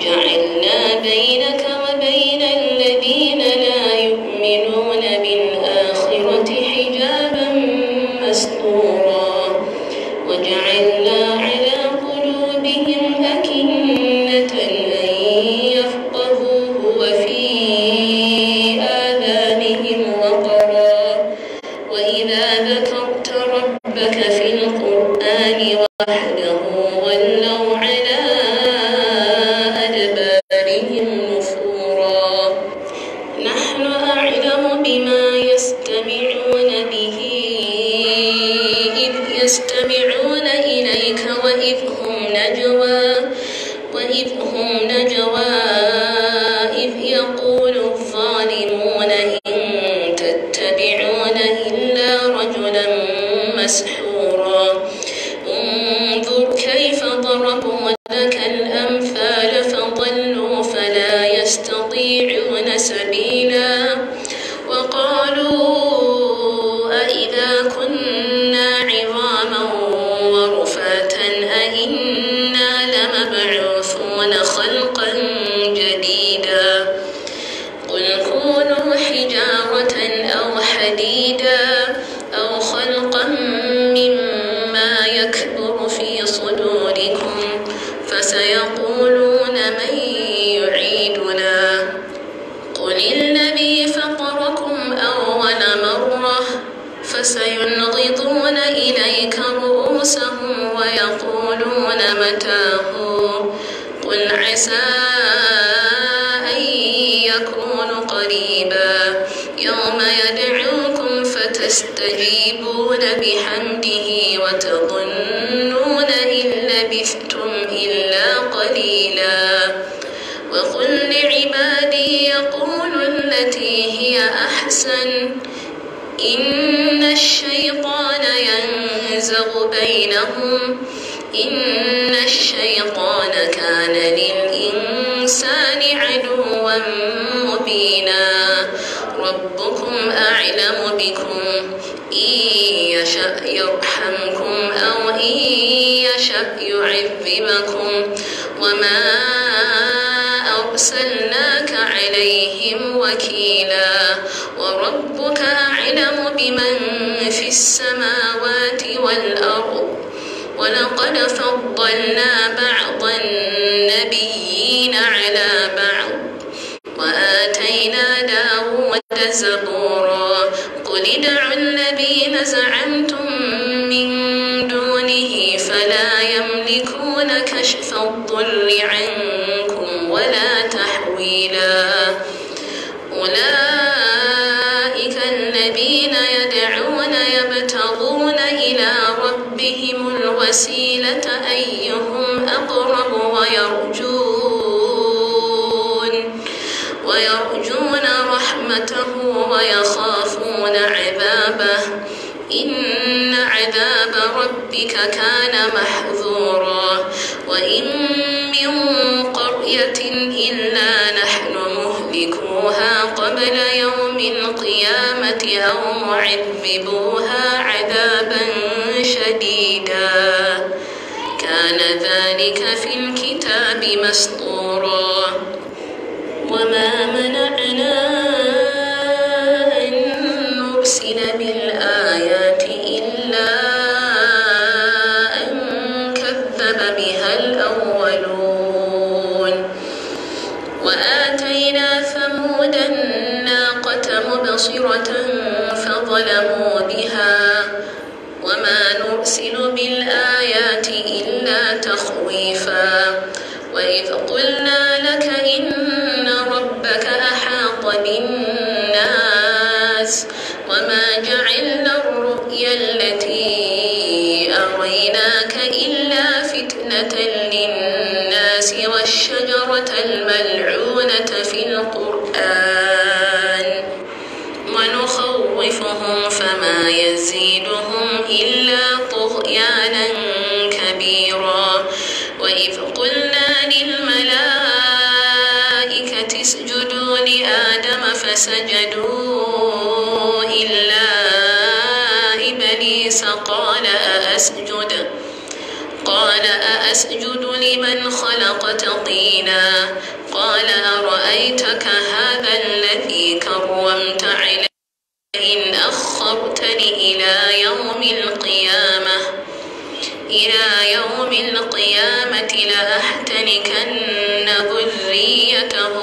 جعلنا بينك وبين الذين لا يؤمنون بالله ظلموا بها وما نرسل بالآيات إلا تخويفا وإذ قلنا أسجد لمن خلقت طينا قال أرأيتك هذا الذي كرمت عليه إن أخرتني إلى يوم القيامة إلى يوم القيامة لأحتنكن ذريته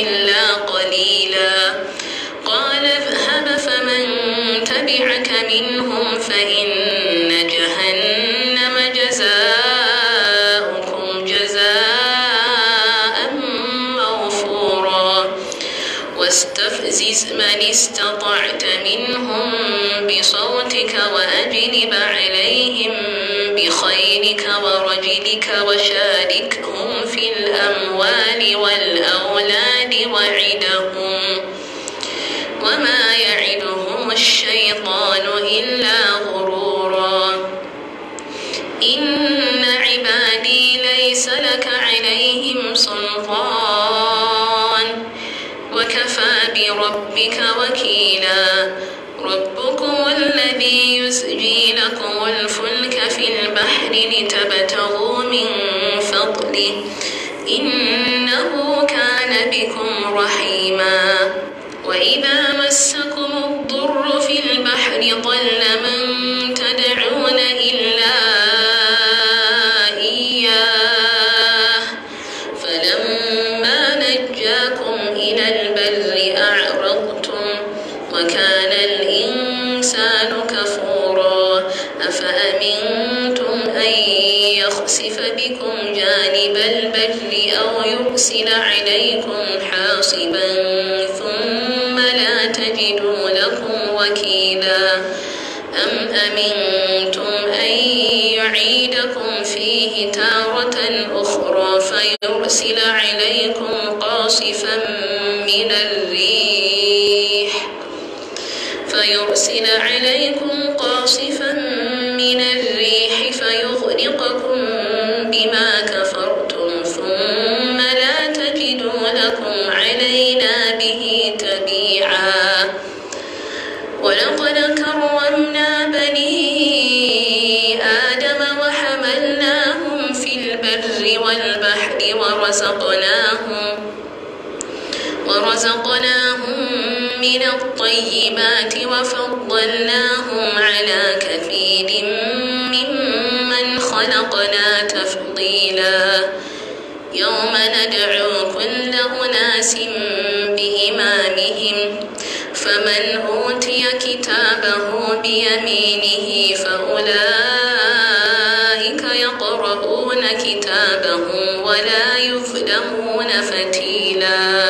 إلا قليلا قال اذهب فمن تبعك منهم فإن من استطعت منهم بصوتك وأجلب عليهم بخيلك ورجلك وشاركهم في الأموال والأولاد وعدهم ربك وكيلا ربكم الذي يسجي لكم الفلك في البحر لتبتغوا من فضله ويرسل عليكم حاصبا ثم لا تجدوا لكم وكيلا أم أمنتم أن يعيدكم فيه تارة أخرى فيرسل عليكم قاصفا من الريح فيرسل عليكم قاصفا من الريح فيغرقكم بما كفرتم ولقد كرمنا بني آدم وحملناهم في البر والبحر ورزقناهم ورزقناهم من الطيبات وفضلناهم على كثير ممن خلقنا تفضيلا يوم ندعو كل أناس بإيمانهم فمن أوتي كتابه بيمينه فأولئك يقرؤون كتابهم ولا يظلمون فتيلا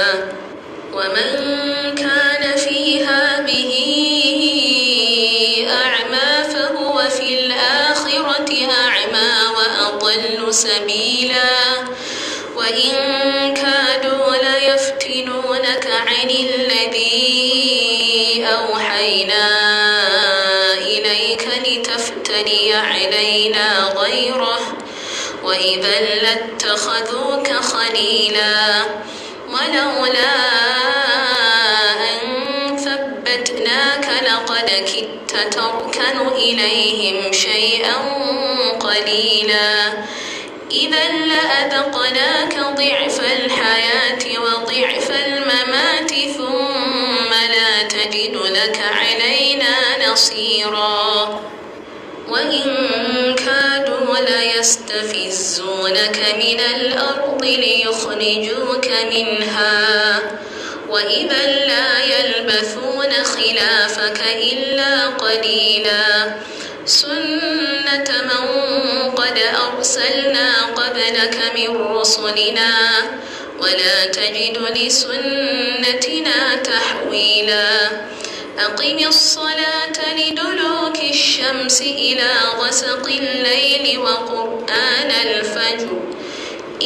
ومن كان في هذه أعمى فهو في الآخرة أعمى وأضل سبيلا وإن كادوا ليفتنونك عن الذي أوحينا إليك لتفتري علينا غيره وإذا لاتخذوك خليلا ولولا أن ثبتناك لقد كدت تركن إليهم شيئا قليلا إذا لأذقناك ضعف الحياة وضعف الممات ثم لا تجد لك علينا نصيرا وإن كادوا ليستفزونك من الأرض ليخرجوك منها وإذا لا يلبثون خلافك إلا قليلا سنة من قد أرسلنا قبلك من رسلنا ولا تجد لسنتنا تحويلا أقم الصلاة لدلوك الشمس إلى غسق الليل وقرآن الفجر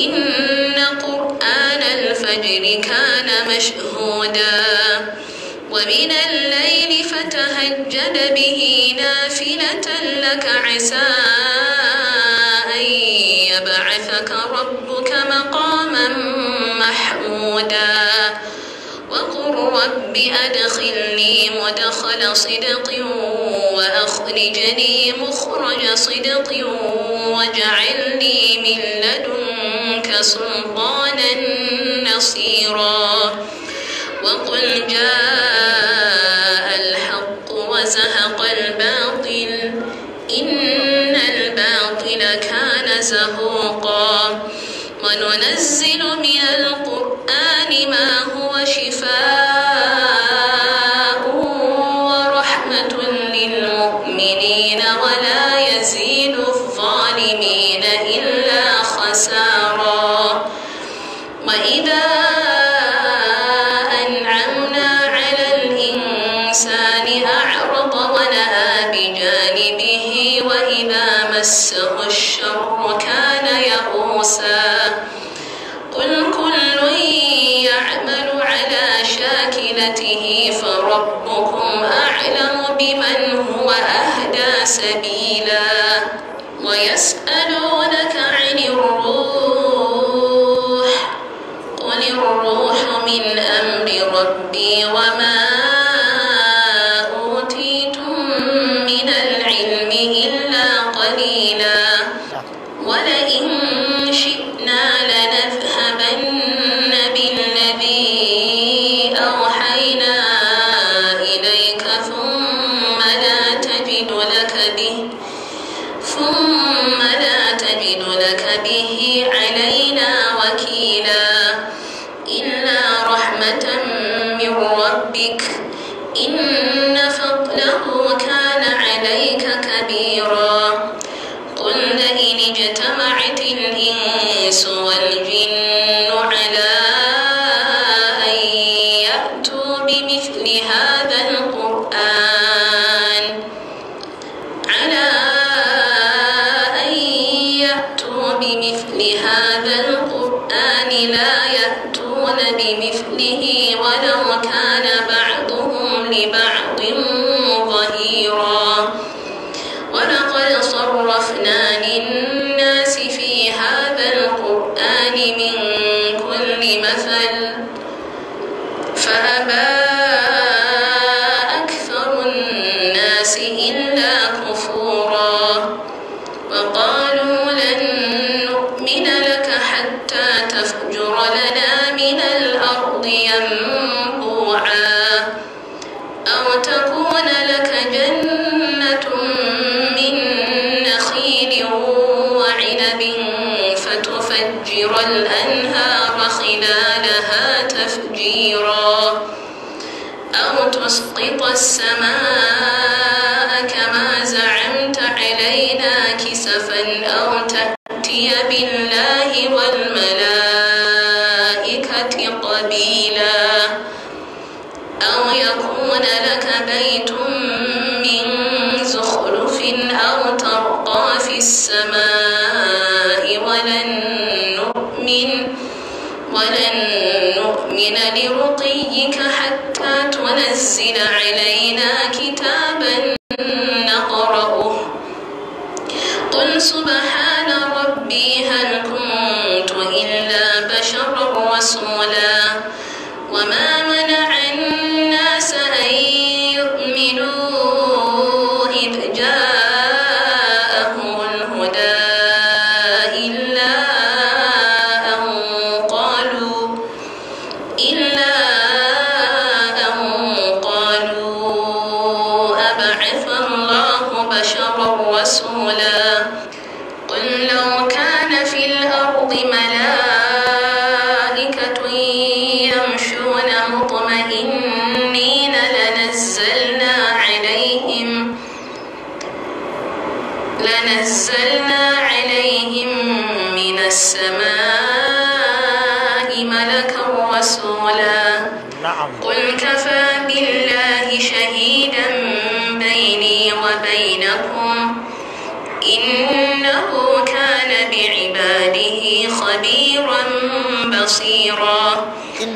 إن قرآن الفجر كان مشهودا ومن الليل فتهجد به نافلة لك عسى أن يبعثك ربك مقاما محمودا وقل رب أدخلني مدخل صدق وأخرجني مخرج صدق واجعلني من لدنك سلطانا نصيرا وقل جاء الحق وزهق الباطل إن الباطل كان زهوقا وننزل من القرآن ما هو الناس إلا كفورا وقالوا لن نؤمن لك حتى تفجر لنا من الأرض ينبوعا أو تكون لك جنة من نخيل وعنب فتفجر الأنهار خلالها تفجيرا أو تسقط السماء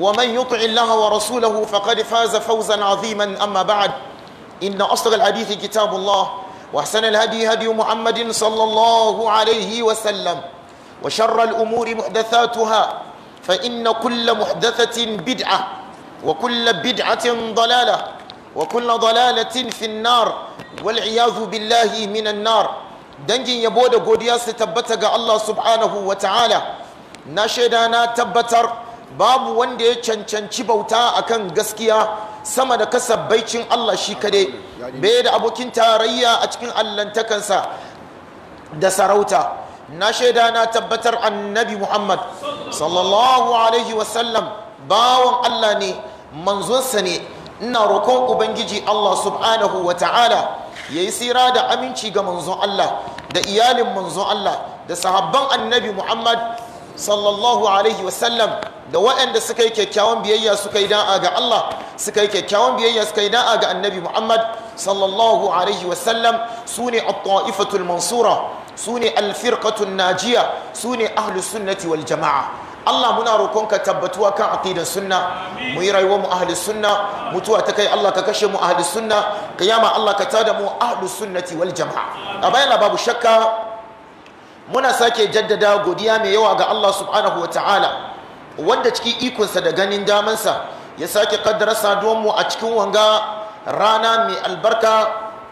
ومن يطع الله ورسوله فقد فاز فوزا عظيما أما بعد إن أصدق الحديث كتاب الله وأحسن الهدي هدي محمد صلى الله عليه وسلم وشر الأمور محدثاتها فإن كل محدثة بدعة وكل بدعة ضلالة وكل ضلالة في النار والعياذ بالله من النار دنجي yabo da godiya الله سبحانه وتعالى Allah تبتر babu wanda ya cancanci bauta a kan gaskiya sama da kasabbaicin Allah shi kadai bai da abokin tarayya a cikin allantakansa da sarauta na shaida na tabbatar annabi Muhammad sallallahu alaihi wasallam bawan Allah ne manzonsa ne ina roƙon ubangiji Allah subhanahu wa ta'ala ya yi tsira da aminci ga manzon Allah da iyalin manzon Allah da sahabban annabi Muhammad sallallahu alaihi wasallam da waɗanda suka yi kyakkyawan biyayya suka yi da'a ga Allah suka yi kyakkyawan biyayya suka yi da'a ga annabi Muhammad sallallahu alaihi wasallam su ne at-ta'ifatul mansura su ne al-firqatul najiya su ne ahlus sunnati wal jama'a Allah muna ka tabbatuwa kan aqidan sunna mu yi rayuwar mu ahli sunna mutuwa ta kai Allah ka kashe mu ahli sunna kiyama Allah ka tada mu Ahlus sunnati wal jama'a a bayan babu shakka muna sake jaddada godiya mai yawa ga Allah subhanahu wataala wanda cikin ikonsa da ganin damansa ya sake kaddara mu a cikin wanga rana mai albarka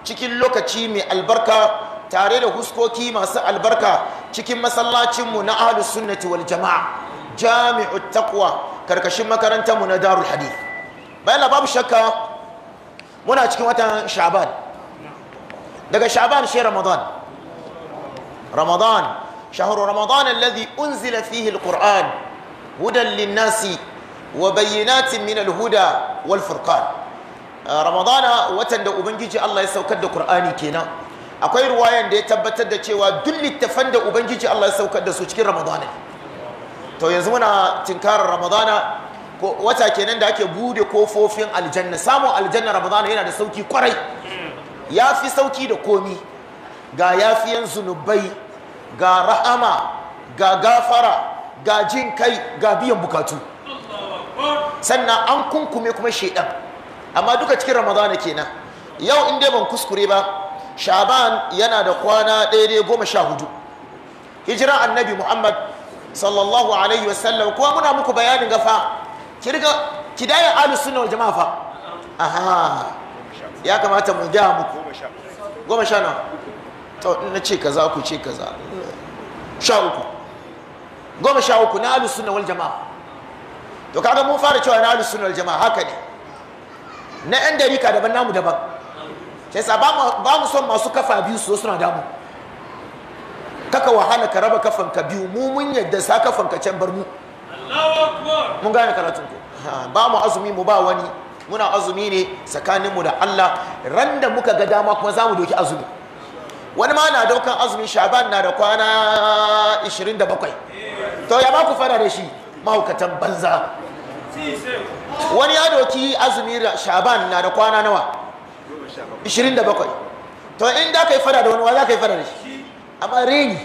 cikin lokaci mai albarka tare da huskoki masu albarka cikin masallacinmu na ahlus sunnati wal jama'a jami'ut taqwa karkashin makarantarmu na darul hadith babu shakka muna cikin watan sha'ban daga sha'ban shi ramadan رمضان شهر رمضان الذي أنزل فيه القرآن هدى للناس وبينات من الهدى والفرقان رمضان watan da ubangiji Allah ya saukar da kur'ani kenan akwai ruwayan da ya tabbatar da cewa duk littattafan da ubangiji Allah ya saukar da su cikin Ramadan to yanzu muna tinkarar Ramadana uh, ko wata kenan da ake buɗe kofofin aljanna samun aljanna Ramadan yana da sauki kwarai fi sauki da komi ga yafiyan zunubai ga rahama ga gafara ga jin kai ga biyan bukatu sannan an kunkume kuma shaidan amma duka cikin ramadana kenan yau in dai ban kuskure ba shaban yana da kwana ɗaya goma sha hudu hijiran annabi muhammad sallallahu alaihi wasallam kuma muna muku bayanin gafa kirga kidayen alu suna wa jama'a fa aha ya kamata mu gaya muku goma sha na na ce kaza ku ce kaza sha uku goma sha uku na ahlus sunna wal jama'a to kaga mun fara cewa na ahlus sunna wal jama'a haka ne na yan dariƙa daban namu daban sai sa ba mu son masu kafa biyu su suna damu kaka wahala ka raba kafan ka biyu mu mun yadda sa kafan ka can bar mu mun gane karatun ku ba mu azumi mu ba wani muna azumi ne tsakaninmu da Allah ran da muka ga dama kuma za mu doki azumi wani ma na daukan azumi shaban na da kwana 27 to ya ba ku fara da shi mahaukatan banza wani ya doki azumi shaban na da kwana nawa 27 to in ka yi fara da wani wa za ka yi fara da shi amma reni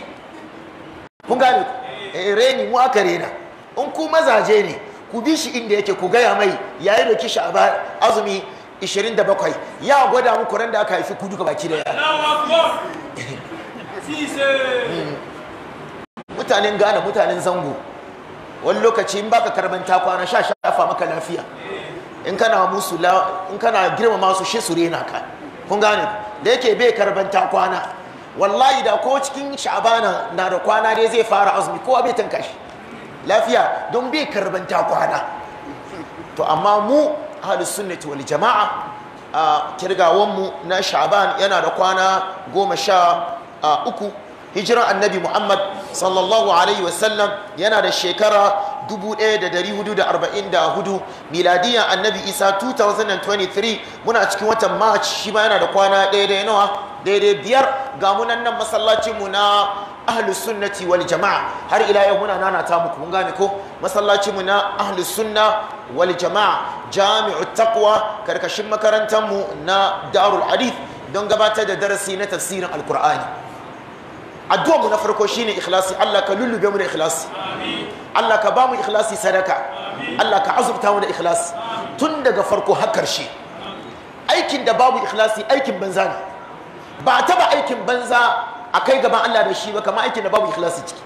kun gane ku eh, reni mu aka rena in ku mazaje ne ku bi shi inda yake ku gaya mai yayi doki shaban azumi 27 ya gwada muku ran da aka haifi ku duka baki daya mutanen gane mutanen zango wani lokaci in baka ta kwana sha shafa maka lafiya eh. in kana musu in kana girmama su shi su rena ka kun gane da yake bai ta kwana wallahi da ko cikin shabana na da kwana dai zai fara azumi kowa bai tanka shi lafiya don bai ta kwana to amma mu ahalus sunnati wal jama'a a mu na sha'ban yana da kwana goma sha uku hijiran annabi muhammad sallallahu alaihi wasallam yana da shekara 1444 miladiyan annabi isa 2023 muna cikin watan march shi ba yana da kwana daidai nawa daidai biyar ga munan nan masallacinmu na ahlus sunnati wal jama'a har ila yau muna nana ta muku mun gane ko masallacin mu na ahlus sunna wal jama'a jami'u taqwa karkashin makarantar mu na darul hadith don gabatar da darasi na tafsirin alqur'ani addu'a mu na farko shine ikhlasi Allah ka lullube mu da ikhlasi Allah ka ba mu ikhlasi sadaka Allah ka azurta mu da ikhlasi tun daga farko har karshe aikin da babu ikhlasi aikin banza ne ba taba aikin banza a kai gaban Allah da shi ba kamar aikin da babu ikhlasi ciki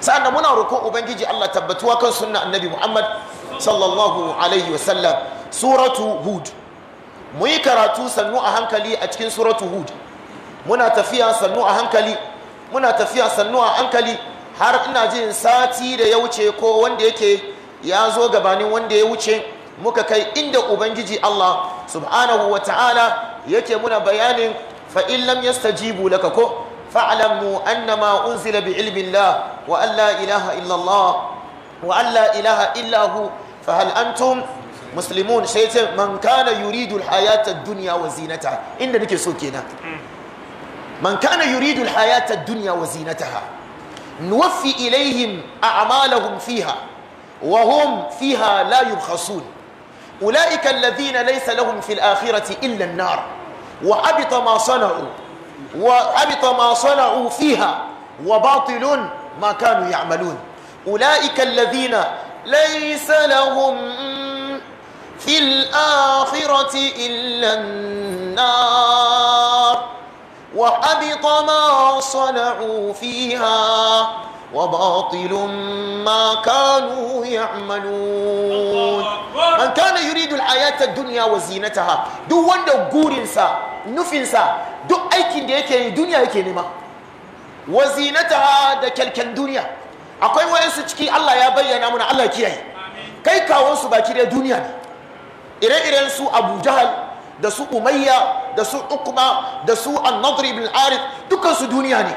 sa'an muna roƙon ubangiji Allah tabbatuwa kan sunna annabi Muhammad sallallahu alaihi wa sallam suratu hud mu yi karatu sannu a hankali a cikin suratu hud muna tafiya sannu a hankali muna tafiya sannu a hankali har ina jin sati da ya wuce ko wanda yake ya zo gabanin wanda ya wuce muka kai inda ubangiji Allah subhanahu wa ta'ala yake muna bayanin فإن لم يستجيبوا لك كو فاعلموا أنما أنزل بعلم الله وأن لا إله إلا الله وأن لا إله إلا هو فهل أنتم مسلمون شيء من كان يريد الحياة الدنيا وزينتها إن لك سوكينا من كان يريد الحياة الدنيا وزينتها نوفي إليهم أعمالهم فيها وهم فيها لا يبخسون أولئك الذين ليس لهم في الآخرة إلا النار وحبط ما صنعوا وحبط ما صنعوا فيها وباطل ما كانوا يعملون أولئك الذين ليس لهم في الآخرة إلا النار وحبط ما صنعوا فيها وباطل ما كانوا يعملون من كان يريد الحياة الدنيا وزينتها دو wanda gurinsa nufinsa duk aikin da yake yi duniya yake nema wazinataha da kyalken duniya akwai wayansu ciki Allah ya bayyana muna Allah kiyaye kai kawonsu baki da duniya ne ire-iren su Abu Jahal da su Umayya da su Ukma da su An-Nadr ibn Arif dukkan duniya ne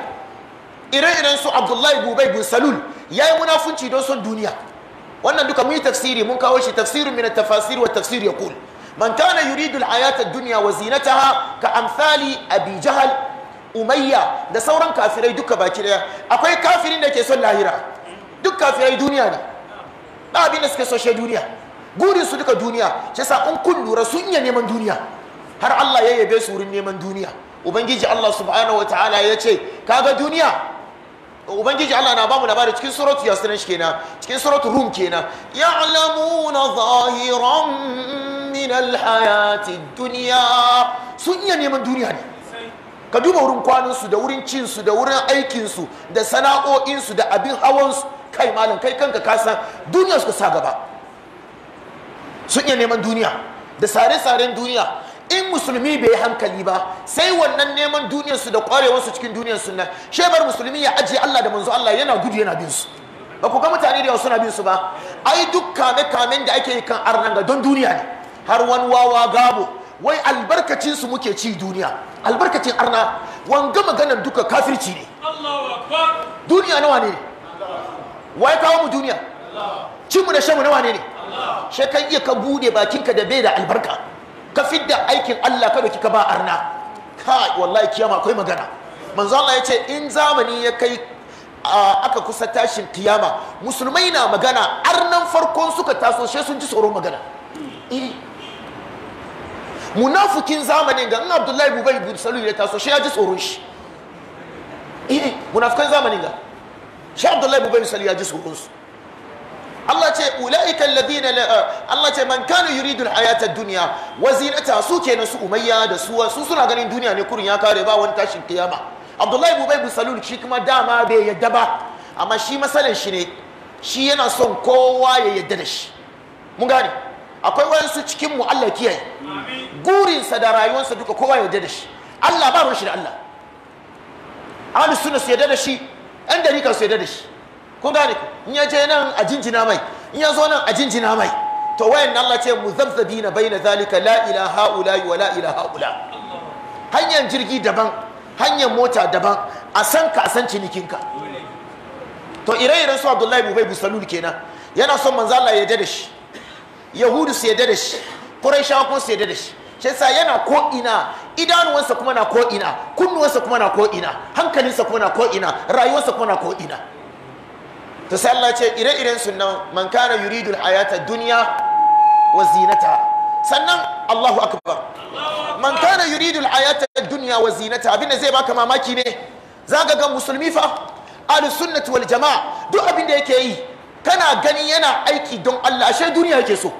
ire-iren su abdullahi bubai bin salul ya yi munafunci don son duniya wannan duka mun yi tafsiri mun kawo shi tafsirin mina tafasir wa tafsir ya kul man kana yuridu al-hayata ad-dunya wa zinataha ka amsali abi jahal umayya da sauran kafirai duka baki daya akwai kafirin da ke son lahira duk kafirai duniya ne ba abin da suke so shi duniya gurin su duka duniya shi yasa in kun lura sun iya neman duniya har Allah ya yabe su wurin neman duniya ubangiji Allah subhanahu wataala ya ce kaga duniya ubangiji Allah na bamu labari cikin suratu yasirin shi kenan cikin suratu rum kenan ya'lamuna zahiran min alhayati dunya sun iya neman duniya ne ka duba wurin kwanansu da wurin cinsu da wurin aikinsu da sana'o'insu da abin hawansu kai malam kai kanka kasan duniya suka sa gaba sun iya neman duniya da sare-saren duniya in musulmi bai yi hankali ba sai wannan neman duniyarsu da su cikin duniyarsu nan shebar musulmi ya ajiye Allah da manzo Allah yana gudu yana bin su ba ku ga mutane da yawa suna bin su ba ai duk kame kamen da ake yi kan arnan ga don duniya ne har wani wawa gabo wai albarkacin su muke ci duniya albarkacin arna wanga maganar duka kafirci ne duniya nawa ne wai kawo mu duniya cin mu da shanmu nawa ne ne shekai iya ka bude bakinka da bai da albarka ka fidda aikin Allah ka kika ka ba arna kai wallahi kiyama akwai magana manzo Allah ya ce in zamani ya kai aka kusa tashin kiyama musulmai na magana arnan farkon suka taso she sun ji tsoron magana e, munafukin zamanin ga in Abdullahi Bubai bin Salul ya taso she ya ji tsoron shi e, munafukan zamanin ga she Abdullahi Bubai bin Salul ya ji tsoron su Allah ce ulaika alladhina eh, Allah ce man kana yuridu alhayata ad-dunya wa zinata su kenan su umayya da su su suna ganin duniya ne kurin ya kare ba wani tashin kiyama Abdullahi ibn Ubay Salul shi kuma dama bai yadda ba amma shi masalan shi ne shi yana son kowa ya yadda da shi mun gane akwai su cikin mu Allah kiyaye gurinsa da rayuwarsa duka kowa ya yadda da shi Allah ba ruwan shi da Allah ahlus sunna su yadda da shi ɗan dariƙa su yadda da shi kun gane in ya je nan a jinjina mai in ya zo nan a jinjina mai to wayan Allah ce muzabzabina baina zalika la ilaha ula wa la ilaha ula hanyar jirgi daban hanyar mota daban a san ka a san cinikinka to ire-iren su Abdullahi Bubai Busalul kenan yana son manzo Allah ya da shi Yahudu su ya da shi Quraishawa kuma su ya da shi shi yasa yana ko ina idanuwansa kuma na ko ina kunnuwansa kuma na ko ina hankalinsa kuma na ko ina rayuwarsa kuma na ko ina ta sai Allah ce ire-iren su nan man kana yuridul hayata dunya wa zinata sannan Allahu akbar man kana yuridul hayata dunya wa zinata abinda zai baka mamaki ne zaka ga musulmi fa ahlus sunnati wal jamaa duk abinda yake yi kana gani yana aiki don Allah ashe duniya yake so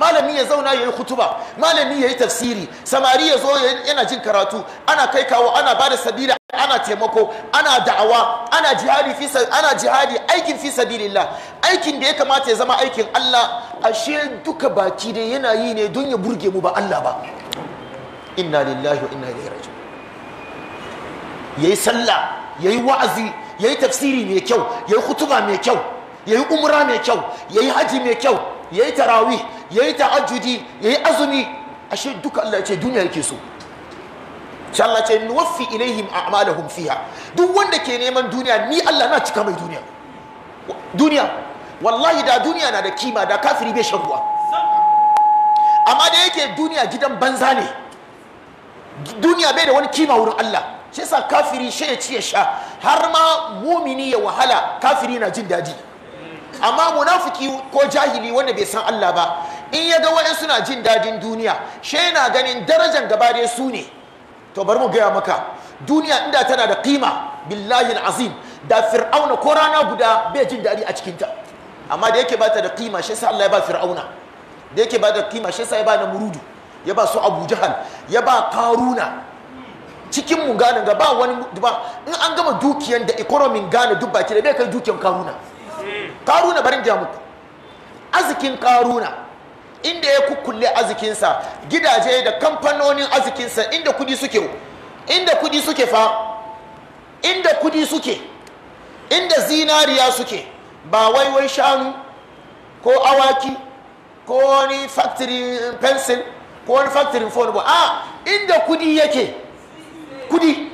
malami ya zauna ya yi hutuba malami ya yi tafsiri samari ya zo yana jin karatu ana kai kawo ana ba da sabila ana taimako ana da'awa ana jihadi fi ana jihadi aikin fi sabilillah aikin da ya kamata ya zama aikin Allah ashe duka baki da yana yi ne don ya burge mu ba Allah ba inna lillahi wa inna ilaihi raji'un yayi sallah yayi wa'azi yayi tafsiri mai kyau yayi hutuba mai kyau yayi umra mai kyau yayi haji mai kyau yayi tarawih yayi ya yayi azumi ashe duka Allah ya ce duniya yake so sai Allah ce nuwaffi ilaihim a'malahum fiha duk wanda ke neman duniya ni Allah na cika mai duniya duniya wallahi da duniya na da kima da kafiri bai shan ruwa amma da yake duniya gidan banza ne duniya bai da wani kima wurin Allah shi yasa kafiri shi ya ci ya sha har ma mumini ya wahala kafiri na jin daji. amma munafiki ko jahili wanda bai san Allah ba in ya ga wani suna jin dadin duniya she yana ganin darajar gaba dai su ne to bari mu gaya maka duniya inda tana da kima billahi azim da fir'auna ko rana guda bai jin dadi a cikinta amma da yake bata da kima shi yasa Allah ya ba fir'auna da yake bata da kima shi yasa ya ba namurudu ya ba su abu jahal ya ba karuna cikin mu gane ga ba wani in an gama dukiyan da economy gane duk baki da bai kai dukiyan karuna karuna barin gya muku Azikin karuna inda ya kukkulle azikinsa, gidaje da kamfanonin azikinsa, inda kudi suke inda kudi suke fa inda kudi suke inda zinariya suke ba waiwai shanu ko awaki ko wani factory eh, pencil ko wani factory phone ba a ah, inda kudi yake kudi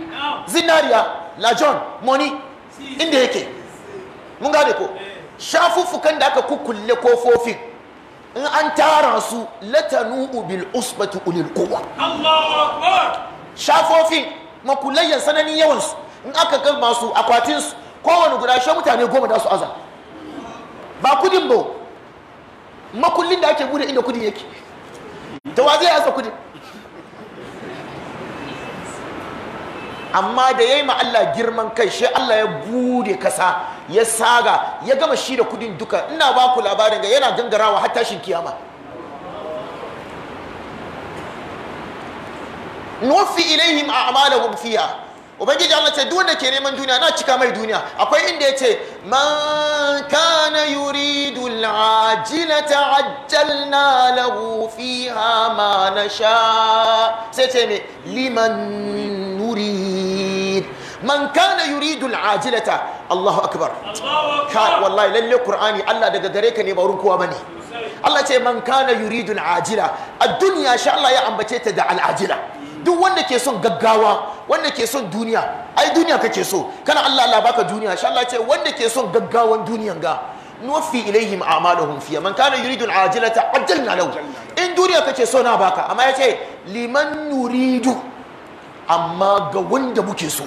zinariya lajon, moni, money inda yake mun gane ko shafuffukan da aka kukulle kofofin in an tara su latanu bil usbati ulil quwwa shafofin makullayyan sananin yawan su in aka gama su akwatin su kowane guda shi mutane goma da su aza ba kudin ba makullin da ake bude inda kudin yake da wa zai aza kudin amma da yi ma Allah girman kai shi Allah ya bude kasa ya saga ya gama shi da kudin duka ina ba ku labarin ga yana gangarawa har tashin kiyama nufi ilaihim a'malahum fiha ubangiji Allah ce duk wanda ke neman duniya na cika mai duniya akwai inda yace man kana yuridu al-ajilata ajjalna lahu fiha ma nasha sai ce me liman nurid man kana yuridu al-ajilata Allahu akbar ka wallahi lalle Qur'ani Allah daga gare ka ne ba wurin kowa bane Allah ce man kana yuridu al-ajila ad-dunya sha Allah ya ambace ta da al-ajila duk wanda ke son gaggawa wanda ke son duniya ai duniya kake so kana Allah Allah baka duniya insha Allah ce wanda ke son gaggawan duniyan ga nuwaffi ilaihim a'maluhum fiya man kana yuridu al'ajilata ajjalna lahu in duniya kake so na baka amma yace liman nuridu amma ga wanda muke so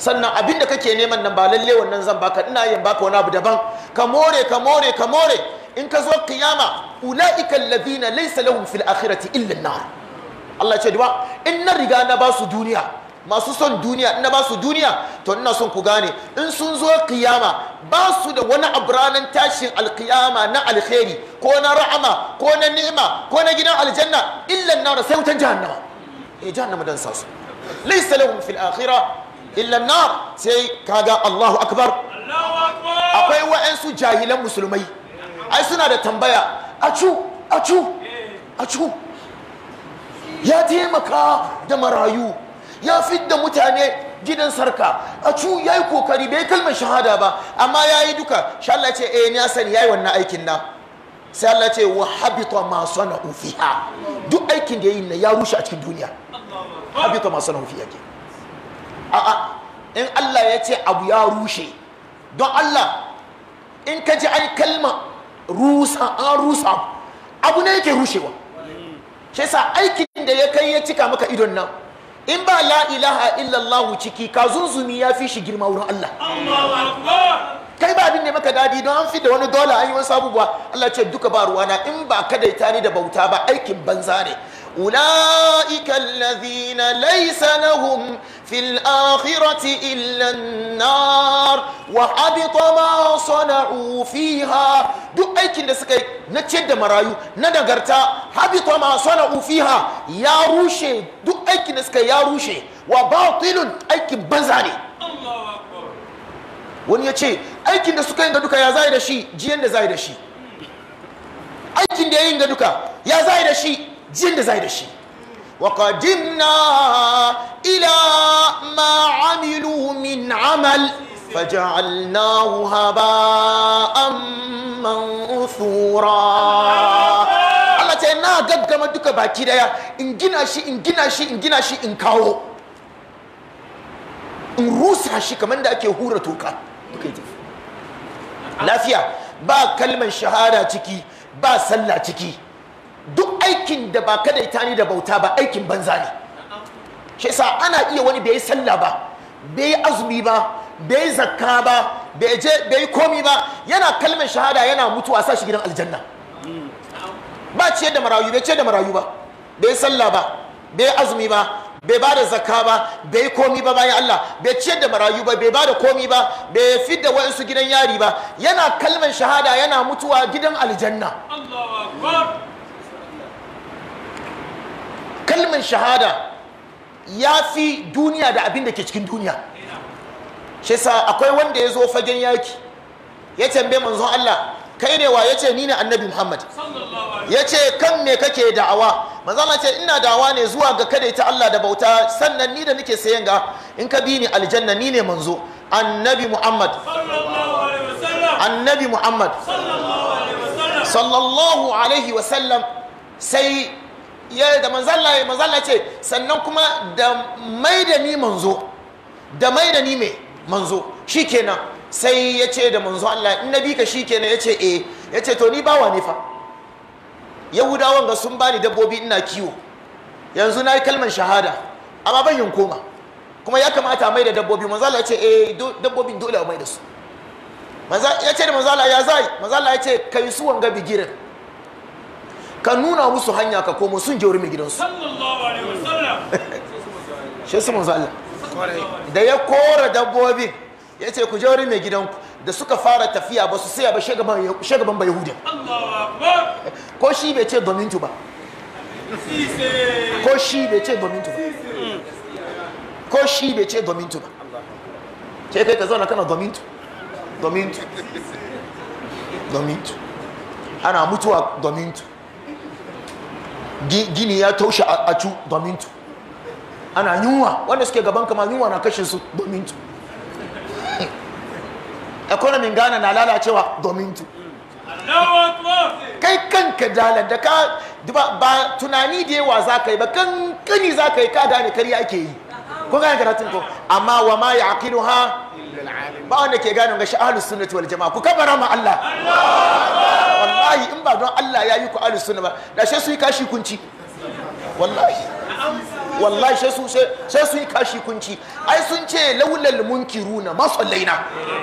sannan abin da kake neman nan ba lalle wannan zan baka ina yin baka wani abu daban ka more ka more ka more in ka zo kiyama ulaika alladhina laysa lahum fil akhirati illa an-nar Allah ce duba in na riga na ba su duniya masu son duniya in na ba su duniya to ina son ku gane in sun zo kiyama ba su da wani abu tashin alkiyama na alheri ko na ra'ama ko na ni'ima ko na gidan aljanna illan nar sai wutan jahannama eh jahannama dan sa su laysa lahum fil akhirah illa nar sai kaga Allahu akbar Allahu akbar akwai wa'ansu jahilan musulmai ai suna da tambaya acu acu eh. acu ya taimaka da marayu ya da mutane gidan sarka a cu ya yi kokari bai kalmar shahada ba amma ya yi duka sha Allah ce eh na sani ya yi wannan aikin na sai Allah ce wa habita ma sana'u fiha duk aikin da ya yi na ya rushe a cikin duniya habita ma sana'u fiha ke a a in Allah ya ce abu ya rushe don Allah in ka ji ai kalma rusa an rusa abu ne yake rushewa shi sa aikin da ya kai ya cika maka idon nan in ba la ilaha illallahu ciki ka zunzumi ya fi shi girma wurin Allah kai ba abin ne maka dadi don an fi da wani dola an yi wani sabubuwa Allah ce duka ba ruwana in ba kadaita ni da bauta ba aikin banza ne أولئك الذين ليس لهم في الآخرة إلا النار وحبط ما صنعوا فيها duk aikin da suka yi na ciyar da marayu na nagarta habita ma sana'u fiha ya rushe duk aikin da suka ya rushe wa batilun aikin banza ne wani ya ce aikin da suka yi ga duka ya zai da shi jiyan da zai da shi aikin da ya yi ga duka ya zai da shi jin da zai da shi wa qadimna ila ma min amal ba amman usura. Allah ta na gaggama duka baki daya in gina shi in gina shi in gina shi in kawo in rusa shi kamar da ake hura toka lafiya ba kalmar shahada ciki ba sallah ciki duk aikin da ba ka da ni da bauta ba aikin banza ne shi yasa ana iya wani bai sallah ba bai azumi ba bai zakka ba bai je bai komi ba yana kalmar shahada yana mutuwa sa shi gidan aljanna ba ce da marayu bai ce da marayu ba bai sallah ba bai azumi ba bai ba da zakka ba bai komi ba bayan Allah bai ciyar da marayu ba bai ba da komi ba bai fi da waɗansu gidan yari ba yana kalmar shahada yana mutuwa gidan aljanna Kalmin shahada ya fi duniya da abin da ke cikin duniya shi sa akwai wanda ya zo fagen yaki ya tambaye manzon Allah kai ne wa ya ce ni ne annabi Muhammad ya ce kan me kake da'awa manzala ce ina da'awa ne zuwa ga kada ta Allah da bauta sannan ni da nake sayan ga in ka bi ni aljanna ni ne manzo annabi Muhammad annabi Muhammad sallallahu alaihi wasallam sai ya da manzalla manzalla ce sannan kuma da mai da ni manzo da mai da ni mai manzo shikenan sai ya ce da manzo Allah in na bi ka shikenan ya ce eh ya ce to ni bawa ne fa yahudawan ga sun bani dabbobi ina kiwo yanzu na yi kalmar shahada amma ban yin koma kuma ya kamata mai da dabbobi manzalla ya ce eh dabbobin dole a mai da su ya ce da manzalla ya zai manzalla ya ce kai su wanga bigirin ka nuna musu hanya ka komo sun je wurin mai gidansu shi su manzo Allah da ya kora dabbobin ya ce ku je wurin mai gidanku da suka fara tafiya ba su sai ba shagaban bai hudu ko shi bai ce domin tu ba ko shi bai ce domin tu ba ko shi bai ce domin tu ba ce kai ka zauna kana domin tu domin tu domin tu ana mutuwa domin tu gini ya taushe a cu domintu ana yunwa wanda suke gaban kama yunwa na kashe su domintu tu economy Ghana na lalacewa domintu kai kanka dalar da ka ba tunani da yawa za ka yi ba kankani za ka yi ka gane karya ake yi kun gane karatun ko amma wa ma ha ba wanda ke gane ga shi ahlus sunnati wal jamaa ku kabara ma Allah wallahi in ba don Allah ya yi ku ahlus sunna ba da shi su yi kashi kunci wallahi wallahi shai su su yi kashi kunci ai sun ce laulal munkiruna ma sallaina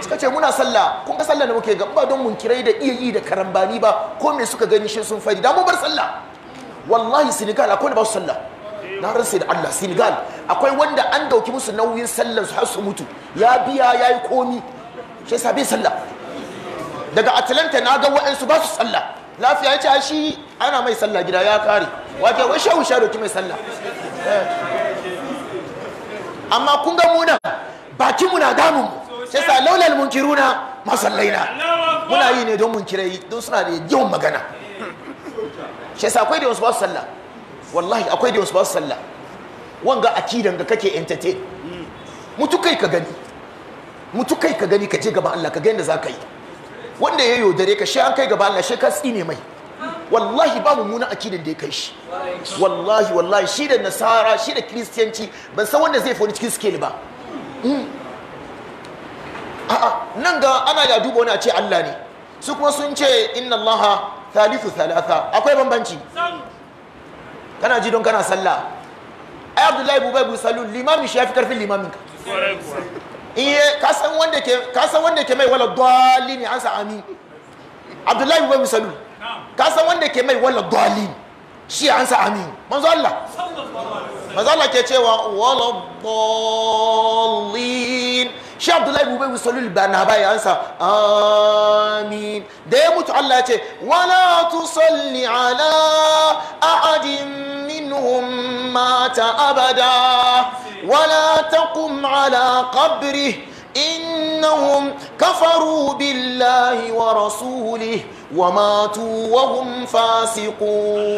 suka ce muna sallah kun ga sallah da muke ga ba don munkirai da iya yi da karambani ba ko me suka gani shi sun fadi da mu bar sallah wallahi sinigala ko da ba su sallah na ransa da Allah Senegal akwai wanda an dauki musu nauyin sallar su har su mutu ya biya yayi komi shi sabi sallah daga Atlanta na ga waɗansu ba su sallah lafiya ya ce shi ana mai sallah gida ya kare wake wai shehu sha doki mai sallah eh. amma kun ga muna bakin mu na damun mu sai sa laulal munkiruna masallaina muna yi ne don munkirai don suna da yawan magana shi sa akwai da wasu ba su sallah wallahi akwai da wasu ba su sallah wanga akidan da kake entertain mutu kai ka gani mutu kai ka gani ka je gaba Allah ka ga yadda za ka yi wanda ya yaudare ka shi an kai gaba Allah shi ka tsine mai wallahi ba mu muna akidan da ya kai shi wallahi wallahi shi da nasara shi da kiristiyanci ban san wanda zai foni cikin scale ba hmm. a'a nan ga ana ya duba wani a ce Allah ne su kuma sun ce inna Allah thalithu thalatha akwai bambanci kana ji don kana sallah ai abdullahi bubai bu sallu limamin shi ya fi karfin limamin ka wanda ke wanda ke mai wala dalin an sa abdullahi bubai bu sallu wanda ke mai wala dalin shi an sa manzo Allah manzo Allah ke cewa wala dalin shi abdullahi bubai bu salul ba na ansa amin da ya mutu Allah ya ce wala tusalli ala ahadin minhum mata abada wala taqum ala billahi wa كفروا wa ورسوله وماتوا وهم فاسقون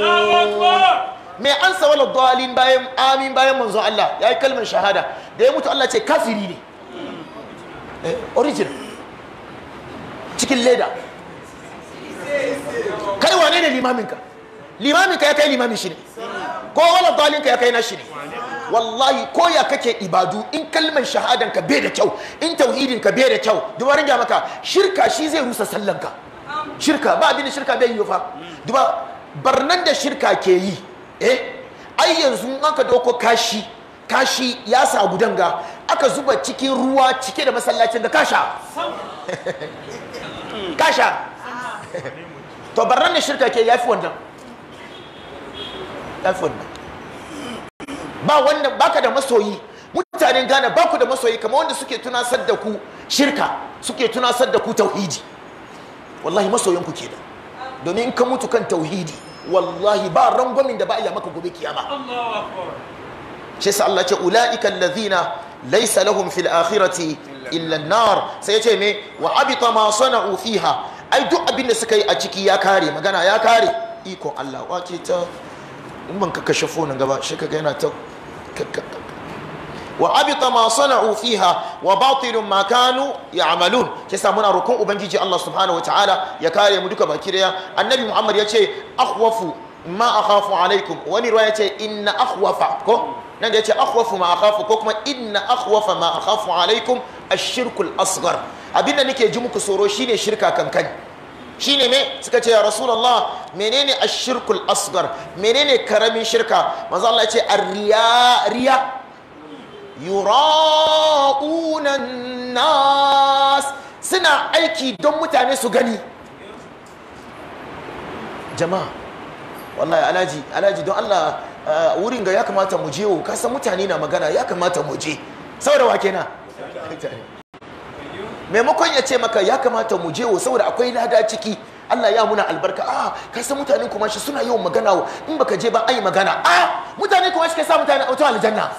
mai an sa wala dalin bayan amin bayan manzon Allah ya yi kalmar shahada da ya mutu Allah ce kafiri ne Eh, original cikin leda kai wane ne limaminka limaminka ya kai limamin shi ne ko wala dalinka ya kai na shi ne wallahi ko ya kake ibadu in kalmar shahadanka bai da kyau in tauhidinka bai da kyau dubarin ga maka shirka shi zai rusa sallanka shirka ba abin da shirka bai yi fa duba barnan da shirka ke yi eh ai yanzu an ka doko kashi kashi ya sa gudan ga aka zuba cikin ruwa cike da masallacin da kasha kasha to barran da shirka ke yafi wannan yafi wannan ba wanda baka da masoyi mutanen Ghana ba ku da masoyi kamar wanda suke tunasar da ku shirka suke tunasar da ku tauhidi wallahi masoyin ku da. domin in ka mutu kan tauhidi wallahi ba rangwamin da ba a yi maka gobe kiyama shi yasa Allah ce ula'ika allazina laysa lahum fil akhirati illa nar sai yace me wa abita ma sana'u fiha ai duk abin da suka yi a ciki ya kare magana ya kare ikon Allah wace ta in ban ka kashe fonin gaba shi kaga yana ta wa abita ma sana'u fiha wa batilu ma kanu ya'malun kisa muna rokon ubangiji Allah subhanahu wataala ya kare mu duka baki daya annabi Muhammad yace akhwafu ma akhafu alaikum wani ruwa ya yace inna akhwafa ko nan da ya ce akhwafu ma akhafu ko kuma inna akhwafa ma akhafu alaikum a shirkul al-asghar abinda nake ji muku tsoro shine shirka kankan shine me suka ce ya rasulullah menene ash-shirku al-asghar menene karamin shirka manzo Allah yace ar-riya riya yura'una nas suna aiki don mutane su gani jama'a wallahi alaji alaji don Allah eh, wurin ga ya kamata mu je wo ka san mutane na magana ya kamata mu je saboda wa kenan maimakon ya ce maka ya kamata mu je wo saboda akwai lada ciki Allah ya muna albarka ah ka san mutanen kuma shi suna yawan magana in baka je ba ai magana ah mutane kuma shi ke sa mutane auto aljanna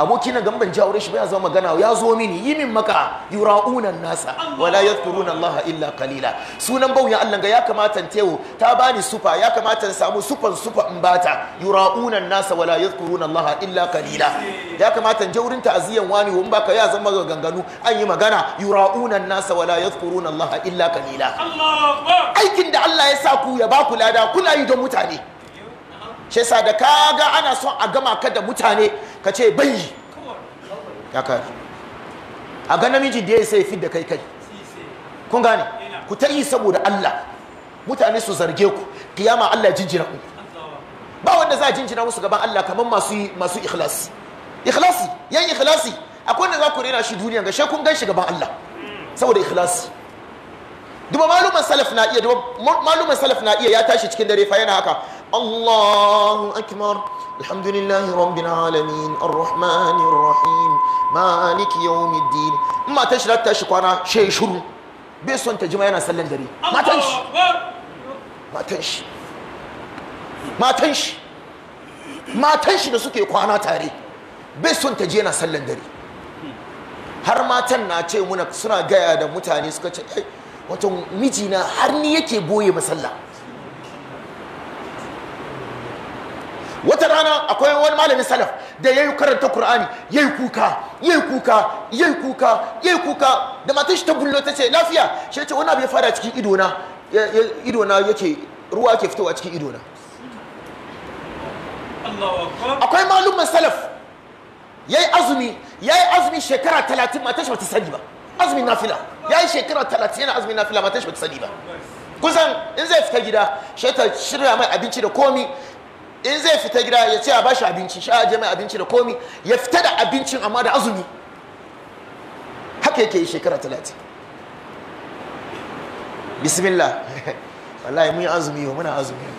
aboki na gamban ji aure shi bai zama magana ya zo mini yi min maka yura'unan nasa wala yadhkuruna Allah illa qalila sunan bauya Allah ga ya kamata tewo ta bani sufa ya kamata samu sufan sufa in bata yura'unan nasa wala yadhkuruna Allah illa qalila ya kamata in wurin ta'aziyan wani wani baka ya zama ganganu an yi magana yura'unan nasa wala yadhkuruna Allah illa qalila aikin da Allah ya sa ku ya ba ku lada kuna yi don mutane shi yasa da kaga ana son a gama ka da mutane ka ce bai ya a ga namiji da ya sai fi da kai kai kun gane ku ta yi saboda Allah mutane su zarge ku kiyama Allah jinjira ku ba wanda za a jinjina musu gaban Allah kamar masu masu ikhlasi ikhlasi yan ikhlasi akwai wanda za ku rena shi duniya ga kun gan shi gaban Allah saboda ikhlasi duba maluman salaf na iya duba maluman salaf na iya ya tashi cikin dare fa yana haka الله أكبر الحمد لله رب العالمين الرحمن الرحيم مالك يوم الدين ما تشرى تشكوانا شيء شروع بيسون تجمع أنا سلم دري ما تنش ما تنش ما تنش ما تنش da suke kwana tare bai son ta je na sallan dare har matan na ce muna suna gaya da mutane suka ce ai wato mijina har ni yake boye masalla wata rana akwai wani malamin salaf da ya yi karanta ya yi kuka ya yi kuka ya yi kuka ya yi kuka da matan shi ta bullo ta ce lafiya shi ce wani abu ya fara cikin idona idona yake ruwa ke fitowa cikin idona akwai malumin salaf yi azumi yi azumi shekara talatin matan shi ta sani ba azumin nafila yi shekara talatin yana azumin nafila matan shi ta sani ba kusan in zai fita gida shi ta shirya mai abinci da komi in zai fita gida ya ce a bashi abinci sha aje mai abinci da komi ya fita da abincin amma da azumi haka yake yi shekara talatin bismillah wallahi mun yi azumi yau muna azumi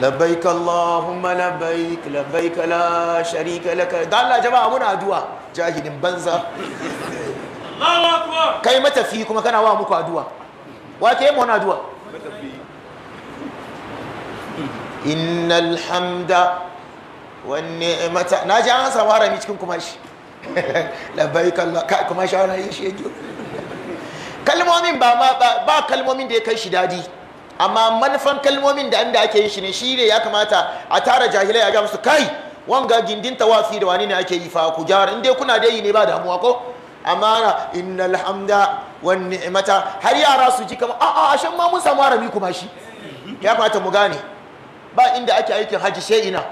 labbaik allahumma labbaik labbaik la sharika laka da Allah jama'a muna addu'a jahilin banza kai matafi kuma kana wa muku addu'a wa ke yi wani addu'a innal hamda wani mata na ji an samu harami cikin kumashi labbaik Allah kai kumashi ana yin shi yake kalmomin ba ma ba kalmomin da ya kai shi dadi amma manufan kalmomin da inda ake yin shi ne shi ne ya kamata a tara jahilai a ga musu kai wanga gindin tawafi da wani ne ake yi fa ku jara in dai da yi ne ba damuwa ko amana innal hamda wan ni'mata har yara su ji kamar a'a ashan ma mun samu harami kuma shi ya fata mu gane ba inda ake aikin haji sai ina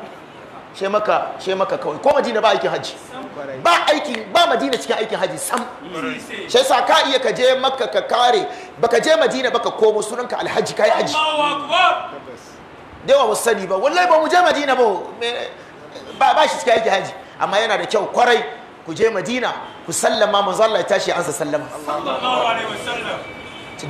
sai maka sai maka kawai ko madina ba aikin haji ba aikin ba madina cikin aikin haji sam sai sa ka iya ka je makka ka kare baka je madina baka komo sunanka alhaji kai haji dewa wasu sani ba wallahi ba mu je madina ba ba shi cikin aikin haji amma yana da kyau kwarai ku je madina ku sallama manzo Allah ya tashi ansa sallama sallallahu alaihi wasallam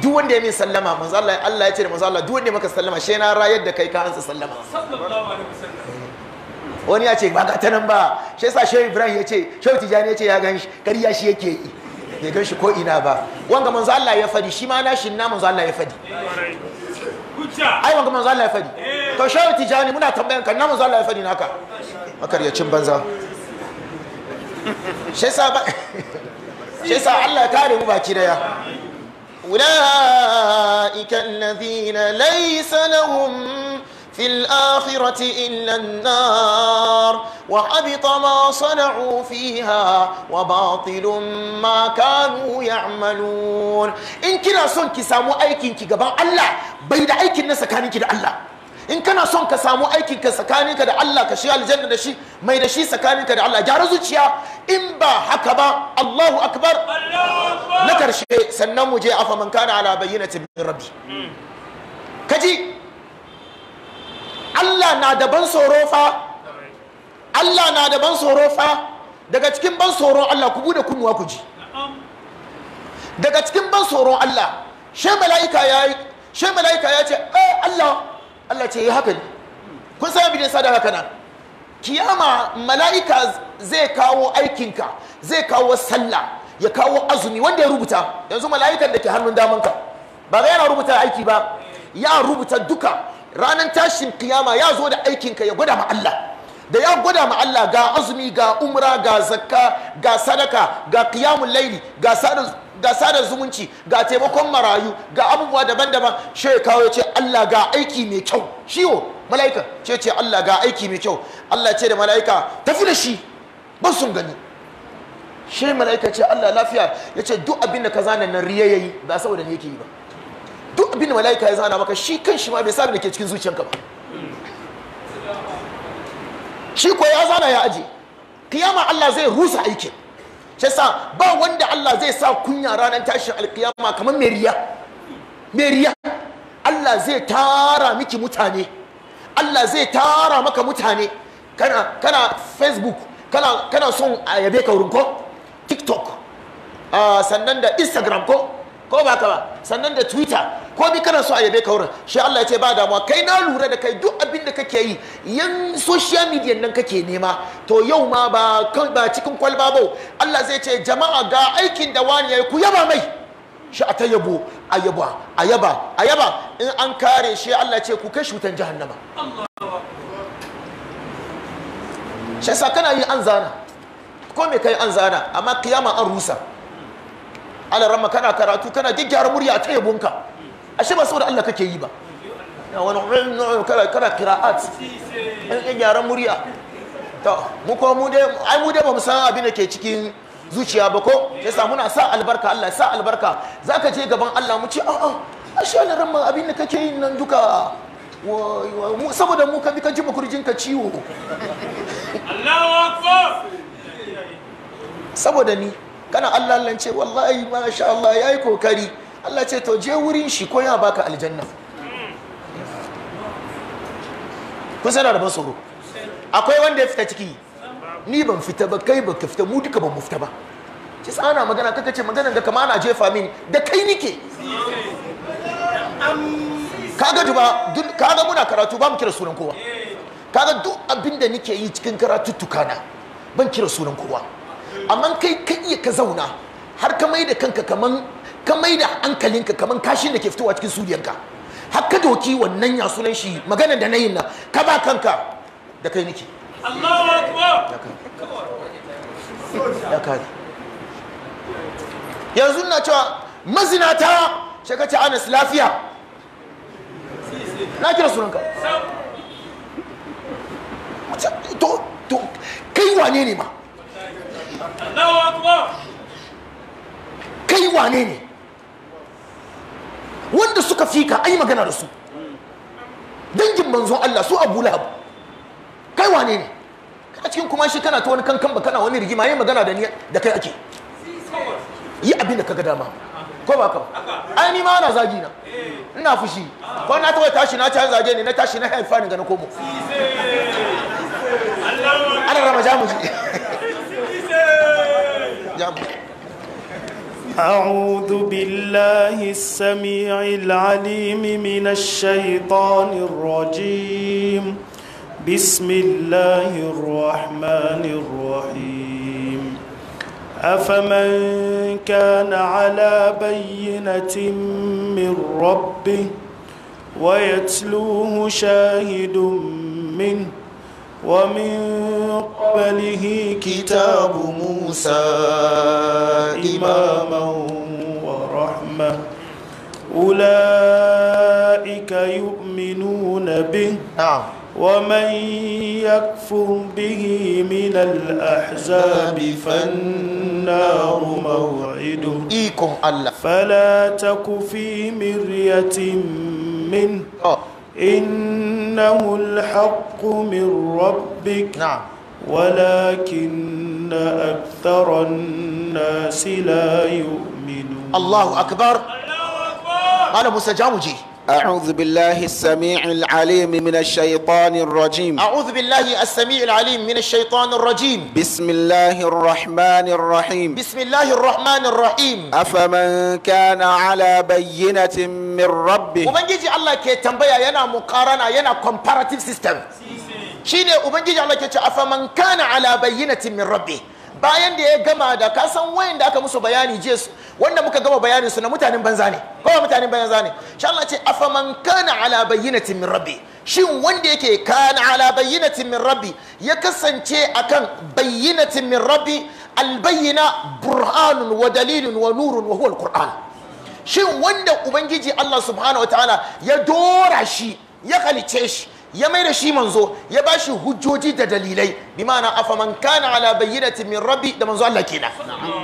duk wanda ya min sallama manzo Allah Allah ya ce da manzo Allah duk wanda maka sallama she na rayar da kai ka ansa sallama sallallahu alaihi wasallam wani ya ce ba ga ta nan ba shi yasa shehu ibrahim ya ce shehu tijani ya ce ya gan shi kariya shi yake yi ya gan shi ko ina ba wanga manzo Allah ya fadi shi ma na shi na manzo Allah ya fadi ai wanga manzo Allah ya fadi eh. to shehu tijani muna tambayan ka na manzo Allah ya fadi naka makariyacin banza shi sa Allah ta rubu baki daya ulaika allazina laysa lahum fil akhirati illa an-nar wa habita ma sana'u fiha wa batilun ma ya'malun in kina son ki samu aikin ki gaban Allah bai da aikin na tsakaninki da Allah in kana son ka samu aikin ka tsakaninka da Allah ka shiga aljanna da shi mai da shi tsakaninka da Allah gyara zuciya in ba haka ba Allahu akbar na karshe sannan mu je afa man kana ala bayyinatin min rabbi kaji Allah na da ban tsoro fa Allah na da ban tsoro fa daga cikin ban tsoron Allah ku bude kunnuwa ku ji daga cikin ban tsoron Allah she mala'ika ya ce eh Allah Allah ce yi haka ne kun san abin da yasa haka nan kiyama mala'ika zai kawo aikinka zai kawo sallah ya kawo azumi wanda ya rubuta yanzu mala'ikan da ke hannun damanka ba ga yana rubuta aiki ba ya rubuta duka ranar tashin kiyama ya zo da aikinka ya gwada ma Allah da ya gwada ma Allah ga azumi ga umra ga zakka ga sadaka ga qiyamul layli ga sadar ga sadar zumunci ga taimakon marayu ga abubuwa daban-daban shi kawo ce Allah ga aiki mai kyau shiwo mala'ika ce ce Allah ga aiki mai kyau Allah ce da mala'ika tafi da shi ban sun gani shi mala'ika ce Allah lafiya ya ce duk abin da ka zana nan riya yayi ba saboda ne yake yi ba duk abin da mala'ika ya zana maka shi kan shi ma bai sabi da ke cikin zuciyanka ba shi ko ya zana ya aje kiyama Allah zai rusa aiki. shi sa ba wanda Allah zai sa kunya ranar tashin alkiyama kamar meriya meriya Allah zai tara miki mutane Allah zai tara maka mutane kana kana facebook kana kana son a yabe ka wurin ko tiktok ah, sannan da instagram ko ko ba ka ba sannan da twitter ko bi kana so a yabe ka wurin shi Allah ya ce ba damuwa kai na lura da kai duk abin da kake yi yan social media nan kake nema to yau ma ba ba cikin kwalba ba Allah zai ce jama'a ga aikin da wani yayi ku yaba mai shi a ta yabo a yaba in an kare shi Allah ce ku kai shutan jahannama shi yasa kana yi an zana ko me kai an zana amma kiyama an rusa rama kana karatu kana gyaggyara murya a ta yabonka ashe ba saboda Allah kake yi ba wani kana kira'at an gyaggyara murya to mu ko mu dai ai mu dai ba mu san abin da ke cikin zuciya ba ko sai sa muna sa albarka Allah sa albarka zaka je gaban Allah mu ce a ashe ramma abin da kake yin nan duka saboda mu ka bi ka ji makurjin ka ciwo Allahu akbar saboda ni kana Allah Allah ce wallahi masha Allah yayi kokari Allah ce to je wurin shi ko ya baka aljanna kun sanar da ban tsoro akwai wanda ya fita ciki ni ban fita ba kai ba ka fita mu duka ban mu fita ba ci tsana magana kaka ce magana da kama ana jefa mini da kai nike kaga duba kaga muna karatu ba mu kira sunan kowa kaga duk abinda da nike yi cikin karatu tukana ban kira sunan kowa amma kai ka iya ka zauna har ka mai da kanka kaman ka mai da hankalinka kaman kashin da ke fitowa cikin suriyanka har ka doki wannan ya sunan shi magana da na yin nan ka ba kanka da kai niki Allahu akbar yanzu na cewa mazinata sai ka ce Anas lafiya na kira sunanka to to kai wane ne ma kai wane ne wanda suka fika ai magana da su dangin manzon Allah su Abu Lahab kai wane ne a cikin kuma shi kana ta wani kankan ba kana wani rigima yayin magana da ni da kai ake yi abin da kaga dama ko ba ka ai ni ma ana zagi na ina fushi ko na ta tashi na ta zage ni na tashi na haifa ni ga na komo ana rama jamuji أعوذ بالله السميع العليم من الشيطان الرجيم بسم الله الرحمن الرحيم أفمن كان على بينة من ربه ويتلوه شاهد منه ومن قبله كتاب موسى إماما ورحمة أولئك يؤمنون به نعم ومن يكفر به من الأحزاب فالنار موعده إيكم فلا تك في مرية منه آه. إنه الحق من ربك نعم ولكن أكثر الناس لا يؤمنون الله أكبر الله أكبر قال موسى جاوجي أعوذ بالله السميع العليم من الشيطان الرجيم أعوذ بالله السميع العليم من الشيطان الرجيم بسم الله الرحمن الرحيم بسم الله الرحمن الرحيم أفمن كان على بينة من ربه وبنجي الله كي تنبيا ينا مقارنة ينا comparative system شيني وبنجي الله كي أفمن كان على بينة من ربه bayan da ya gama da ka san wayan da aka musu bayani je wanda muka gama bayanin su na mutanen banza ne ko mutanen banza ne insha Allah ce afaman kana ala bayyinatin min rabbi shin wanda yake kana ala bayyinatin min rabbi ya kasance akan bayyinatin min rabbi albayyina burhanun wa dalilun wa nurun wa huwa alquran shin wanda ubangiji Allah subhanahu ta'ala ya dora shi ya halice shi ya mai da shi manzo ya ba shi hujjoji da dalilai bi ma'ana afaman kana ala bayyinatin min rabbi da manzo Allah kenan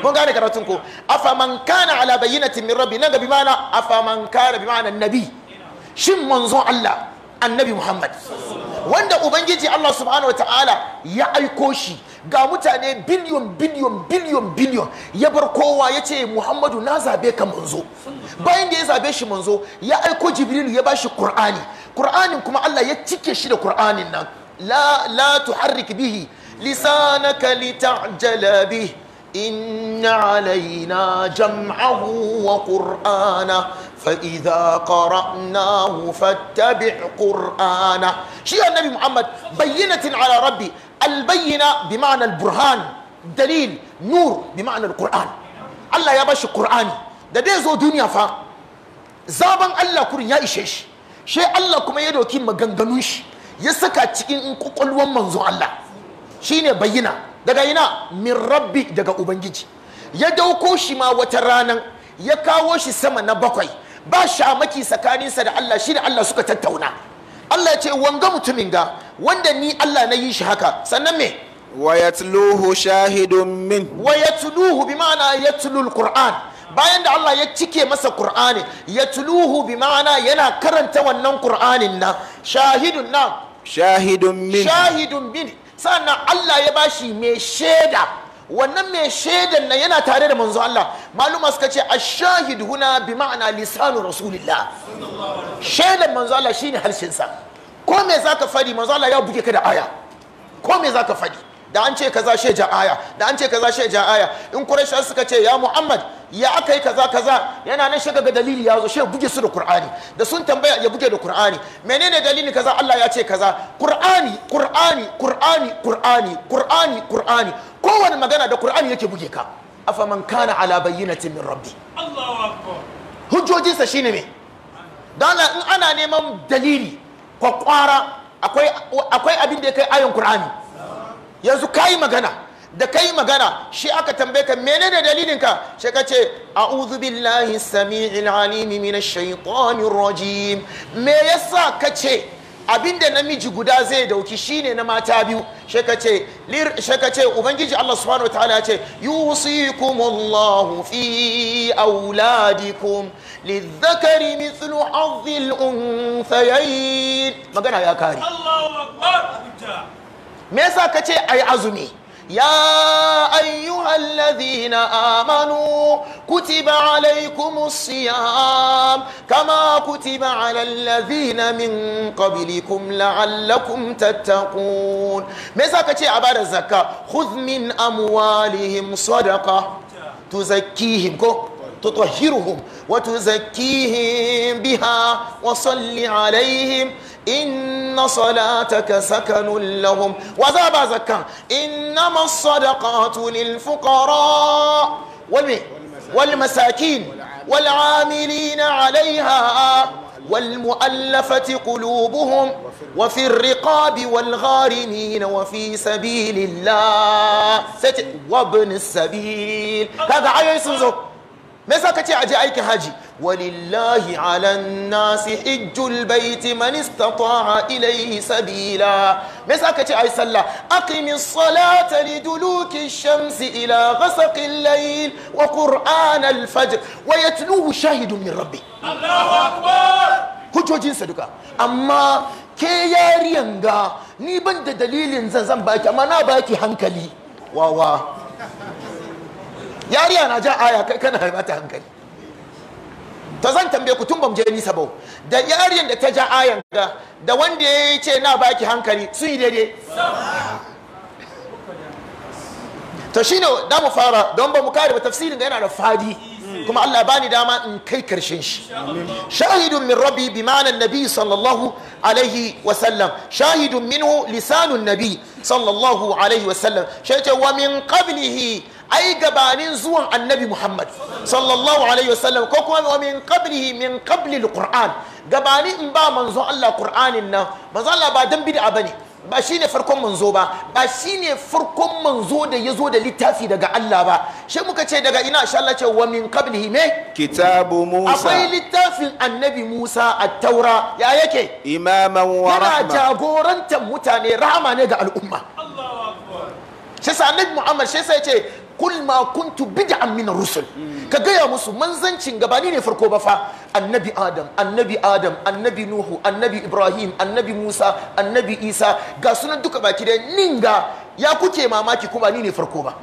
kun gane karatun ko afaman kana ala bayyinatin min rabbi nan ga bi ma'ana afaman kana bi ma'ana nabi shin manzo Allah annabi muhammad wanda ubangiji allah subhanahu wataala ya aiko shi ga mutane biliyon biliyon biliyon biliyon ya bar kowa ya ce muhammadu na zabe ka manzo bayan da ya zabe shi manzo ya aiko jibrilu ya bashi qur'ani qur'anin kuma allah ya cike shi da qur'anin nan la la tuharrik bihi lisanaka litajala bihi إن علينا جمعه وقرآنه فإذا قرأناه فاتبع قرآنه شيء النبي محمد بينة على ربي البينة بمعنى البرهان دليل نور بمعنى القرآن الله يا باشا قرآني ده دي زو دنيا فا زابن الله كوري يا إشيش شيء الله كما يدوكي مغنغنوش يسكا تكين انكو قلوان منزو الله شيء بينة daga ina min rabbi daga ubangiji ya dauko shi ma wata ranan ya kawo shi sama na bakwai ba shamaki tsakaninsa da Allah shi da Allah suka tattauna Allah ya ce wanga mutumin ga wanda ni Allah na yi shi haka sannan me wa tuluhu shahidun min wa tuluhu bi ma'ana alquran bayan da Allah ya cike masa Qur'ani ya tuluhu bi ma'ana yana karanta wannan Qur'anin na shahidun na shahidun min shahidun min sannan Allah ya bashi mai shaida wannan mai shaidan nan yana tare da manzo Allah maluma suka ce ash-shahid huna bi ma'ana lisanu rasulillah shaidan manzo Allah shine harshen sa ko me zaka fadi manzo Allah ya buge ka da aya ko me zaka fadi da an ce kaza she ja'aya, da an ce kaza she ja in quraisha suka ce ya muhammad ya aka yi kaza kaza yana nan shiga ga dalili ya zo she buge su da Kur'ani. da sun tambaya ya buge da qur'ani menene dalili kaza Allah ya ce kaza Kur'ani, qur'ani qur'ani qur'ani qur'ani qur'ani kowane magana da Kur'ani yake buge ka afaman kana ala bayyinatin min rabbi Allahu akbar hujjojinsa shine me dan in ana neman dalili kwakwara akwai abin da ya kai ayon Kur'ani. yanzu kayi magana da kai magana shi aka tambaye ka menene dalilin ka shi ka ce a'udhu billahi samii'il alim minash shaitanir rajim me yasa ka ce abinda namiji guda zai dauki shine na mata biyu shi ka ce ubangiji Allah subhanahu wataala ya ce yusikumullahu fi auladikum lidhakari mithlu hadhil unthayayn magana ya kare Allahu akbar me yasa kace ayi azumi يا أيها الذين آمنوا كتب عليكم الصيام كما كتب على الذين من قبلكم لعلكم تتقون ماذا كتي عبارة الزكاة خذ من أموالهم صدقة تزكيهم كو تطهرهم وتزكيهم بها وصل عليهم إن صلاتك سكن لهم وذاب زكا إنما الصدقات للفقراء والمساكين والعاملين عليها والمؤلفة قلوبهم وفي الرقاب والغارمين وفي سبيل الله وابن السبيل هذا عيسى me ka ce aje aikin haji walillahi ala nasi hijjul baiti man istata'a ilaihi sabila me yasa kace ai sallah aqimis salata liduluki shamsi ila ghasaqil layl wa qur'an al-fajr wa yatluhu shahidun min rabbi Allahu akbar hujojinsa duka amma ke yariyan ga ni ban da dalilin zan zan baki amma na baki hankali wawa yariya na ja aya kai kana ta hankali ta zan tambaye ku tun bamu je nisa ba da yariyan da ta ja ayan ga da wanda ya ce na baki hankali sun yi daidai to shine da mu fara don ba mu kare ba tafsirin ga yana da fadi kuma Allah bani dama in kai karshen shi shahidun min rabbi bi ma'anan nabi sallallahu alaihi wa sallam shahidun minhu lisanun nabi sallallahu alaihi wa sallam shi ce wa min qablihi ai gabanin zuwan annabi muhammad sallallahu alaihi wasallam ko kuma wa min qablihi min qabli alquran gabani in ba manzo Allah qur'anin nan manzo Allah ba dan bid'a bane ba shine farkon manzo ba ba shine farkon manzo da yazo da littafi daga Allah ba shi muka ce daga ina insha Allah ce wa min qablihi me kitabu musa akwai littafin annabi musa at-taura ya yake imaman wa rahma yana jagorantar mutane rahama ne ga al'umma Allahu akbar shi sa annabi Muhammad shi sai ce kul ma kuntu bid'an min rusul ka gaya musu manzancin ni ne farko ba fa annabi adam annabi adam annabi nuhu annabi ibrahim annabi musa annabi isa ga sunan duka baki da ninga ya kuke mamaki kuma ni ne farko ba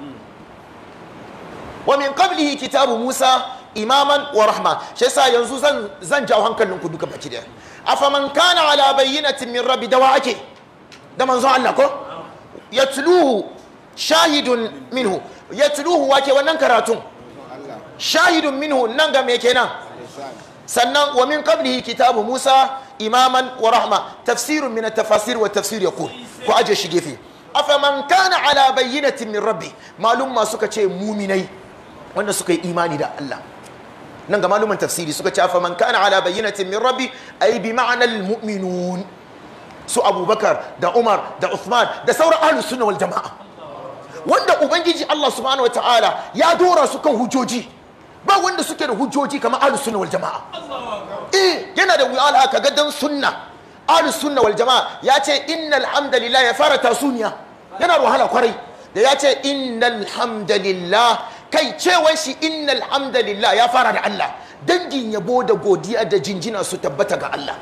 wa min qablihi kitabu musa imaman wa rahma shi yasa yanzu zan zan jawo hankalin ku duka baki da afaman kana ala bayyinatin min rabbi dawa ake da manzon Allah ko yatluhu shahidun minhu ya tuluhu wake wannan karatun shahidun minhu nan ga me kenan sannan wa min qablihi kitabu musa imaman wa rahma tafsirun min at-tafasir wa tafsir yaqul ku aje shi gefe afaman kana ala bayyinatin min rabbi ma suka ce muminai wanda suka yi imani da Allah nan ga maluman tafsiri suka ce afaman kana ala bayyinatin min rabbi ay bi ma'anal mu'minun su abubakar da umar da uthman da sauran ahlus sunna wal jama'a wanda ubangiji Allah subhanahu wataala ya dora su kan hujjoji ba wanda suke da hujjoji kamar ahlus sunna wal jamaa eh yana da wuya haka ga dan sunna ahlus sunna wal jamaa ya ce innal hamdalillah ya fara tasuniya yana da wahala kwarai da ya ce innal hamdalillah kai cewan shi innal hamdalillah ya fara da Allah dangin yabo da godiya da jinjina su tabbata ga Allah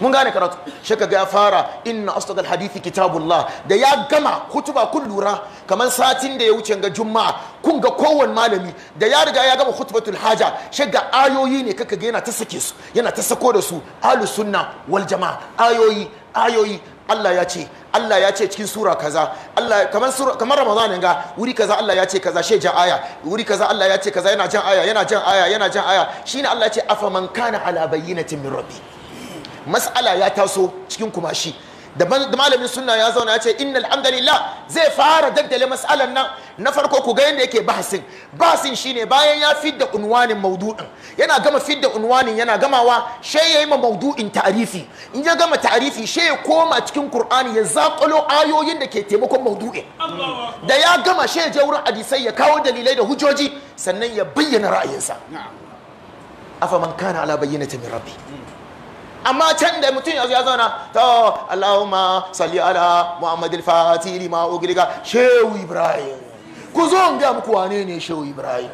mun gane karatu shi ka ya fara inna astagal hadithi kitabullah da ya gama hutuba kun lura kamar satin da ya wuce ga juma'a kun ga kowane malami da ya riga ya gama hutubatul haja shi ga ayoyi ne kaka ga yana ta sake su yana ta sako da su ahlus sunna wal jama'a ayoyi ayoyi Allah ya ce Allah ya ce cikin sura kaza Allah kamar sura kamar Ramadan ga wuri kaza Allah ya ce kaza she aya wuri kaza Allah ya ce kaza yana jan aya yana jan aya yana jan aya shine Allah ya ce afaman kana ala bayyinatin min rabbi mas'ala ya taso cikin kumashi da malamin sunna ya zauna ya ce innal hamdalillah zai fara daddale mas'alan nan na farko ku ga yadda yake bahasin bahasin shine bayan ya fidda unwanin maudu'in yana gama fidda unwanin yana gamawa she yayi ma maudu'in ta'arifi in ya gama ta'arifi she ya koma cikin qur'ani ya zakalo ayoyin da ke taimakon maudu'in da ya gama she ya je wurin hadisai ya kawo dalilai da hujjoji sannan ya bayyana ra'ayinsa man kana ala bayyinata min rabbi amma can da mutum yanzu ya zauna to Allahumma salli ala Muhammad al-Fatih lima ugriga Shehu Ibrahim ku zo in ga muku wane ne Shehu Ibrahim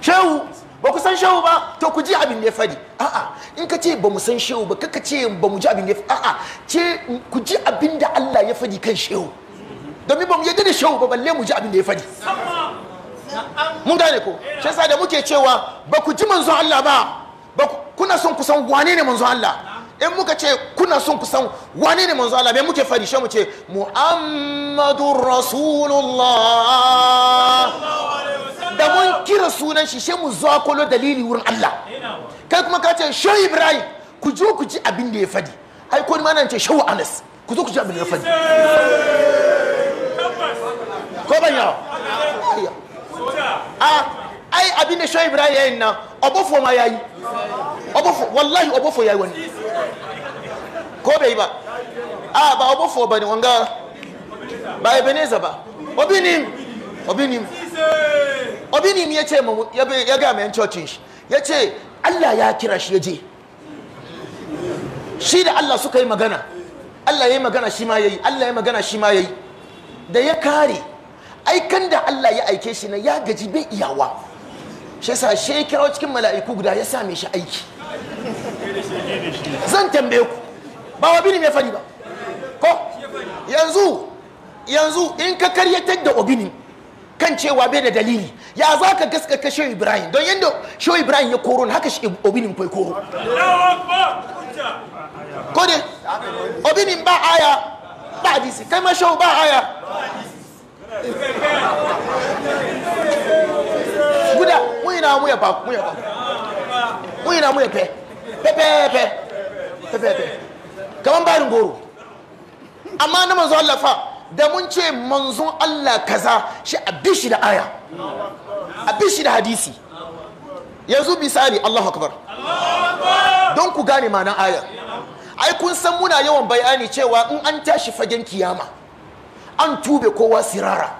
Shehu ba ku san shehu ba to ku ji abin da ya fadi a'a in ka ce ba mu san shehu ba kaka ce ba mu ji abin da ya fadi a'a ce ku ji abin da Allah ya fadi kan shehu domin ba mu yadda da shehu ba balle mu ji abin da ya fadi mun gane ko shi yasa da muke cewa ba ku ji manzon Allah ba kuna son kusan wane ne manzo Allah in muka ce kuna son kusan wane ne manzo Allah me muke fari mu ce Muhammadur Rasulullah da mun kira sunan shi shi mu zuwa kolo dalili wurin Allah kai kuma ka ce Shehu Ibrahim ku je ku ji abin da ya fadi ai ko ma nan ce Shehu Anas ku zo ku ji abin da ya fadi ko ban yawa a ai abin da shoyi ibrahim yayin nan obofo ma yayi obofo wallahi obofo yayi wani ko bai ba a ba obofo ne wanga ba ebeneza ba obinim obinim obinim ya ce ya ga mai cocin shi ya ce allah ya kira shi ya je shi da allah suka yi magana allah ya yi magana shi ma ya yi allah ya yi magana shi ma ya yi da ya kare aikan da allah ya aike shi na ya gaji bai iyawa shi yasa shi ya kira cikin mala'iku guda ya same shi aiki zan tambaye ku ba wa binim ya fari ba ko yanzu yanzu in ka karyatar da obinim kan cewa bai da dalili ya za ka gaskata shehu ibrahim don yadda shehu ibrahim ya koro haka shi obinin kai koro ko ne obinin ba aya ba hadisi kai ma shehu ba aya nyinaa moyɛ baako baako nyinaa pɛ pɛpɛɛpɛ pɛpɛɛpɛ kaman goro amma na manzo Allah fa da mun ce manzon Allah kaza shi abishi da aya abishi da hadisi yanzu bisani Allahu akbar don ku gane na aya ai kun san muna yawan bayani cewa in an tashi fagen kiyama an tube kowa sirara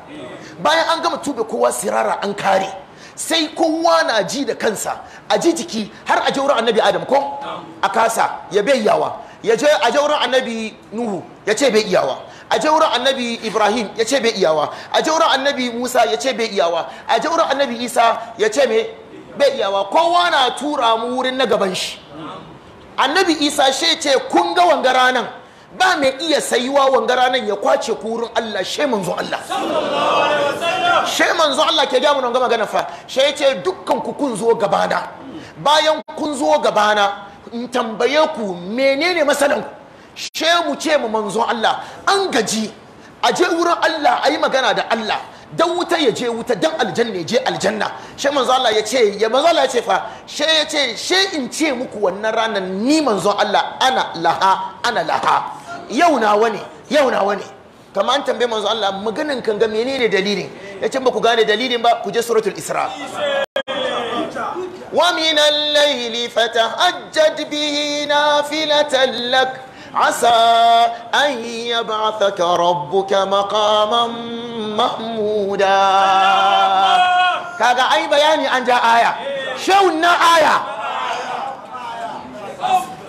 bayan an gama tube kowa sirara an kare sai kowa na ji da kansa a ji jiki har a jauron annabi adam ko a kasa ya bai yawa ya je a jauron annabi nuhu ya ce bai iyawa a jauron annabi ibrahim ya ce bai iyawa a jauron annabi musa ya ce bai iyawa a jauron annabi isa ya ce bai iyawa kowa na tura mu wurin na gaban shi annabi isa shi ce kun ga wanga ranan ba mai iya sayuwa wanga ranar ya kwace ku wurin Allah shai manzo Allah shai manzo Allah ke ga mun ga magana fa ya ce dukkan ku kun zo gabana bayan kun zo gabana in tambaye ku menene masalan ku shai mu ce mu manzo Allah an gaji a je wurin Allah a yi magana da Allah dan wuta ya je wuta dan aljanna ya je aljanna shai manzo Allah ya ce ya manzo Allah ya ce fa shai ya ce shai in ce muku wannan ranar ni manzo Allah ana laha ana laha yau nawa ne yau nawa ne kamar an tambaye manzo Allah maganan kan ga menene dalilin yace ba ku gane dalilin ba ku je suratul isra wa min al-layli fatahajjad bihi nafilatan lak asa an yab'athaka rabbuka maqaman Mahmuda. kaga ai bayani an ja aya shawun na aya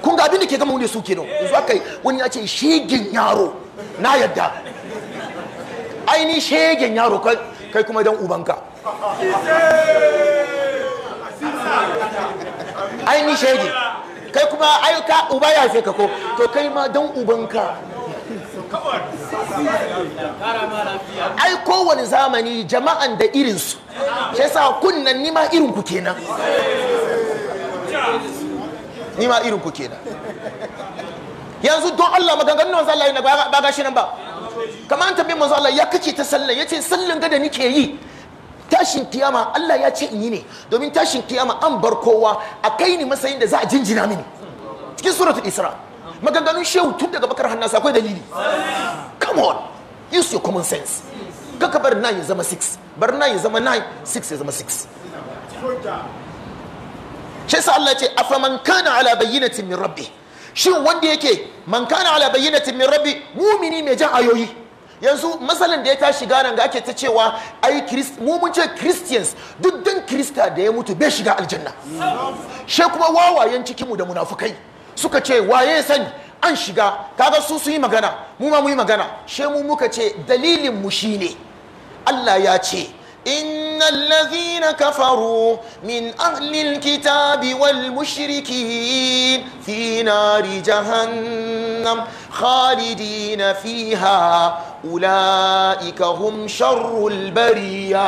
kun ga abin da ke gama wani su nan yanzu aka yi wani ya ce shegen yaro na yadda aini shegen yaro kai kuma don ubanka aini shege kai kuma ayyuka uba ya fi ka ko to kai ma don ubanka ai kowane zamani jama'an da irinsu shi sa kunnan nima irin ku kenan ni ma irin ku kenan yanzu don Allah maganganun manzo Allah ne ba ga shi nan ba kamar an tambaye manzo Allah ya kace ta sallah yace sallan gada nike yi tashin kiyama Allah ya ce in yi ne domin tashin kiyama an bar kowa a kai ni masayin da za a jinjina mini cikin suratul isra maganganun shehu tun daga bakar hannasa akwai dalili come on use your common sense kaka bar 9 ya zama 6 bar 9 ya zama 9 6 ya zama 6 shi yasa Allah ce man kana ala bayyinatin min rabbi shin wanda yake man kana ala bayyinatin min rabbi mumini mai jan ayoyi yanzu matsalan da ya tashi nan ga ake ta cewa ai mu mun ce christians duk dan krista da ya mutu bai shiga aljanna she kuma wawayen cikinmu da munafukai suka ce waye sani an shiga kaga su su yi magana mu ma mu yi magana she mu muka ce dalilin mu shine Allah ya ce إن الذين كفروا من أهل الكتاب والمشركين في نار جهنم خالدين فيها أولئك هم شر البرية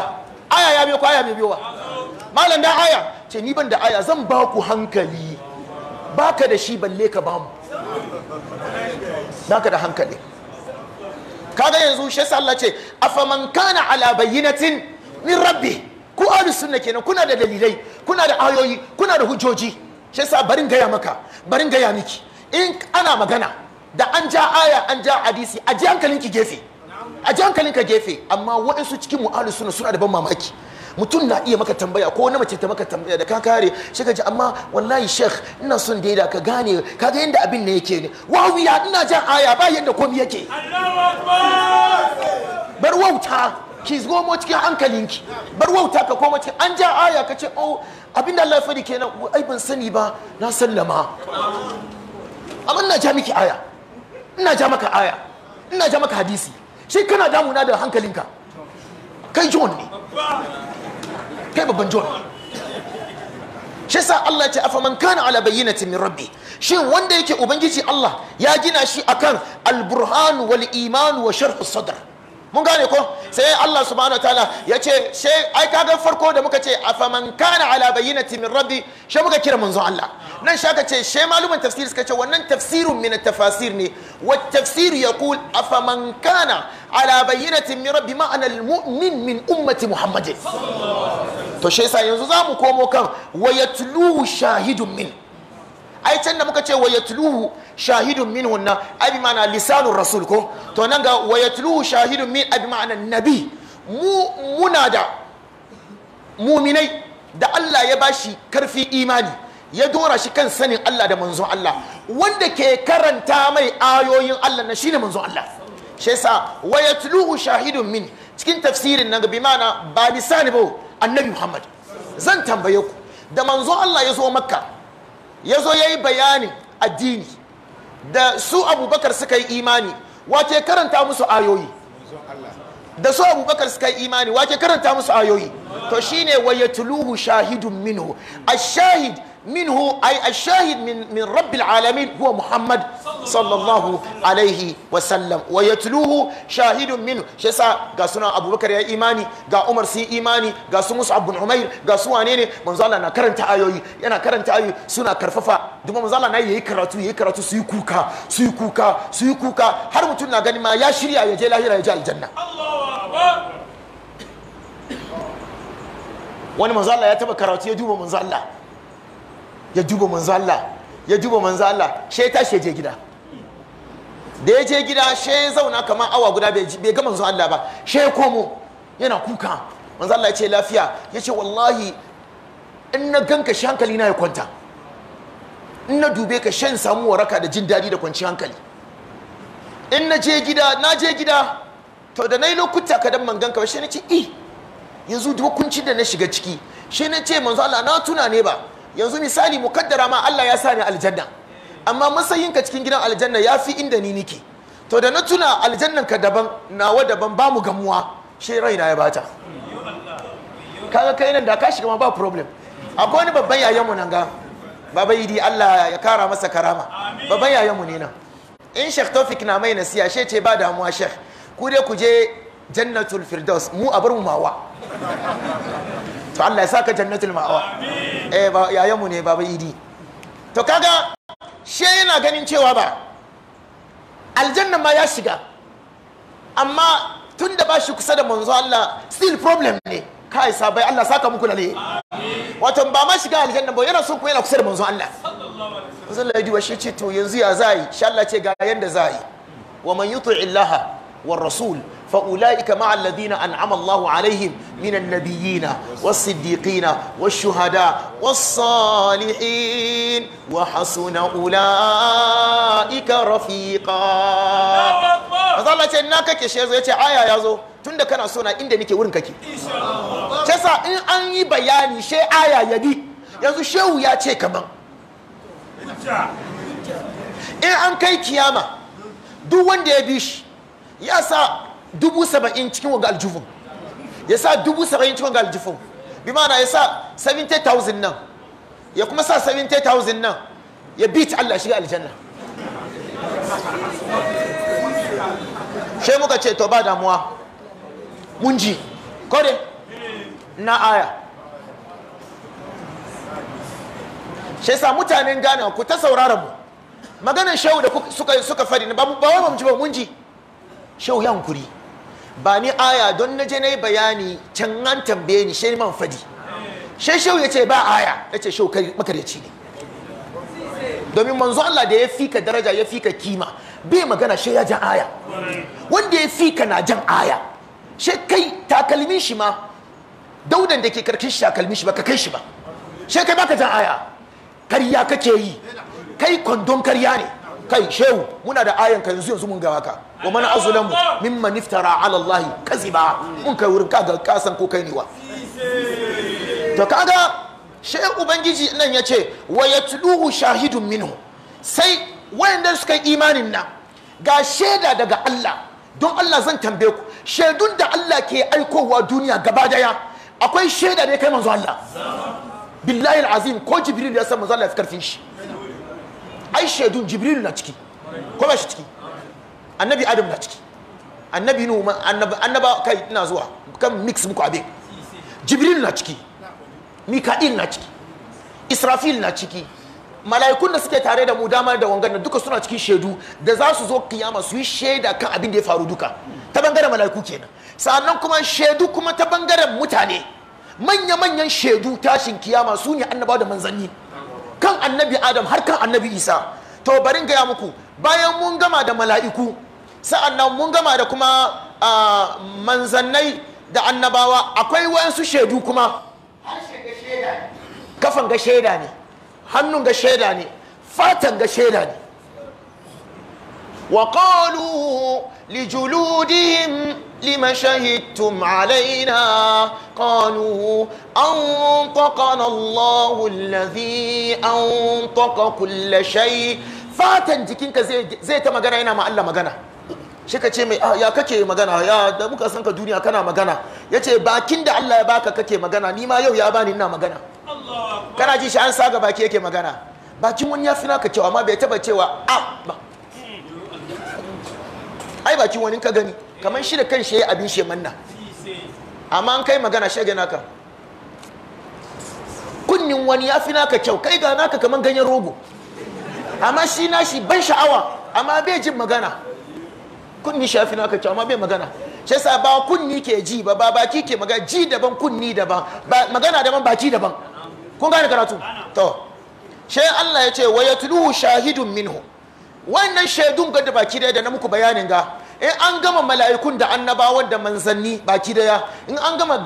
آية يا بيوك آية بيوك ما لنا آية تنيبا دا آية زنباكو هنكلي باك دا شي بليك بام باك دا هنكلي kaga yanzu shi Allah ce afaman kana ala bayyinatin min rabbi ku ahlus sunna kenan kuna da dalilai kuna da ayoyi kuna da hujjoji shi yasa barin gaya maka barin gaya miki in ana magana da an ja aya an ja hadisi a ji ki gefe a ji ka gefe amma waɗansu cikin mu ahlus suna da ban mamaki mutum na iya maka tambaya ko wani mace ta maka tambaya da ka kare shi ka ji amma wallahi shek ina son daida ka gane ka ga yadda abin ne yake ne wawiya ina jan aya ba yadda komi yake bar wauta ki zo cikin hankalinki bar wauta ka koma cikin an ja aya ka ce oh abin da Allah ya faɗi kenan ai ban sani ba na sallama amma ina ja miki aya ina ja maka aya ina ja maka hadisi shi kana damuna da hankalinka kai John ne kai babban John shi sa Allah ce afa man kana ala bayyinatin min rabbi shin wanda yake ubangiji Allah ya gina shi akan al-burhan wal iman wa sharh sadr mun gane ko sai Allah subhanahu wataala ya ce she ai kaga farko da muka ce afaman kana ala bayyinati min rabbi muka kira manzon Allah nan sha ka ce she malumin tafsir suka ce wannan tafsirun min tafasir ne wa tafsir yaqul afaman kana ala bayyinati min rabbi ma'ana almu'min min ummati muhammadin to she yanzu yanzu zamu komo kan wa yatluhu shahidun min ai can da muka ce wa yatluhu shahidun minhunna ai abi ma'ana lisanur rasul ko to nan ga wa shahidun min abi ma'ana nabi mu muna da muminai da Allah ya bashi karfi imani ya dora shi kan sanin Allah da manzon Allah wanda ke karanta mai ayoyin Allah na shine manzon Allah shi yasa wa shahidun min cikin tafsirin nan bi ma'ana ba lisani ba annabi Muhammad zan tambaye ku da manzon Allah ya zo makka ya zo ya yi bayanin addini da su abubakar suka yi imani wace karanta musu ayoyi da su abubakar suka yi imani wace karanta musu ayoyi to shine wayatuluhu tuluhu shahidun minhu ash-shahid منه أي الشاهد من, من رب العالمين هو محمد صلى الله عليه وسلم ويتلوه شاهد منه شيسا قاسونا أبو بكر يا إيماني قا عمر سي إيماني قاسو مصعب بن عمير قاسو أنيني منزالا أنا كرنت آيوي أنا كرنت آيوي سونا كرففا دوما منزالا أنا يكرتو يكرتو سيكوكا سيكوكا سيكوكا هر متونا غني ما يا شريا يا جيلا هيرا يا جال الجنة الله wani manzo Allah ya taba karatu ya duba manzo Allah ya duba manzo Allah ya duba manzo Allah she ta she je gida da ya je gida she zauna kamar awa guda bai ga manzo Allah ba she komo yana kuka manzo Allah ya ce lafiya ya ce wallahi in na ganka shi hankali na ya kwanta in na dube ka shan samu waraka da jin daɗi da kwanci hankali in na je gida na je gida to da na yi lokuta ka dan manganka ba shi na ce eh yanzu duk kunci da na shiga ciki shi na ce manzo Allah na tuna ne ba yanzu misali mukaddara ma Allah ya sani aljanna amma masayinka cikin gidan aljanna ya fi inda ni nike to da na tuna aljannan ka daban nawa daban ba mu gamuwa shi raina ya bata kaga kai nan da ka shiga ma ba problem akwai wani babban yayan mu nan ga baba idi Allah ya kara masa karama babban yayan mu ne nan in shek tofik na mai nasiya she ce ba damuwa shek. ku dai ku je jannatul firdaus mu a bar mu mawa to Allah ya saka jannatul ma'awa eh ba yayan mu ne baba idi to kaga she yana ganin cewa ba aljanna ma ya shiga amma tun da ba shi kusa da manzo Allah still problem ne kai sabai Allah saka muku da ne wato ba ma shiga aljanna ba yana son ku yana kusa da manzo Allah sallallahu alaihi wa sallam ce to yanzu ya zai insha Allah ce ga yanda zai wa man yuti illaha war rasul فأولئك مع الذين أنعم الله عليهم من النبيين والصديقين والشهداء والصالحين وحسن أولئك رفيقا Maza Allah ce na kake shi yazo yace aya yazo tunda kana so na inda nake wurin kake. Cesa in an yi bayani she aya ya bi yanzu shehu ya ce kaman. In an kai kiyama duk wanda ya bi shi ya sa dubu saba'in cikin wanga aljufin ya sa dubu saba'in cikin wanga aljufin bi ma'ana ya sa 70,000 nan ya kuma sa 70,000 nan ya beat Allah shiga aljanna shai muka ce to ba damuwa mun ji kore na aya shai sa mutanen gane ku ta saurara mu maganar shehu da suka fari ba wai ba mu ji ba mun ji yankuri ba ni aya don na je na yi bayani can an tambaye ni shi man fadi shi shau ya ce ba aya ya ce shau makaryaci ne domin manzo Allah da ya fi ka daraja ya fi ka kima bai magana shi ya jan aya wanda ya fi ka na jan aya shi kai takalmin shi ma daudan da ke karkin shi takalmin shi ba ka kai shi ba shi kai baka jan aya karya kake yi kai kwandon karya ne kai shehu muna da ayan ka yanzu yanzu mun ga haka wa man azlamu mimma iftara ala allahi kaziba mun kai wurin kaga kasan ko kai ne wa to kaga shehu ubangiji nan yace wa yatluhu shahidun minhu sai wayanda suka imanin na ga shaida daga Allah don Allah zan tambaye ku shaidun da Allah ke aikowa duniya gaba daya akwai shaida da kai manzo Allah billahi alazim ko jibril ya san manzo Allah ya karfin shi ai shaidun jibrilu na ciki ko shi ciki annabi adam na ciki annabi nuhu Annabi annaba kai ina zuwa kan mix muku abin jibril na ciki mika'il na ciki israfil na ciki mala'ikun da suke tare da mu dama da wangan duka suna cikin shaidu da za su zo kiyama su yi shaida kan abin da ya faru duka ta bangaren mala'iku kenan sannan kuma shaidu kuma ta bangaren mutane manya-manyan shaidu tashin kiyama su ne annabawa da manzanni kan annabi adam har kan annabi isa to barin gaya muku bayan mun gama da mala'iku sa'an nan mun gama da kuma manzannai da annabawa akwai wayansu shaidu kuma kafan ga shaida ne hannun ga shaida ne fatan ga shaida ne wa qalu li juludihim لم شهدتم علينا قالوا أنطقنا الله الذي أنطق كل شيء fatan jikinka zai ta magana yana ma Allah magana shi ce mai ya kake magana ya da muka san ka duniya kana magana ya ce bakin da Allah ya baka kake magana ni ma yau ya bani ina magana kana ji shi an saga baki yake magana bakin wani ya fi naka kyau amma bai taba cewa a ba ai bakin wani ka gani kamar shi da kan shi ya abin shi manna amma an kai magana shege naka Kunnin wani ya fi naka kyau kai ga naka kamar ganyen rogo amma shi na shi ban sha'awa amma bai jin magana kunni shi ya fi naka kyau amma bai magana shi yasa ba kunni ke ji ba ba baki ke magana ji daban kunni daban magana daban baki daban kun gane karatu to shi Allah ya ce wa yatluhu shahidun minhu wannan shaidun ga da baki da na muku bayanin ga in eh, an gama mala'ikun da annabawan da manzanni baki daya in an gama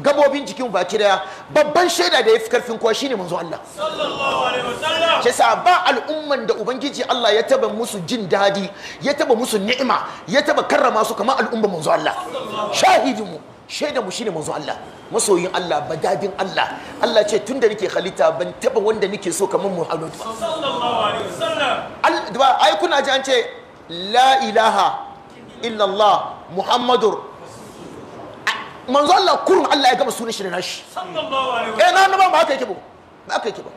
gabobin jikin baki daya babban shaida da ya fi karfin kuwa shine manzo Allah sallallahu alaihi sa ba al'umman da ubangiji Allah ya taba musu jin dadi ya taba musu ni'ima ya taba karrama su kamar al'umman manzo Allah shahidin mu shaida mu shine manzo Allah masoyin Allah badadin Allah Allah ce tun da nake halitta ban taba wanda nake so kamar Muhammad sallallahu alaihi wasallam ai kuna ji an ce la ilaha illallah muhammadur manzo Allah kurun Allah ya gama sunan shi da nashi eh na annabawa ba haka yake ba ba haka yake ba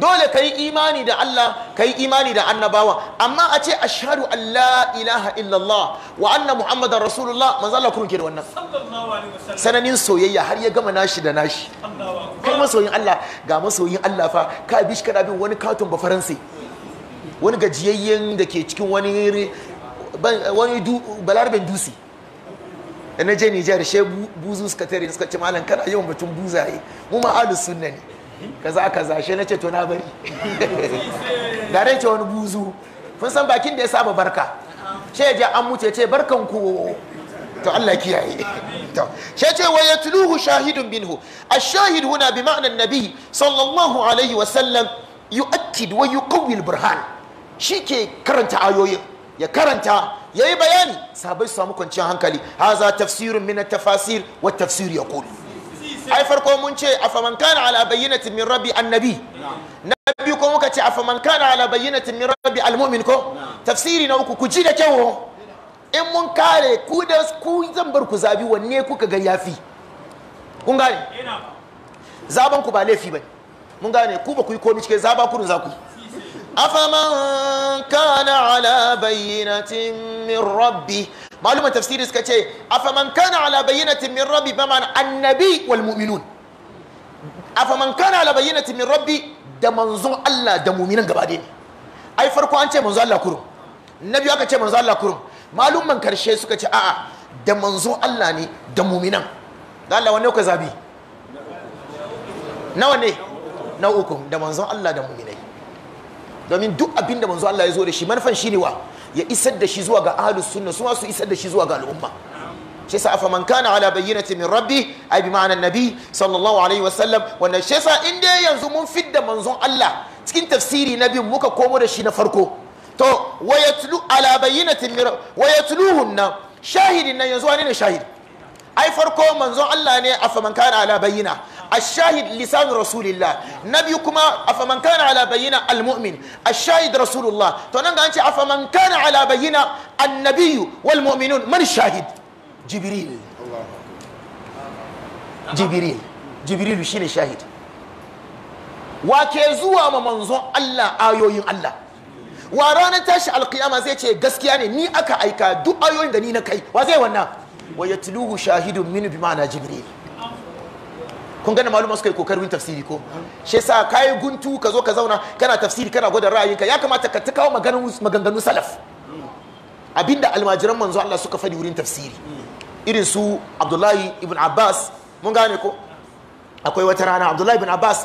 dole ka imani da Allah ka imani da annabawa amma a ce ashhadu an la ilaha illallah wa anna muhammadan rasulullah manzo Allah kurun ke da wannan sananin soyayya har ya gama nashi da nashi kai masoyin Allah ga masoyin Allah fa ka bi shi kana bin wani katon ba faransi wani gajiyayyen da ke cikin wani wani balarabin dusi da na je nijar she buzu suka tare suka ci malam kana yawan batun buzaye mu ma ahlus sunna ne kaza kaza she nace to na bari da rai ce wani buzu kun san bakin da ya saba barka she ya je an mutu ya ce barkan ku to Allah kiyaye to she ce wa yatluhu shahidun minhu ash-shahid huna bi ma'na an-nabi sallallahu alaihi wa sallam yu'akkid wa yuqawwi al-burhan shike karanta ayoyin ya karanta ya yi bayani sabai su samu kwanciyar hankali za tafsirin mina tafasir wa tafsir ya kulu ai farko mun ce afaman kana ala bayyanatin min rabbi annabi na biyu ko muka ce afaman kana ala bayyanatin min rabbi almu'min ko tafsiri na uku ku ji da kyau in mun kare ku da ku zan bar ku zabi wanne kuka ga yafi kun gane zaban ku ba laifi bane mun gane ku ba ku yi komai cike zaba kurun za ku yi afaman kana ala bayyinatin min rabbi malumin tafsiri suka ce afaman kana ala bayyinatin min rabbi ba ma'ana annabi wal mu'minun afaman kana ala bayyinatin min rabbi da manzon Allah da mu'minan gaba ne ai farko an ce manzon Allah kurum na aka ce manzon Allah kurum malumman karshe suka ce a'a da manzon Allah ne da mu'minan da Allah wanne ku zabi nawa ne na uku da manzon Allah da mu'minai domin duk abin da manzo Allah ya zo da shi manufan shi ne wa ya isar da shi zuwa ga ahlus sunna su ma su isar da shi zuwa ga al'umma shi yasa afa man kana ala bayyinati min rabbi ai bi ma'ana nabi sallallahu alaihi sallam. wannan shi yasa in dai yanzu mun fidda manzon Allah cikin tafsiri na bin muka komo da shi na farko to wayatlu ala bayyinati min wayatluhunna shahidin nan yanzu wani ne shahidi ai farko manzon Allah ne afa man kana ala bayyina الشاهد لسان رسول الله نبي كما أفمن كان على بينة المؤمن الشاهد رسول الله تنانغ أنت أفمن كان على بينة النبي والمؤمنون من الشاهد جبريل جبريل جبريل شين الشاهد wake zuwa ma manzon Allah ayoyin Allah wa ranar tashi alkiyama zai ce gaskiya ne ni aka aika duk ayoyin da ni na kai wa zai wannan wa tuluhu shahidun min bi ma'ana jibril kun gane malumar suka yi kokarin tafsiri ko shi ka yi guntu ka zo ka zauna kana tafsiri kana gwada ra'ayinka ya kamata ka ta kawo maganganun salaf abinda almajiran manzo Allah suka fadi wurin tafsiri irin su Abdullahi ibn Abbas mun gane ko akwai wata rana Abdullahi ibn Abbas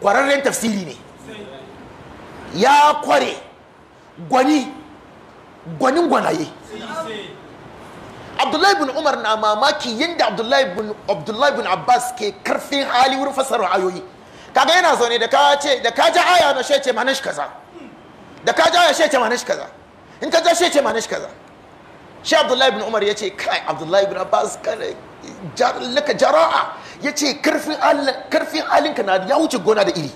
kwararren tafsiri ne ya kware gwani gwanin gwanaye abdullahi bin umar na mamaki yadda abdullahi bin abbas ke karfin hali wurin fasar ra'ayoyi kaga yana zaune da ka da ka ja aya na shece manish kaza da ka ja aya shece manish kaza in ka ja shece manish kaza shi abdullahi bin umar ya ce kai abdullahi bin abbas kare laka jara'a ya ce karfin ka na ya wuce gona da iri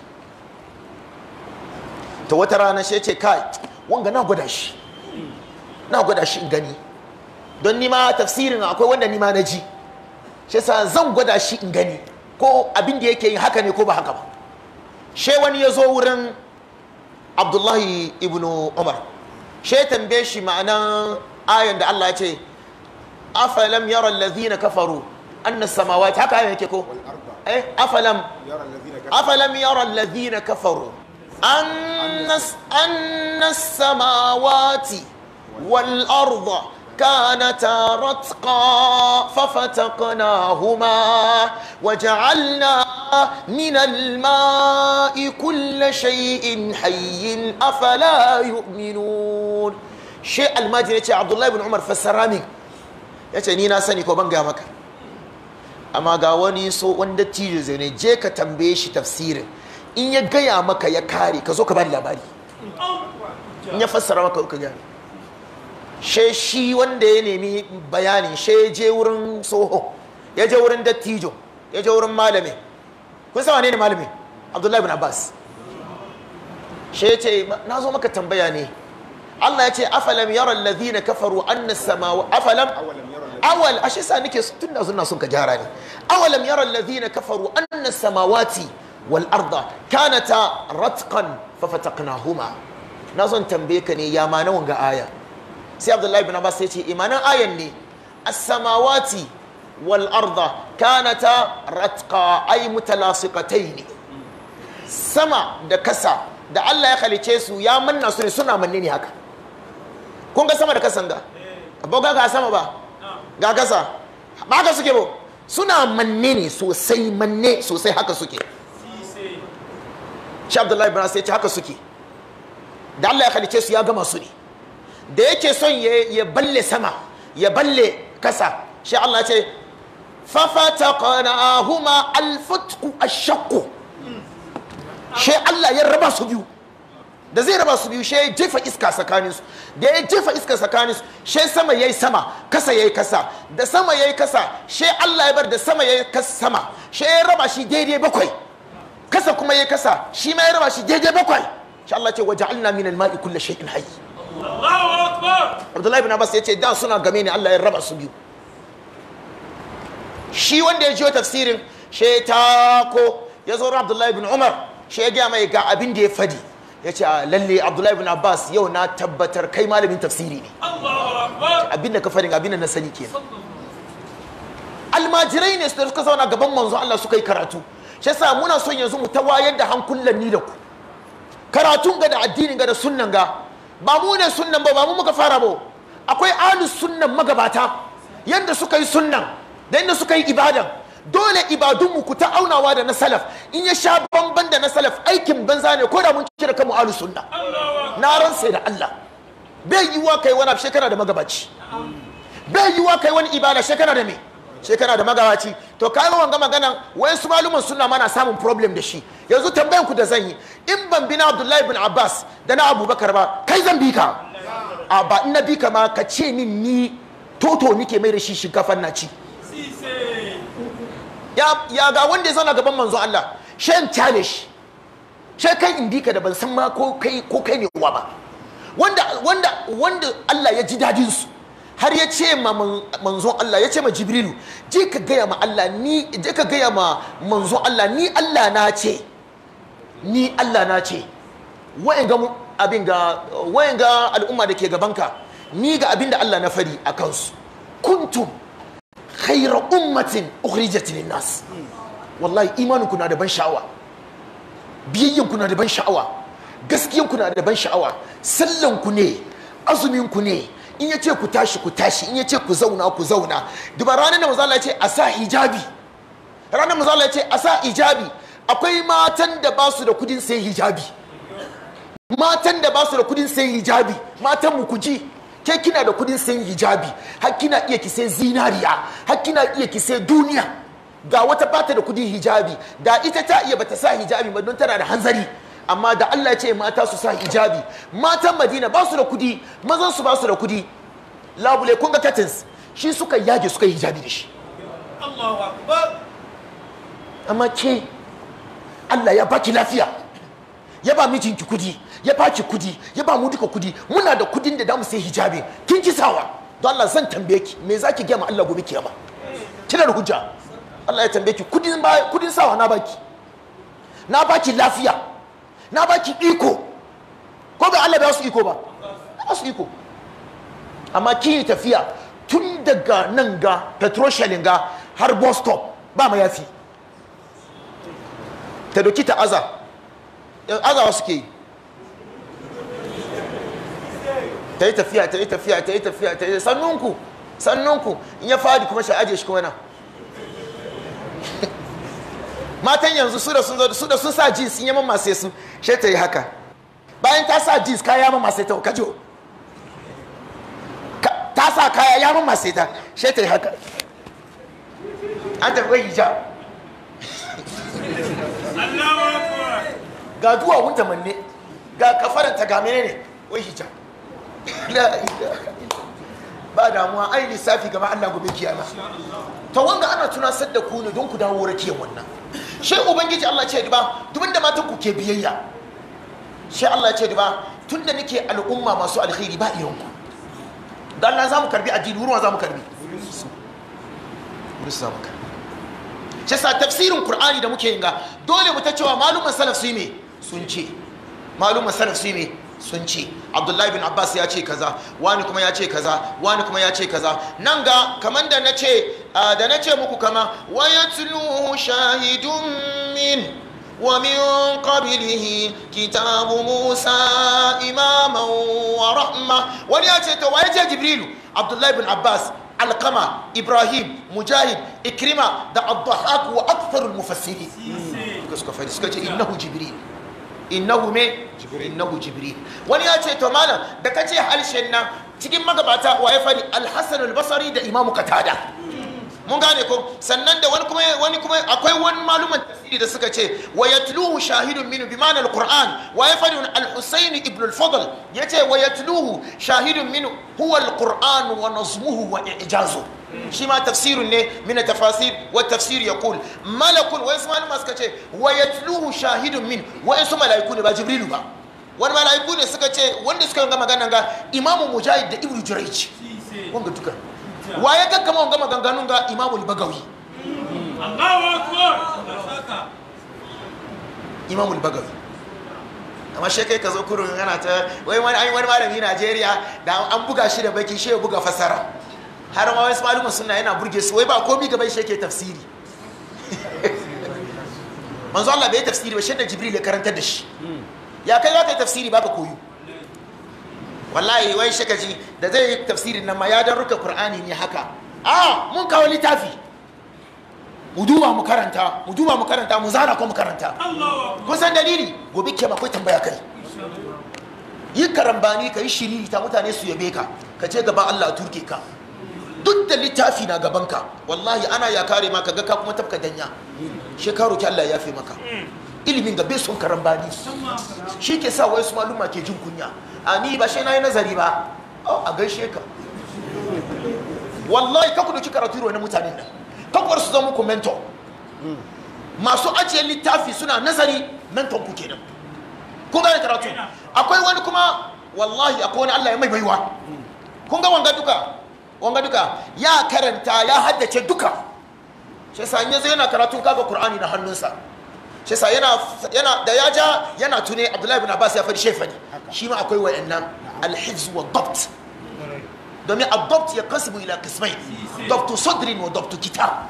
ta wata rana shi kai wanga na gwada shi na gwada shi in gani don nima tafsirin akwai wanda nima na ji shi yasa zan gwada shi in gani ko abin da yake yin haka ne ko ba haka ba she wani ya zo wurin abdullahi ibn umar she tambaye shi ma'anan ayan da Allah ya ce afalam yara allazina kafaru anna samawati haka ayan yake ko eh afalam afalam yara allazina kafaru anna anna samawati wal arda Ghana tarotka fafataka na huma Wajen cal na min alma ikunla shai in hayin a falaya ya minu. Sheikh al ce Abdullahi bin Umar fassara min. Ya ce ni na ko ban maka. Amma ga wani so wanda tije zane je ka tambaye shi tafsirin. In ya gaya maka ya kari ka zo ka bari labari. N ya fassara maka ko kai she shi wanda ya nemi bayani she je wurin soho ya je wurin dattijo ya je wurin malami kun san wane ne malami abdullahi bin abbas she ce na zo maka tambaya ne Allah ya ce afalam yara alladhina kafaru anna samawa afalam awal ashe sa nake tun da suna son ka jara ne awalam yara alladhina kafaru anna samawati wal arda kanata ratqan huma. na zon tambaye ka ne ya ma nawan ga aya sai abdullahi bin abbas sai ce imanin eh, ayan ne as-samawati wal arda kanata ratqa ay mutalasiqatayn sama da kasa da Allah ya halice su ya manna su ne suna manne ne haka kun ga sama da kasan ga abokan ga sama ba ga kasa ba haka suke bo? suna manne ne sosai manne sosai haka suke shi abdullahi bin sai ce haka suke da Allah ya halice su ya gama su ne da yake son ya balle sama ya balle kasa shi Allah ce fafata kwana fafataqnahuma a ashaqqu shi Allah ya raba su biyu da zai raba su biyu shi ya jefa iska tsakanin su da ya jefa iska tsakanin su shi sama ya yi sama kasa yi kasa da sama ya yi kasa shi Allah ya bar da sama yayi kasa sama shi ya raba shi daidai bakwai kasa kuma ya yi kasa shi ma ya raba shi daidai bakwai shi Allah ce waja'alna minal ma'i kulli shay'in hayy abdullahi bin abbas ya ce da suna game ni allah ya raba su biyu shi wanda ya jiyo tafsirin shi ko ya zo abdullahi bin umar shi ya gaya mai ga abin da ya fadi ya ce lalle abdullahi bin abbas yau na tabbatar kai malamin tafsiri ne abin da ka fadin abin da na sani kenan almajirai ne da suka zauna gaban manzo allah suka yi karatu shi yasa muna son yanzu mu tawayar da hankulan ni da ku karatun ga da addinin ga da sunnan ga ba mu ne sunan ba ba mu muka fara ba akwai ahlus sunnan magabata yanda suka yi sunnan da yanda suka yi ibadan dole ibadunmu ku ta aunawa da na salaf in ya sha bamban da na salaf aikin banza ne ko da mun kira kanmu ahlus sunna na ran sai da Allah bai yiwa kai wani shekara da magabaci bai yiwa kai wani ibada shekara da me shekara da magawaci to kayan wanga maganan wai su suna mana samun problem da shi yanzu tambayan ku da zan yi in ban bi na abdullahi bin abbas da na abubakar ba kai zan bi ka a ba in na bi ka ma ka ce ni ni toto nike mai da shi na ci ya ga wanda ya zauna gaban manzo Allah shan challenge sai kai bi ka da ban san ma ko kai ne uwa ba wanda Allah ya ji dadin su har ya ce ma manzon Allah ya ce ma Jibrilu je ka gaya ma Allah ni je ka gaya ma manzon Allah ni Allah na ce ni Allah na ce wayan ga abin ga wayan ga al'umma da ke gabanka ni ga abin da Allah na fari a kansu kuntum khayra ummatin ukhrijat nas. wallahi imanin ku na da ban sha'awa biyayyan ku na da ban sha'awa gaskiyan ku na da ban sha'awa sallan ku ne azumin ku ne in ya ce ku tashi ku tashi in ya ce ku zauna ku zauna duba ranar da mazala ya ce a sa hijabi ranar mazala ya ce a sa hijabi akwai matan da ba su da kudin sai hijabi matan da ba su da kudin sai hijabi matan mu kuji ke kina da kudin sai hijabi har kina iya ki sai zinariya har kina iya ki sai duniya ga wata bata da kudin hijabi da ita ta iya bata sa hijabi ba don tana da hanzari amma da Allah ya ce mata su sa hijabi matan Madina ba su da kudi mazan su ba su da kudi labule kun ga curtains shi suka yage suka yi hijabi da shi Allahu akbar amma ke Allah ya baki lafiya ya ba mijinki kudi ya baki kudi ya ba mu duka kudi muna da kudin da damu sai hijabi kin ki sawa don Allah zan tambaye ki me zaki ga ma Allah gobe kiyama kina da hujja Allah ya tambaye ki kudin ba kudin sawa na baki na baki lafiya na baki iko ko ga Allah ba su iko ba ba su iko amma kin yi tafiya tun daga nan ga petroshelin ga har bus stop ba ma yafi ta doki ta aza wasu ke yi ta yi tafiya ta yi tafiya ta yi tafiya ta yi sannunku sannunku in ya fadi kuma shi aje shi kuma na matan yanzu su da sun zo su da sun sa jeans sun yamma masu su she ta yi haka bayan ta sa jeans kaya yamma masu ta kajo ta sa kaya yamma masu ta she ta yi haka an tafi hijab ga duwawun ta manne ga kafaranta ga menene wai hijab ba damuwa ai lissafi gama Allah gobe kiyama ta wanga ana tunasar da ku ne don ku dawo rakiyar wannan shai ubangiji Allah ce duba dubin da matan ku ke biyayya shai Allah ce duba tun da nake al'umma masu alkhairi ba iyan ku dan za mu karbi addini za mu karbi wurin mu karbi shi sa tafsirin qur'ani da muke yin ga dole mu ta cewa malumin salaf su yi me sun ce malumin salaf su yi me sun ce abdullahi bin abbas ya ce kaza wani kuma ya ce kaza wani kuma ya ce kaza nan ga kamar da na ce da na ce muku kama wayatlu shahidun min wa min qablihi kitabu musa imaman wa rahma wani ya ce to waye ce jibrilu abdullahi bin abbas alkama ibrahim mujahid ikrima da abdahak wa aktharul mufassirin suka suka ce innahu jibril innahu me innahu jibril wani ya ce to malam da kace halshen nan cikin magabata wa ya fari al-hasan al-basri da imam qatada mun gane ko sannan da wani kuma wani kuma akwai wani maluman tafsiri da suka ce wa yatluhu shahidun minhu bi ma'na al-qur'an wa ya fari al-husayn ibn al-fadl yace wa yatluhu shahidun min huwa al-qur'an wa nazmuhu wa ijazuhu shi ma tafsirun ne mina tafasir wa tafsir ya kul malakun wa'insu malama suka ce wa ya shahidun min wa'insu mala'iku ne ba jibrilu ba wani mala'iku ne suka ce wanda suka ga maganan ga imamu mujahid da ibnu jurayj wanga duka wa ya kakkama wanga maganganun ga imamu bagawi Allahu akbar imamu bagawi amma shi kai ka zo kurun yana ta wai wani malami Najeriya da an buga shi da baki shi ya buga fasara har ma wasu malumin suna yana burge su wai ba komi gaba shi yake tafsiri manzo Allah bai tafsiri ba shedda jibril ya karantar da shi ya kai ya kai tafsiri baka koyo wallahi wai shaka ji da zai yi tafsirin nan ma ya dan ruka qur'ani ne haka a mun kawo littafi mu duba mu karanta mu duba mu karanta mu zana ko mu karanta kun san dalili gobe ma akwai tambaya kai yi karambani ka yi shiriri ta mutane su yabe ka ka ce gaba Allah turke ka duk da littafi na gabanka wallahi ana ya kare ma kaga ka kuma tafka danya shekaru ki Allah ya fi maka ilimin da bai son karan bani shi ke sa wai su maluma ke jin kunya a ni ba shi na yi nazari ba a gaishe ka wallahi ka kudu karatu ruwa na mutanen nan kakwar su zama ku mentor masu ajiye littafi suna nazari mentor ku kenan kun gane karatu akwai wani kuma wallahi akwai wani Allah ya mai baiwa kun ga wanga duka wanga duka ya karanta ya haddace duka shi yasa yanzu yana karatun kaga qur'ani na hannunsa shi yasa yana yana da ya ja yana tune abdullahi ibn abbas ya fadi shi fadi shi ma akwai waɗannan al-hifz wa dabt domin ad ya qasbu ila qismayn dabtu sadrin wa dabtu kitab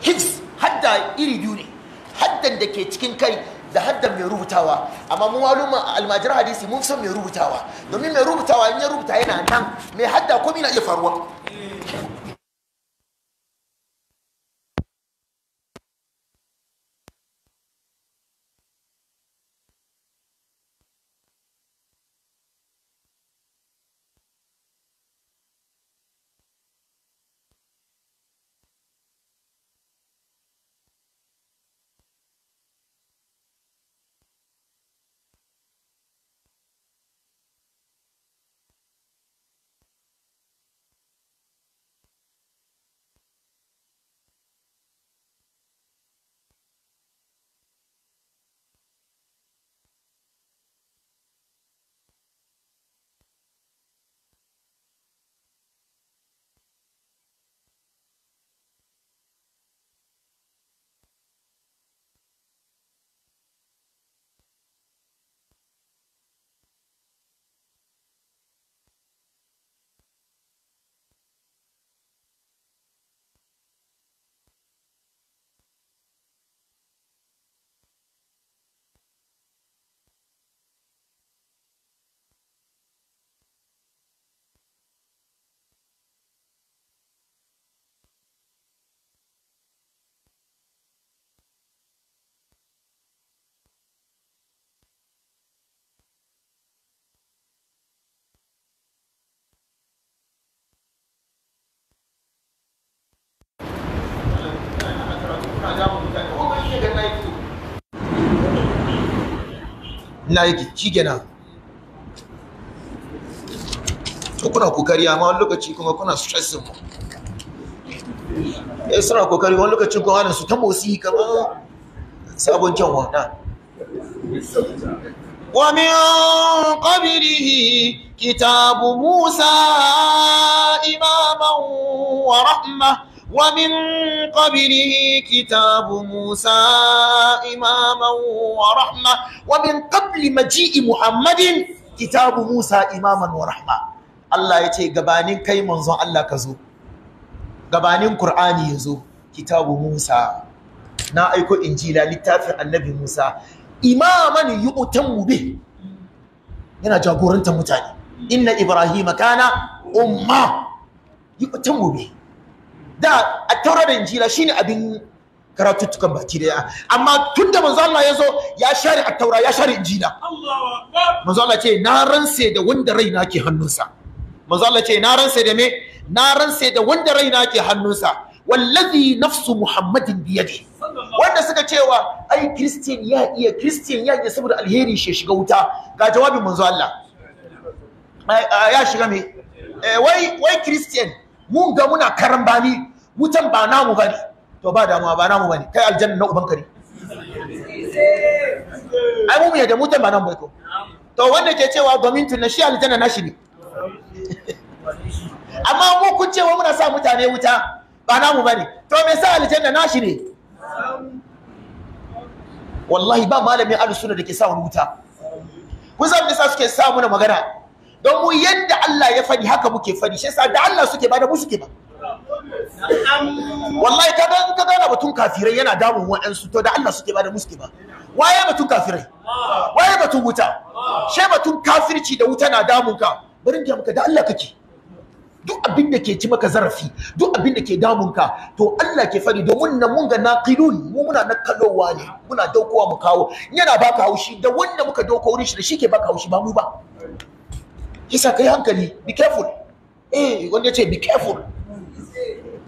hifz hadda iri biyu ne haddan da ke cikin kai da haddan mai rubutawa amma mu maluma almajira hadisi mun san mai rubutawa domin mai rubutawa in ya rubuta yana nan mai hadda komai na iya faruwa ina yake shi kenan to kuna kokari amma wani lokaci kuma kuna stressin mu eh suna kokari wani lokacin kuma ana su ta motsi kamar sabon kyan min ومن kitabu Musa, imaman wa rahma ومن قبله كتاب موسى إماما ورحمة ومن قبل مجيء محمد كتاب موسى إماما ورحمة الله يتي غبانين كي منزو الله كزو غبانين قرآن يزو كتاب موسى نا أيكو إنجيلا لتافع النبي موسى إماما يؤتم به yana jagorantar mutane inna ibrahim kana umma yi mutum da a taura da injila shine abin karatuttukan baki daya amma tun da manzo Allah ya zo ya share a taura ya share injila manzo Allah ce na ranse da wanda raina ke hannunsa manzo Allah ce na ranse da me na ranse da wanda raina ke hannunsa wallazi nafsu muhammadin biyadi wanda suka cewa ai christian ya iya christian ya iya saboda alheri shi shiga wuta ga jawabin manzo Allah ya shiga me eh, wai wai christian mu ga muna karambani wutan ba namu bane to ba damuwa ba namu bane kai aljanna na ubanka ai mu yadda wutan ba namu ko to wanda ke cewa domin tunna shi aljanna nashi ne amma mu kun cewa muna sa mutane wuta ba namu bane to me sa aljanna nashi ne wallahi ba malami ahlus sunna da ke sa wani wuta kun san me sa suke sa muna magana don mu yadda Allah ya fadi haka muke fadi shi yasa da Allah suke ba da mu suke ba wallahi kaga in ka gana batun kafirai yana damun wa'ansu. to da Allah suke ba da mu suke ba waye batun kafirai waye batun wuta she batun kafirci da wuta na damun ka bari ka maka da Allah kake duk abin da ke ci maka zarafi duk abin da ke damun ka to Allah ke fadi domin nan mun ga naqilun mu muna nakalowa ne muna daukowa mu kawo yana baka haushi da wanda muka dauko wurin shi da shi ke baka haushi ba mu ba isa kai hankali be careful eh wanda ce be careful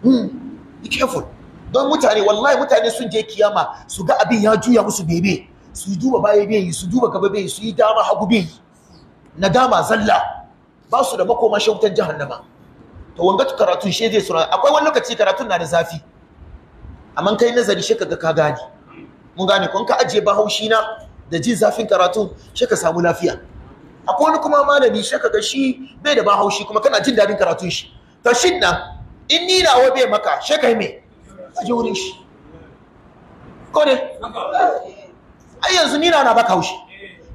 hmm be careful don mutane wallahi mutane sun je kiyama su ga abin ya juya musu bebe su duba baya bai su duba gaba bai su yi dama hagu bai nadama zalla ba su da makoma shautan jahannama to wanga karatun she zai sura akwai wani lokaci karatun na da zafi amma kai nazari she kaga ka gane mun gane kun ka aje bahaushi na da jin zafin karatun she ka samu lafiya akwai wani kuma malami shi kaga shi bai da bahaushi kuma kana jin dadin karatun shi to shin nan in ni na bai maka shi kai me a je wurin shi ko ne ai yanzu ni na baka haushi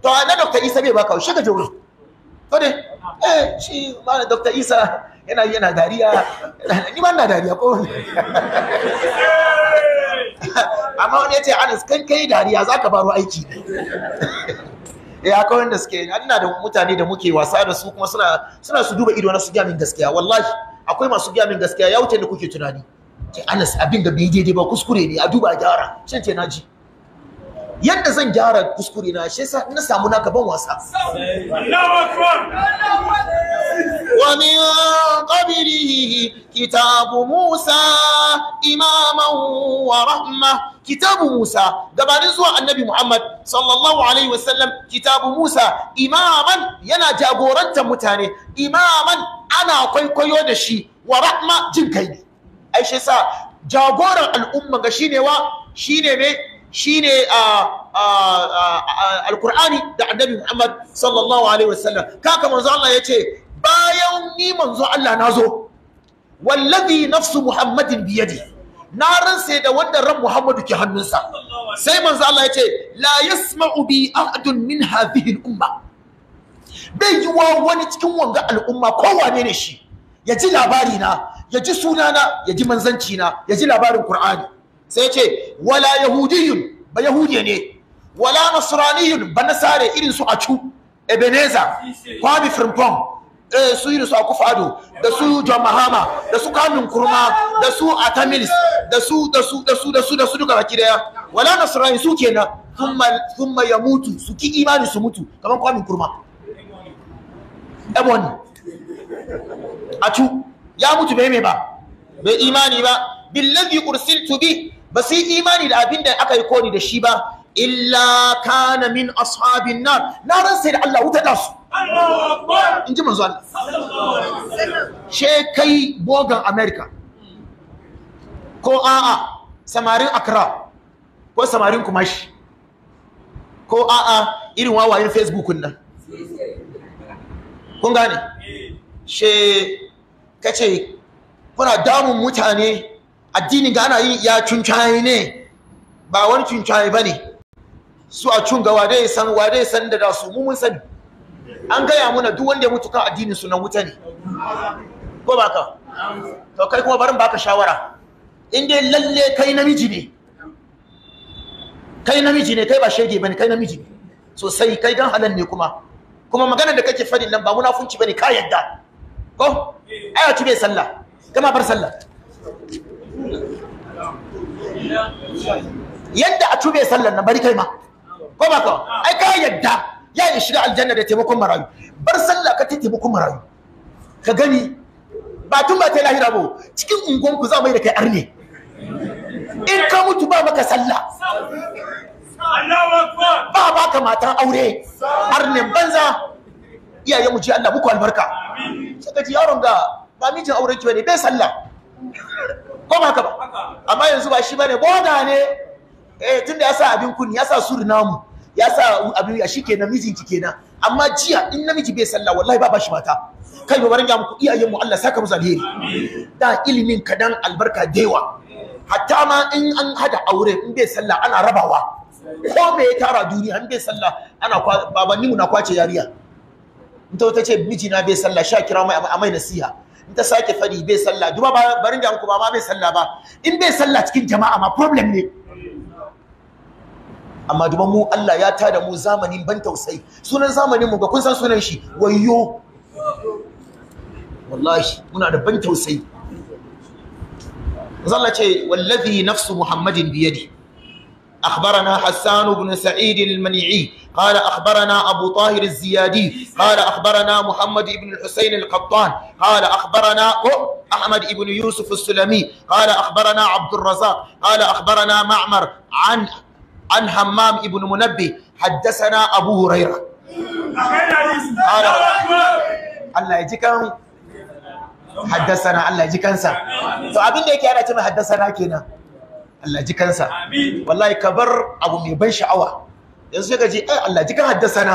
to a na Dr. Isa bai baka haushi shi ka je wurin ko ne eh shi malam Dr. Isa yana yana dariya ni ba na dariya ko amma wani ya ce anas kan kai dariya za ka baro aiki ne eh akwai wanda suke ina da mutane da muke wasa da su kuma suna suna su duba ido na su gaya gaskiya wallahi akwai masu gaya gaskiya ya wuce da kuke tunani ke Anas abin da bai daidai ba kuskure ne a duba gyara shin ce naji yadda zan gyara kuskure na shi yasa na samu naka ban wasa wa min qablihi kitabu Musa imaman wa rahma kitabu Musa gabanin zuwa annabi Muhammad sallallahu alaihi wasallam kitabu Musa imaman yana jagorantar mutane imaman ana kwaikwayo da shi wa rahma jin kai ne Aisha, jagoran al'umma ga shine wa shine ne shine alkur'ani da annabi Muhammad sallallahu alaihi wasallam kaka manzo Allah yace bayan ni manzo Allah na zo wallazi nafsu Muhammadin biyadi na ransa da wanda ran Muhammadu ke hannunsa sai manzo Allah ce, la yasma'u bi ahadun min hadhihi al-umma bai yi wa wani cikin wanga al'umma ko wane ne shi ya ji labari na ya ji sunana ya ji manzanci na ya ji labarin Qur'ani sai ce wala yahudiyun ba yahudiya ne wala nasraniyun ba nasare irin su acu ebeneza kwami frimpong eh su irin su akufa ado da su john mahama da su kanun kurma da su atamilis da su da su da su da su da su duka baki daya wala nasrani su kenan thumma thumma yamutu su ki imani su mutu kamar kwamin kurma ebony acu ya mutu bai mai ba bai imani ba billazi ursiltu bi ba su yi imani da abin da aka yi koni da shi ba illa kana min ashabin nan na ran sai da Allah wuta da su in ji manzo Allah she kai bogan America ko a'a samarin Accra ko samarin Kumashi ko a'a irin wawayen Facebook nan kun gane she kace kuna damun mutane addinin ga ana yi ya cuncaye ne ba wani cuncaye ba ne su a cunga wade ya san wade ya san da da su mun sani an gaya muna duk wanda ya mutu kan addinin su na wuta ne ko ba ka to kai kuma barin baka shawara in dai lalle kai namiji ne kai namiji ne kai ba shege bane kai namiji ne sosai kai dan halan ne kuma kuma magana da kake fadin nan ba munafunci bane ka yadda ko aya ci bai sallah kama bar sallah yadda a cube sallar na bari kai ma ko ba ka ai ka yadda ya yi shiga aljanna da taimakon marayu bar sallah ka ta taimakon marayu ka gani ba tun ba ta lahira ba cikin ungon ku za mai da kai arne in ka mutu ba maka sallah ba ba ka matan aure arne banza iyaye mu ji Allah muku albarka sai ka ji yaron ga ba mijin auren ki bane bai sallah ko ba haka ba amma yanzu ba shi bane boda ne eh tunda ya abin kunni yasa sa namu, ya sa abin ya shikenan mijinki kenan amma jiya in namiji bai salla wallahi ba ba mata kai ba barin ga muku iyayen mu Allah saka musu alheri da ilimin kadan albarka dewa hatta ma in an hada aure in bai salla ana rabawa ko me ya tara duniya in bai sallah ana babanni mu na kwace yariya in ta ce miji na bai salla sha kira mai amai nasiha in ta sake fari bai sallah duba ba barin da ku ba ma bai sallah ba in bai sallah cikin jama'a ma problem ne amma duba mu Allah ya tada mu zamanin ban tausayi sunan zamanin mu ga kun san sunan shi wayyo wallahi muna da ban tausayi zalla ce wallazi nafsu muhammadin biyadi أخبرنا حسان بن سعيد المنيعي قال أخبرنا أبو طاهر الزيادي قال أخبرنا محمد بن الحسين القطان قال أخبرنا أحمد بن يوسف السلمي قال أخبرنا عبد الرزاق قال أخبرنا معمر عن عن حمام بن منبه حدثنا أبو هريرة الله يجيكم حدثنا الله يجيكم سا فأبين لك أنا تم حدثنا كنا Allah ji kansa wallahi ka bar abu mai ban sha'awa yanzu sai ka ji ai eh, Allah ji kan haddasana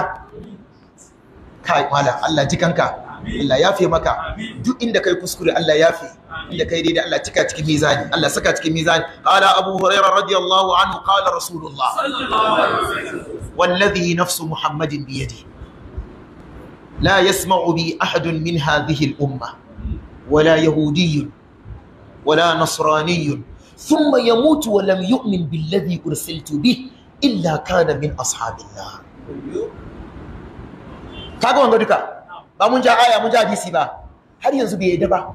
kai malam Allah ji kanka Allah yafe maka duk inda kai kuskure Allah yafe inda kai daidai Allah cika cikin mizani Allah saka cikin mizani qala abu hurairah radiyallahu anhu qala rasulullah sallallahu alaihi wasallam والذي نفس محمد La لا يسمع بي أحد من هذه umma. Wala يهودي wala نصراني thumma yamutu wa lam yu'min billadhi ursiltu bih illa kana min ashabillah kaga wanga duka ba mun ja aya mun ja hadisi ba har yanzu bai yadda ba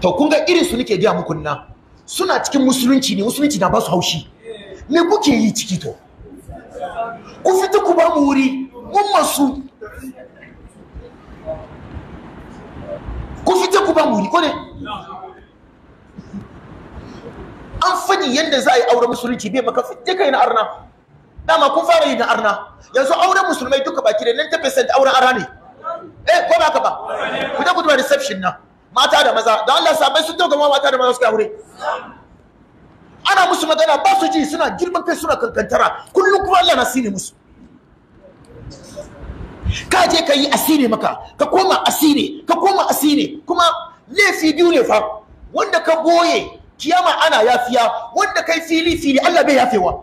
to kun ga irin su nake gaya muku na suna cikin musulunci ne musulunci na ba su haushi me kuke yi ciki to ku fita ku ba wuri mun masu ku fita ku ba wuri ko ne an faɗi yadda za a yi auren musulunci bai maka duka yi na arna dama kun fara yin na arna yanzu auren musulmai duka baki da 90% auren arna ne eh ko ba ka ba ku da kudu reception na mata da maza da Allah sabai sun dauka mata da maza suka aure ana musu magana ba su ji suna girman kai suna kankantara kullum kuma Allah na sine musu ka je ka yi asiri maka ka koma asiri ka koma asiri kuma laifi biyu ne fa wanda ka boye kiyama ana yafiya wanda kai fili fili Allah bai yafewa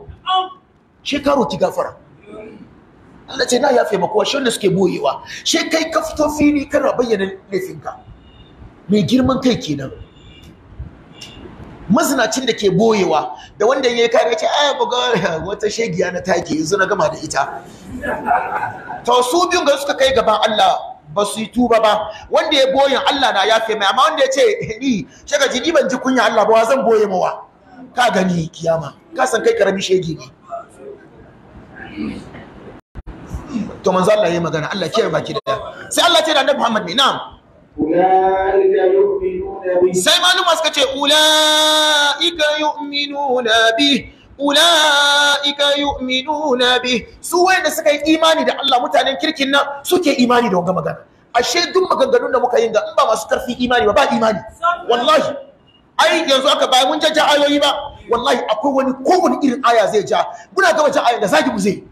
Shekaru ki gafara Allah ce na yafe maka washe da suke boyewa shi kai ka fito fili kana bayyana laifinka mai girman kai kenan mazinacin da ke boyewa da wanda ya kare ce ai buga wata shegiya na take yanzu na gama da ita to su biyun ga suka kai gaban Allah ba su yi tuba ba wanda ya boyin Allah na ya mai amma wanda ya ce eh, ni shaka ji ni ban ji kunya Allah ba wa zan boye mawa ka gani kiyama ka san kai karami shege ne to manzo Allah yayi magana Allah kiyaye baki da sai Allah ce da Annabi Muhammad ne na'am sai maluma suka ce ula'ika yu'minuna bihi ula'ika yu'minuna bih su wayanda suka yi imani da Allah mutanen kirkin nan suke imani da wannan magana ashe duk maganganun da muka yi ga in ba masu karfi imani ba ba imani wallahi ai yanzu aka bayan mun jajja ayoyi ba wallahi akwai wani kowane irin aya zai ja muna gama ja ayoyi da zagi mu zai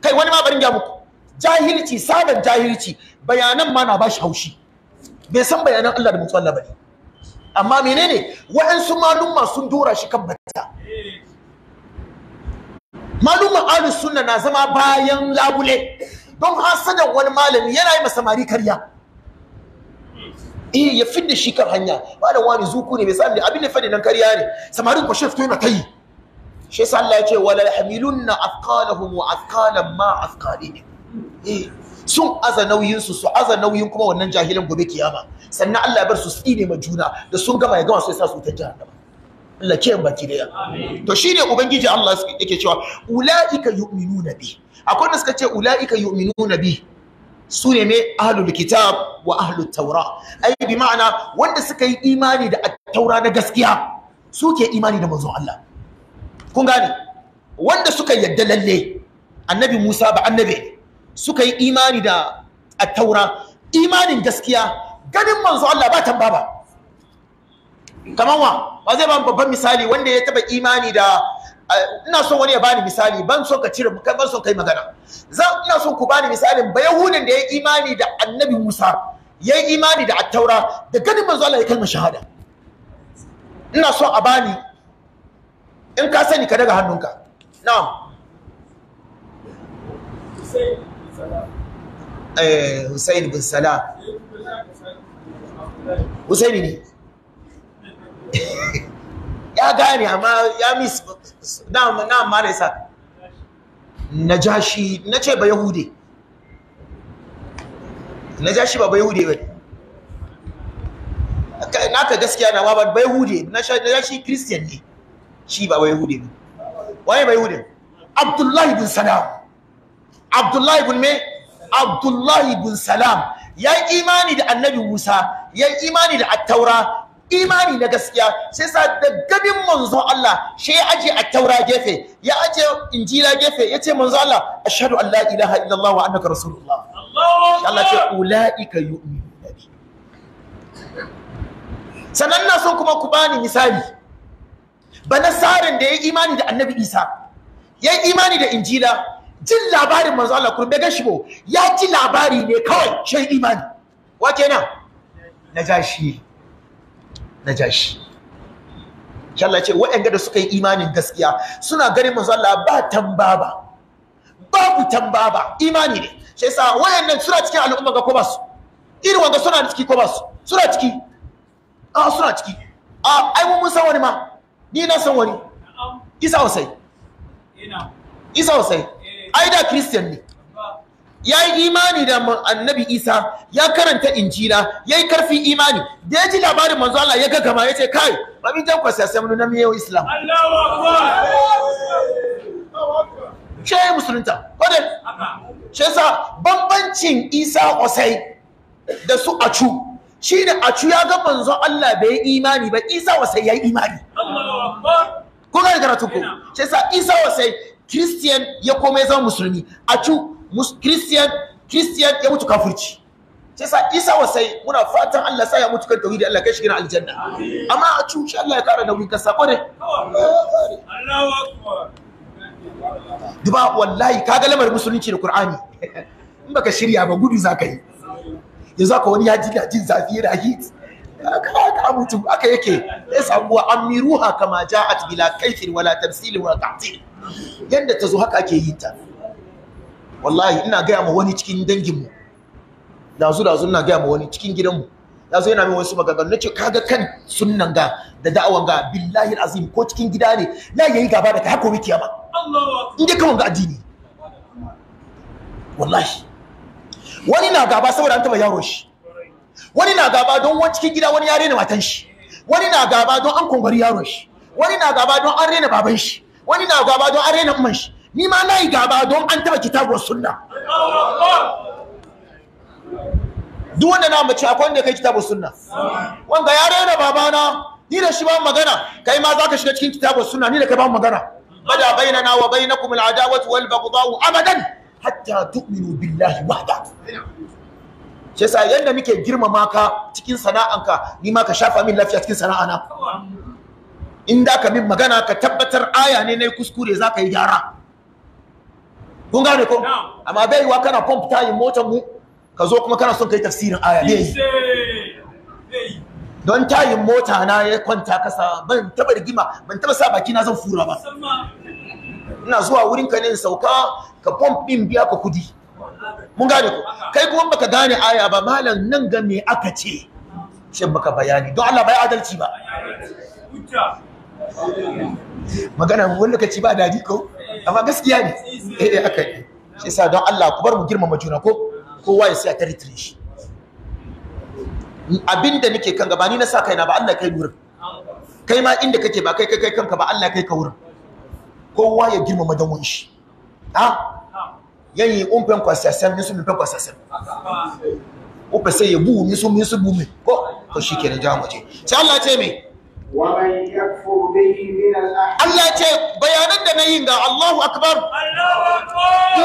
kai wani ma barin ya muku jahilci sabon jahilci bayanan ma na bashi haushi bai san bayanan Allah da ba ne? amma menene waɗansu malumma sun dora shi kan bata malumman ahlus sunna na zama bayan labule don hasadan wani malami yana yi masamari karya eh ya fidda shi kan hanya malam wani zuku ne bai sa abin abin da fadi nan karya ne samarin ko shef to yana tayi shi yasa Allah ya ce wala hamilunna afqalahum wa afqalan ma afqalihim eh sun aza nauyin su su aza nauyin kuma wannan jahilan gobe kiyama sannan Allah ya bar su tsine ma juna da sun gama ya gama sai sa su ta jahannama lakiyar baki daya to shine ubangiji Allah yake cewa ulaika yu'minuna bi akwai wanda suka ce ulaika yu'minuna bi su ne ahlul kitab wa ahlul taura ai bi ma'ana wanda suka yi imani da taura na gaskiya su imani da manzon Allah kun gane wanda suka yadda lalle annabi Musa ba annabi suka yi imani da taura imanin gaskiya ganin manzon Allah ba tambaba kamar wa ba zai ba babban misali wanda ya taba imani da eh, ina so wani ya bani misali ban so ka cire ban so kai magana ina so ku bani misalin ba yahudin da ya imani da annabi musa ya yi imani da attaura da ganin manzo Allah ya kalmar shahada ina so a bani in ka sani ka daga hannunka na'am eh Hussein bin Salah Hussein ne ya gane amma ya mis na na mare sa najashi nace ba yahude najashi ba yahude ba naka gaskiya na ba ba yahude najashi christian ne shi ba yahude ba waye ba yahude abdullahi bin salam abdullahi bin me abdullahi bin salam ya imani da annabi musa ya imani da attaura imani na gaskiya sai sa da ganin manzo Allah shi ya aje a taura gefe ya aje injila gefe ya ce manzon Allah ashhadu an la ilaha illallah wa annaka rasulullah Allah ce ulaika yu'minu sannan na so kuma ku bani misali banasarin da ya yi imani da annabi isa ya yi imani da injila jin labarin manzo Allah kuma daga shi ya ji labari ne kawai shi imani wa kenan najashi najashi shi Allah ce waɗanda suka yi imanin gaskiya suna ganin manzo Allah ba tambaba babu tambaba imani ne shi yasa waɗannan suna cikin al'umma ga ko ba su irin wanda suna ciki ko ba su suna ciki a ah, suna ciki a ah, ai mun san wani ma ni na san wani isa wasai isa wasai eh. ai da christian ne ya yi imani da annabi isa ya karanta injila ya yi karfi imani da ya ji labarin manzo Allah ya gagama ya ce kai babin jan kwasa sai mun nami yau islam shi ya yi musulunta da shi sa bambancin isa osai da su acu shi da acu ya ga manzo Allah bai yi imani ba isa osai ya yi imani ko ga karatu ko ce sa isa osai christian ya komai zama musulmi acu christian christian ya mutu kafirci sai sa isa wasai muna fatan Allah sa ya mutu kan tauhidi Allah kai shi gina aljanna amma a cuci Allah ya kara nauyi ka sako ne Allahu akbar duba wallahi kaga lamar musulunci da Qur'ani in baka shirya ba gudu zaka yi ya zaka wani ya ji da jin zafi da heat aka aka mutu aka yake sai sabuwa amiruha kama ja'at bila kaifin wala tamsil wa ta'til yanda tazo haka ake yi ta wallahi ina gaya ma wani cikin danginmu dazu dazu ina gaya ma wani cikin gidanmu dazu yana min wasu maganganu nace kaga kan sunnan ga da da'awan ga billahi azim ko cikin gida ne la yayi gaba da ka hako wiki ba in dai kawai ga addini wallahi wani na gaba saboda an taba yaro shi wani na gaba don wani cikin gida wani yare ne matan shi wani na gaba don an kongari yaro shi wani na gaba don an rena baban shi wani na gaba don an rena umman shi ni ma na gaba don an taba kitabu sunna duk wanda na mace akwai wanda kai kitabun sunna wanda ya raina babana ni da shi ba magana kai ma za ka shiga cikin kitabu sunna ni da kai ba magana bada bainana wa bainakum al'adawatu wal baghdau abadan hatta tu'minu billahi wahda shi yasa yanda muke girmama ka cikin sana'anka ni ma ka shafa min lafiya cikin sana'ana in da ka min magana ka tabbatar aya ne na kuskure za ka yi gyara kun gane ko amma bai wa kana pump tayin motar mu ka zo kuma kana son kai tafsirin aya ne don tayin mota na ya kwanta kasa ban taba rigima ban taba sa baki na zan fura ba ina zuwa wurin ka ne sauka ka pump din biya ka kudi mun gane ko kai kuma baka gane aya ba malam nan ga me aka ce shin baka bayani don Allah bai adalci ba magana wani lokaci ba dadi ko amma gaskiya ne eh dai aka yi shi yasa don Allah ku bar mu girmama juna ko kowa ya sai a territory shi abinda nake kan gaba ni na sa kaina ba Allah kai wurin kai ma inda kake ba kai kai kai kanka ba Allah kai ka wurin kowa ya girmama dan wani shi ha yayi umpen kwasasem ni su mi kwa ko fa sai ya bu ni su mi su bu mi ko to shikenan jama'a ce sai Allah ce me Allah ce bayanan da na yin ga Allahu Akbar ku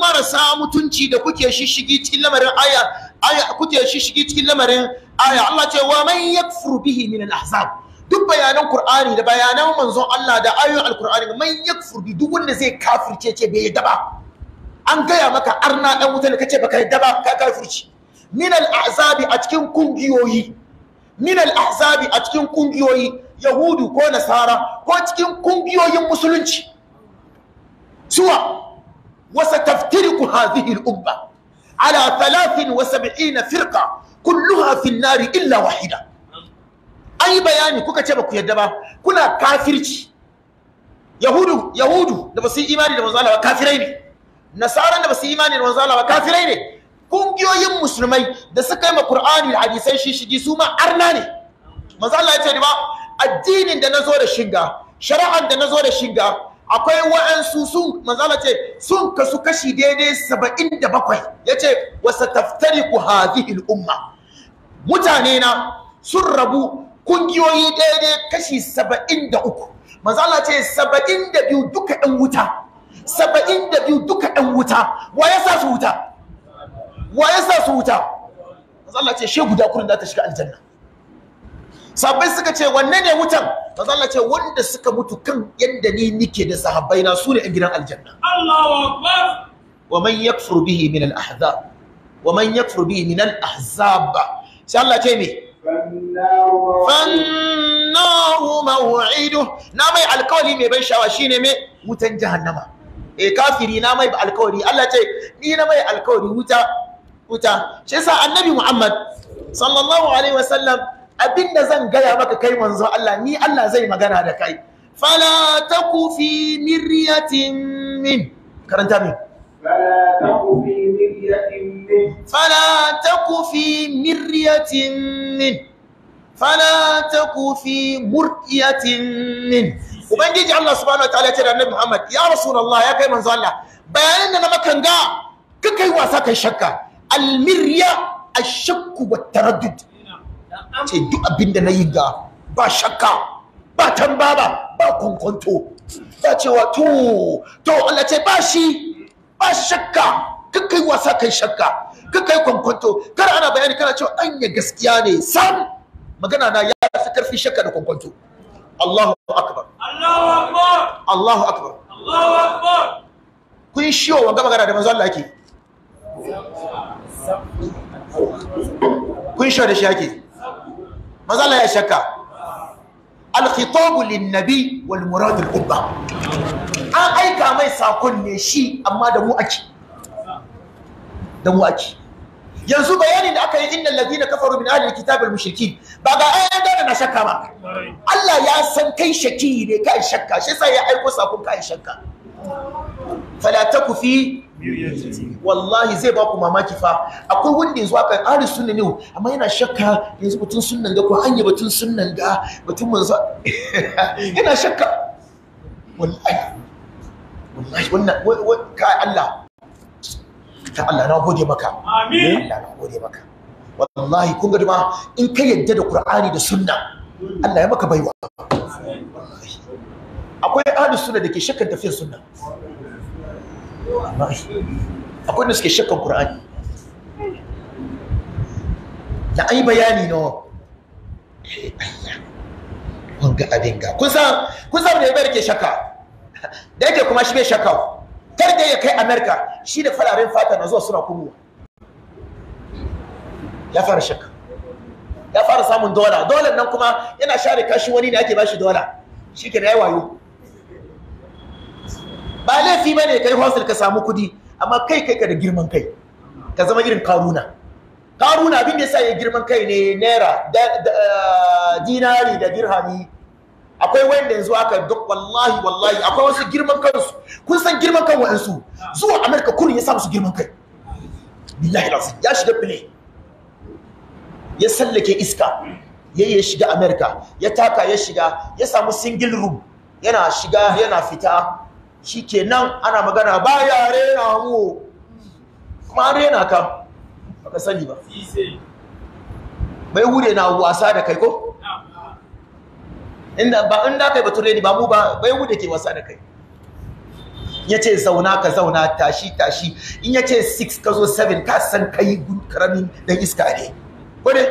marasa mutunci da kuke shishigi cikin lamarin aya aya kuke shishigi cikin lamarin aya Allah ce wa man yakfur bihi min al-ahzab duk bayanan Qur'ani da bayanan manzon Allah da ayoyin Al-Qur'ani man yakfur bi duk wanda zai kafirce ce bai yadda ba an gaya maka arna dan wuta ne kace baka yadda ba ka kafirci min al-ahzabi a cikin kungiyoyi min al-ahzabi a cikin kungiyoyi yahudu ko nasara ko cikin kungiyoyin musulunci suwa wasa taftiriku hadhihi al-umma ala 73 firqa kulluha fi an-nar illa wahida ai bayani kuka ce ba ku yadda ba kuna kafirci yahudu yahudu da basu imani da manzo Allah ba kafirai ne Nasara da basu imani da manzo Allah ba kafirai ne kungiyoyin musulmai da suka yi ma Qur'ani da hadisai shishigi su ma arna ne manzo Allah ya ce ni ba addinin da nazo da shiga shari'an da nazo da shiga akwai wa'ansu sun manzo Allah ce sun kasu kashi daidai 77 yace wasataftariqu hadhihi al-umma mutane na sun rabu kungiyoyi daidai kashi 73 manzo Allah ce 72 duka ɗan wuta 72 duka ɗan wuta wa ya sa su wuta wa ya sa su wuta manzo Allah ce she guda kurin za ta shiga aljanna sahabbai suka ce wanne ne wutan manzo Allah ce wanda suka mutu kan yadda ni nike da sahabbai na su ne gidan aljanna Allahu akbar wa man yakfur bihi min al ahzab wa man yakfur bihi min al ahzab sai Allah ce me fannaru maw'idu na mai alkawari mai ban sha'awa shine me wutan jahannama E kafiri na mai alkawari Allah ce ni na mai alkawari wuta wuta shi yasa annabi muhammad sallallahu alaihi wasallam abinda zan gaya maka kai manzo Allah ni Allah zai magana da kai fala taku fi miryatin min karanta min fala taku fi miryatin min fala taku fi muryatin min ubangiji Allah subhanahu wataala ya ce da annabi Muhammad ya rasulullah ya kai manzo Allah bayanin da na makanga kakai wasa kai shakka almirya ashakku wa taraddud ce duk abin da na yi ga ba shakka ba tambaba ba kwankwanto ta ce wa to to Allah ce ba shi ba shakka kakai wasa kai shakka kakai kwankwanto kar ana bayani kana cewa ya gaskiya ne sam magana na ya fi karfi shakka da kwankwanto Allahu akbar Allahu akbar Allahu akbar Allahu akbar kun wa wanga magana da manzo Allah yake kun sha da shaki maza la ya shakka alkhitabu lin wal an aika mai sakon ne shi amma da mu ake da mu yanzu bayanin da aka yi innal ladina kafaru min ahli alkitab al mushrikin ba ga ayan da na shakka ba Allah ya san kai shaki ne kai shakka shi sa ya aiko sakon kai shakka fala taku fi wallahi zai ba ku mamaki fa akwai wanda yanzu aka ahli sunna ne amma yana shakka yanzu batun sunnan ga ko hanya batun sunnan ga batun manzo yana shakka wallahi wallahi wannan ka Allah ta Allah na gode maka amin Allah na gode maka wallahi kun ga ma in ka yadda da Qur'ani da sunna Allah ya maka baiwa akwai ahli sunna da ke shakkan tafiyar sunna akwai da suke shakkan ƙur'ani na ai bayani no kun ga abin ga kun san da ya bai shakka da yake kuma shi bai shakka kar da ya kai amerika shi da fararen fata na zuwa suna kurwa ya fara shakka ya fara samun dola dolar nan kuma yana share kashi wani da ake bashi dola shi ke na yi wayo ba laifi bane kai hostel ka samu kudi amma kai kai ka da girman kai ka zama irin karuna karuna abin da yasa ya girman kai ne naira eh, dinari da dirhami akwai wanda yanzu aka duk wallahi wallahi akwai wasu girman kansu kun san girman kan wa'ansu zuwa amerika kun ya sa musu girman kai billahi lazim ya shiga bile ya sallake iska ya yi shiga amerika ya taka ya shiga ya samu single room yana shiga yana fita shikenan ana magana ba ya rena mu kuma an rena ka baka sani ba bai hure na wasa da kai ko inda ba inda kai batun reni ba mu ba bai hure ke wasa da kai yace zauna ka zauna tashi tashi in yace 6 ka zo 7 ka san kai gun karamin dan iska ne ko ne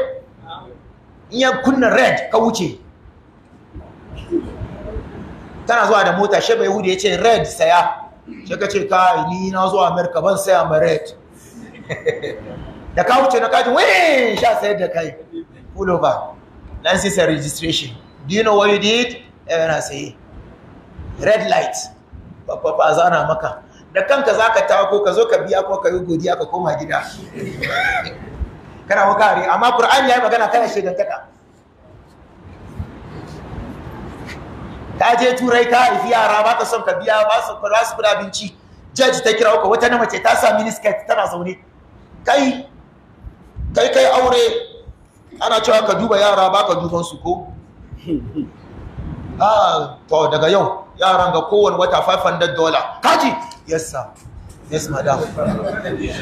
in ya kunna red ka wuce kana zuwa da mota shebe yahudi ya ce red saya shi ka ce ka ni na zuwa amerika ban saya ma red da ka wuce na kaji wee sha sayar da kai pull over license and registration do you know what you did eh, yana saye red light babba zana maka da kanka za ka ko ka zo ka biya ko ka yi godiya ka koma gida kana wakari amma ƙur'ani ya yi magana kana shaidantaka ka je turai ka haifi yara ba ka son ka biya ba su ba su kuɗa abinci jaji ta kira ka wata na mace ta sami nisket tana zaune kai kai kai aure ana cewa ka duba yara ba ka duban su ko ah to daga yau yaran ga kowane wata 500 dollar kaji yes sir yes madam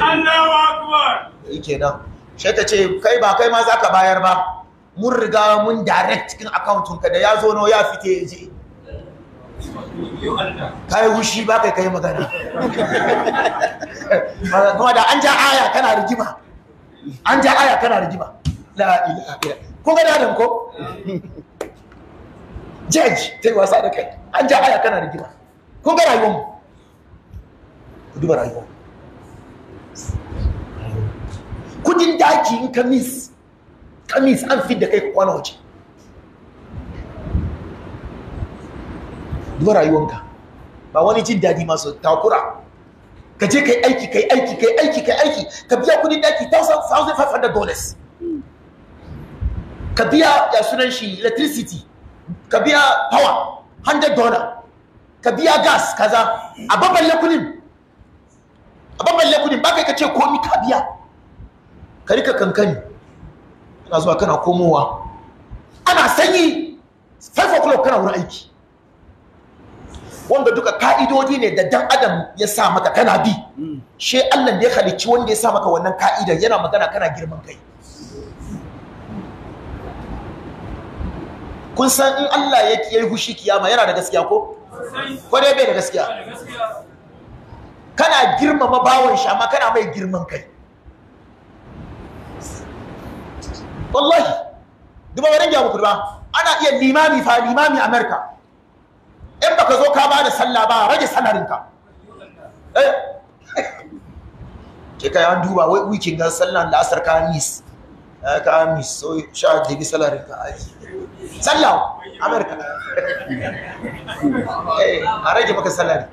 Allahu akbar yake nan sai ta ce kai ba kai ma zaka bayar ba mun riga mun direct cikin account ka da ya zo no ya fite je ka wushi ba kai kai magana kuma da an ja aya kana rigima an ja aya kana rigima la ilaha illa ko ga adam ko judge tai wasa da kai an ja aya kana rigima ko ga rayuwar mu duba rayuwar kudin daki in kamis kamis an fi da kai kwana waje duba rayuwanka ba wani jin daɗi masu takura ka je kai aiki kai aiki kai aiki kai aiki ka biya kudin daki 1500 dollars ka biya ya sunan shi electricity ka biya power 100 dollar ka biya gas kaza a babban lakunin, a babban lakunin ba kai ka ce komi ka biya ka rika kankani ana zuwa kana komowa ana sanyi 5 o'clock kana wurin aiki wanda duka ka'idodi ne da dan adam ya sa maka kana bi mm. shi Allah da ya halicci wanda ya sa maka wannan ka'ida yana magana kana girman kai kun san in Allah ya yi fushi kiyama yana da gaskiya ko ko dai bai da gaskiya kana girmama bawon shi amma kana mai girman kai wallahi duba wannan gyamu kurba ana iya limami fa limami America in baka zo ka bada sallah ba rage salarinka eh ke ka an duba wai wikin gan sallah da asar ka miss ka miss so sha jibi salarinka aji sallah amerika eh a rage maka salari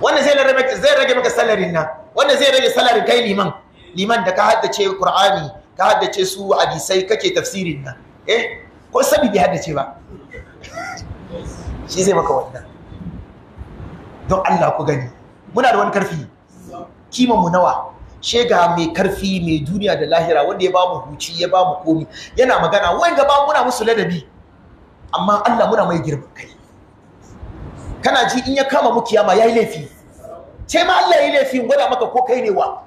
wannan zai rage zai rage maka salarin nan wannan zai rage salarin kai liman liman da ka haddace qur'ani ka haddace su hadisai kake tafsirin nan eh ko sabi bai haddace ba shi zai maka wannan don Allah ku gani muna da wani karfi kima mu nawa shega mai karfi mai duniya da lahira wanda ya ba mu huci ya ba mu komi yana magana ga ba muna musu ladabi amma Allah muna mai girman kai kana ji in ya kama mu kiyama yayi laifi ce ma Allah yayi laifi gwada maka ko kai ne wa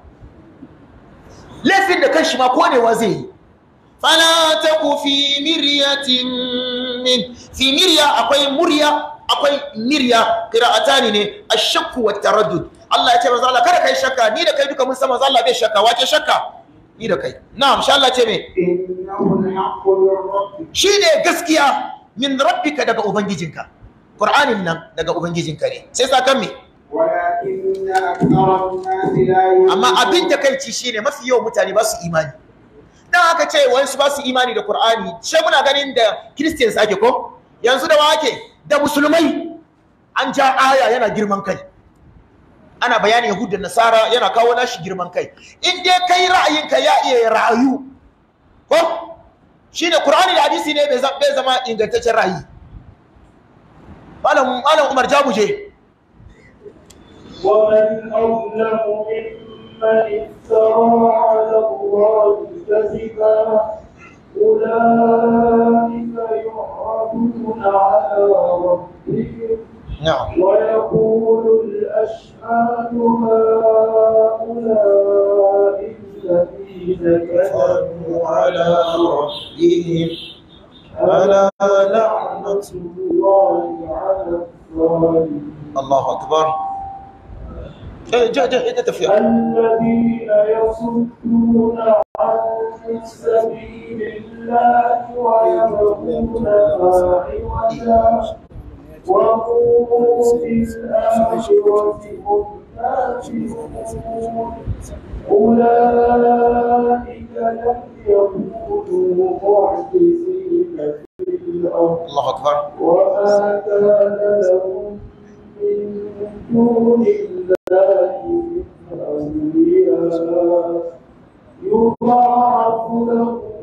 laifin da kanshi ma ko ne wa zai yi fala taku fi miryatin min akwai murya akwai mirya Kira atani ne ash-shakku wa taraddud Allah ya ce manzo Allah kada kai shakka ni da kai duka mun san manzo Allah shakka wace shakka ni da kai na'am sha Allah ce me shine gaskiya min rabbika daga ubangijinka qur'anin nan daga ubangijinka ne sai sakan me amma abin da kai ci shine mafi yawan mutane ba su imani dan aka ce wasu ba su imani da Qur'ani ce muna ganin da Christians ake ko yanzu da wake da musulmai an ja aya yana girman kai ana bayanin Yahud da Nasara yana kawo nashi girman kai in dai kai ra'ayinka ya iya ra'ayu ko shine Qur'ani da hadisi ne bai zama ingantaccen ra'ayi malam malam Umar Jabuje ومن من افترى على الله كذبا أولئك يعرضون على ربهم نعم ويقول الأشهاد هؤلاء الذين كفروا على ربهم ألا لعنة الله على الظالمين الله أكبر آه، إيه، الذين يصدون عن سبيل الله ويبغونها عوجا وهم بالآخرة هم كافرون أولئك لم يكونوا معجزين في الأرض الله أكبر وآتانا لهم من دون الله يضاعف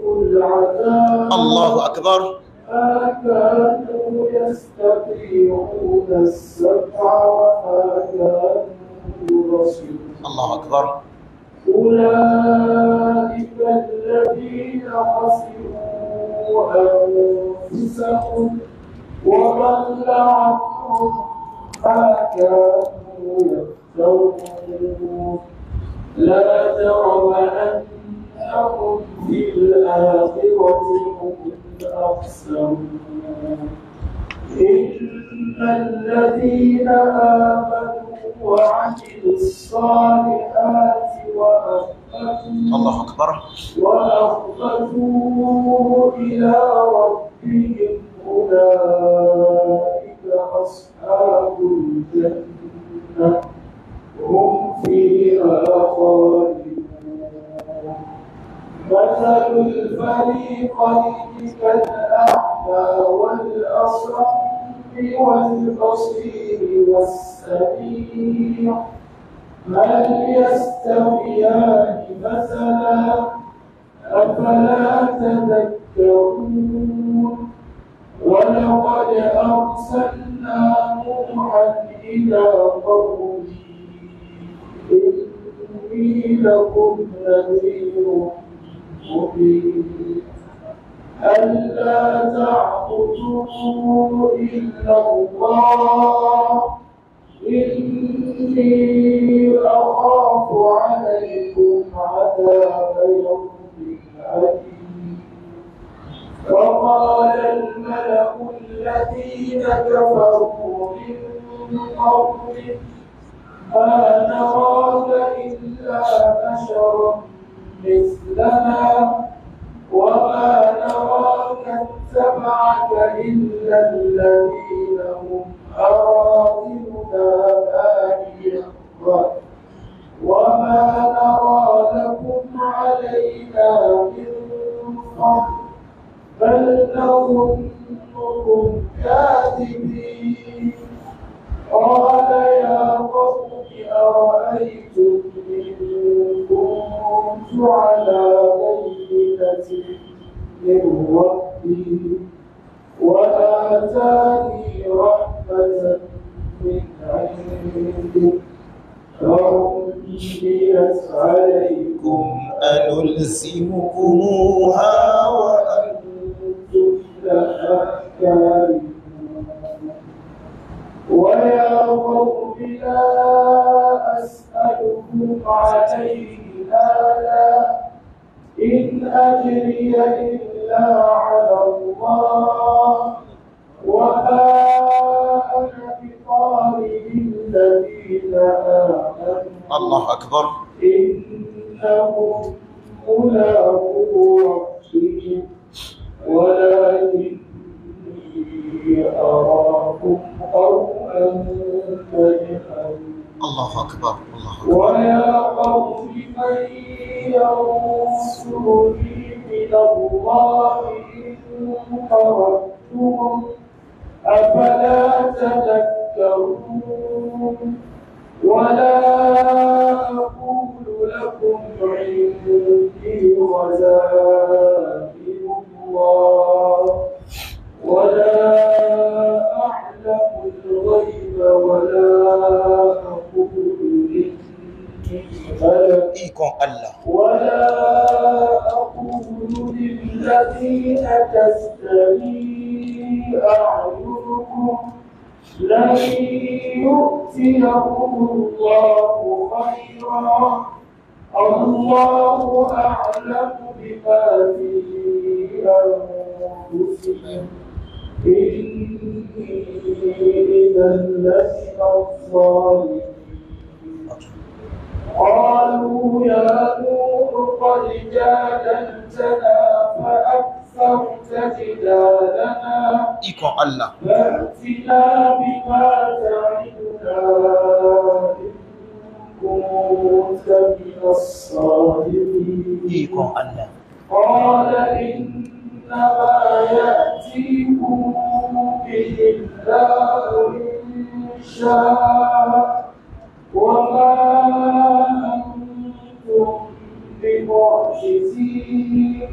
العذاب الله أكبر اكانوا يستطيعون السبع وما كانوا الله أكبر أولئك الذين خسروا أنفسهم وضل عنهم ما كانوا يفعلون لا ترى ترونهم في الآخرة هم الأخسرون إن الذين آمنوا وعملوا الصالحات وأخبتوا الله أكبر وأخبتوا إلى ربهم أولئك أصحاب الجنة هم فيها خالدون مثل الفريقين كالأعمى والأصم والبصير والسميع هل يستويان مثلا أفلا تذكرون ولقد أرسلنا نوحا إلى قومه إني لكم نذير مبين ألا تعبدوا إلا الله إني أخاف عليكم عذاب يوم أليم وقال الملأ الذين كفروا من قومه ما نراك إلا بشرا مثلنا وما نراك اتبعك إلا الذين هم أراضنا بادي الرأي وما نرى لكم علينا من فضل بل نظنكم كاذبين قال يا قوم أرأيتم إن كنت على بينة من ربي وآتاني رحمة من عنده فأمليت عليكم أنلزمكموها وأنتم لها كارهون ويا قوم لا أسألكم عليه مالا إن أجري إلا على الله وما أنا بطارد الذين آمنوا الله أكبر إنهم ملاقو ربهم ولكن أراكم قوما تجهلون الله أكبر الله أكبر ويا قوم من ينصرني من الله إن طردتم أفلا تذكرون ولا أقول لكم عندي خزائن الله ولا أعلم الغيب ولا أقول ikon Allah wala aqulu lil ladina tastawi a'yunukum lan yu'tiyahum Allahu khayran Allahu a'lamu bima fi anfusihim إذا لمن الظالمين قالوا يا نور قد جادلتنا فأكثرت جدالنا فأتنا بما تعدنا إن كنت من الصادقين قال إن ما يأتيكم به الله إن شاء وما أنتم بمعجزين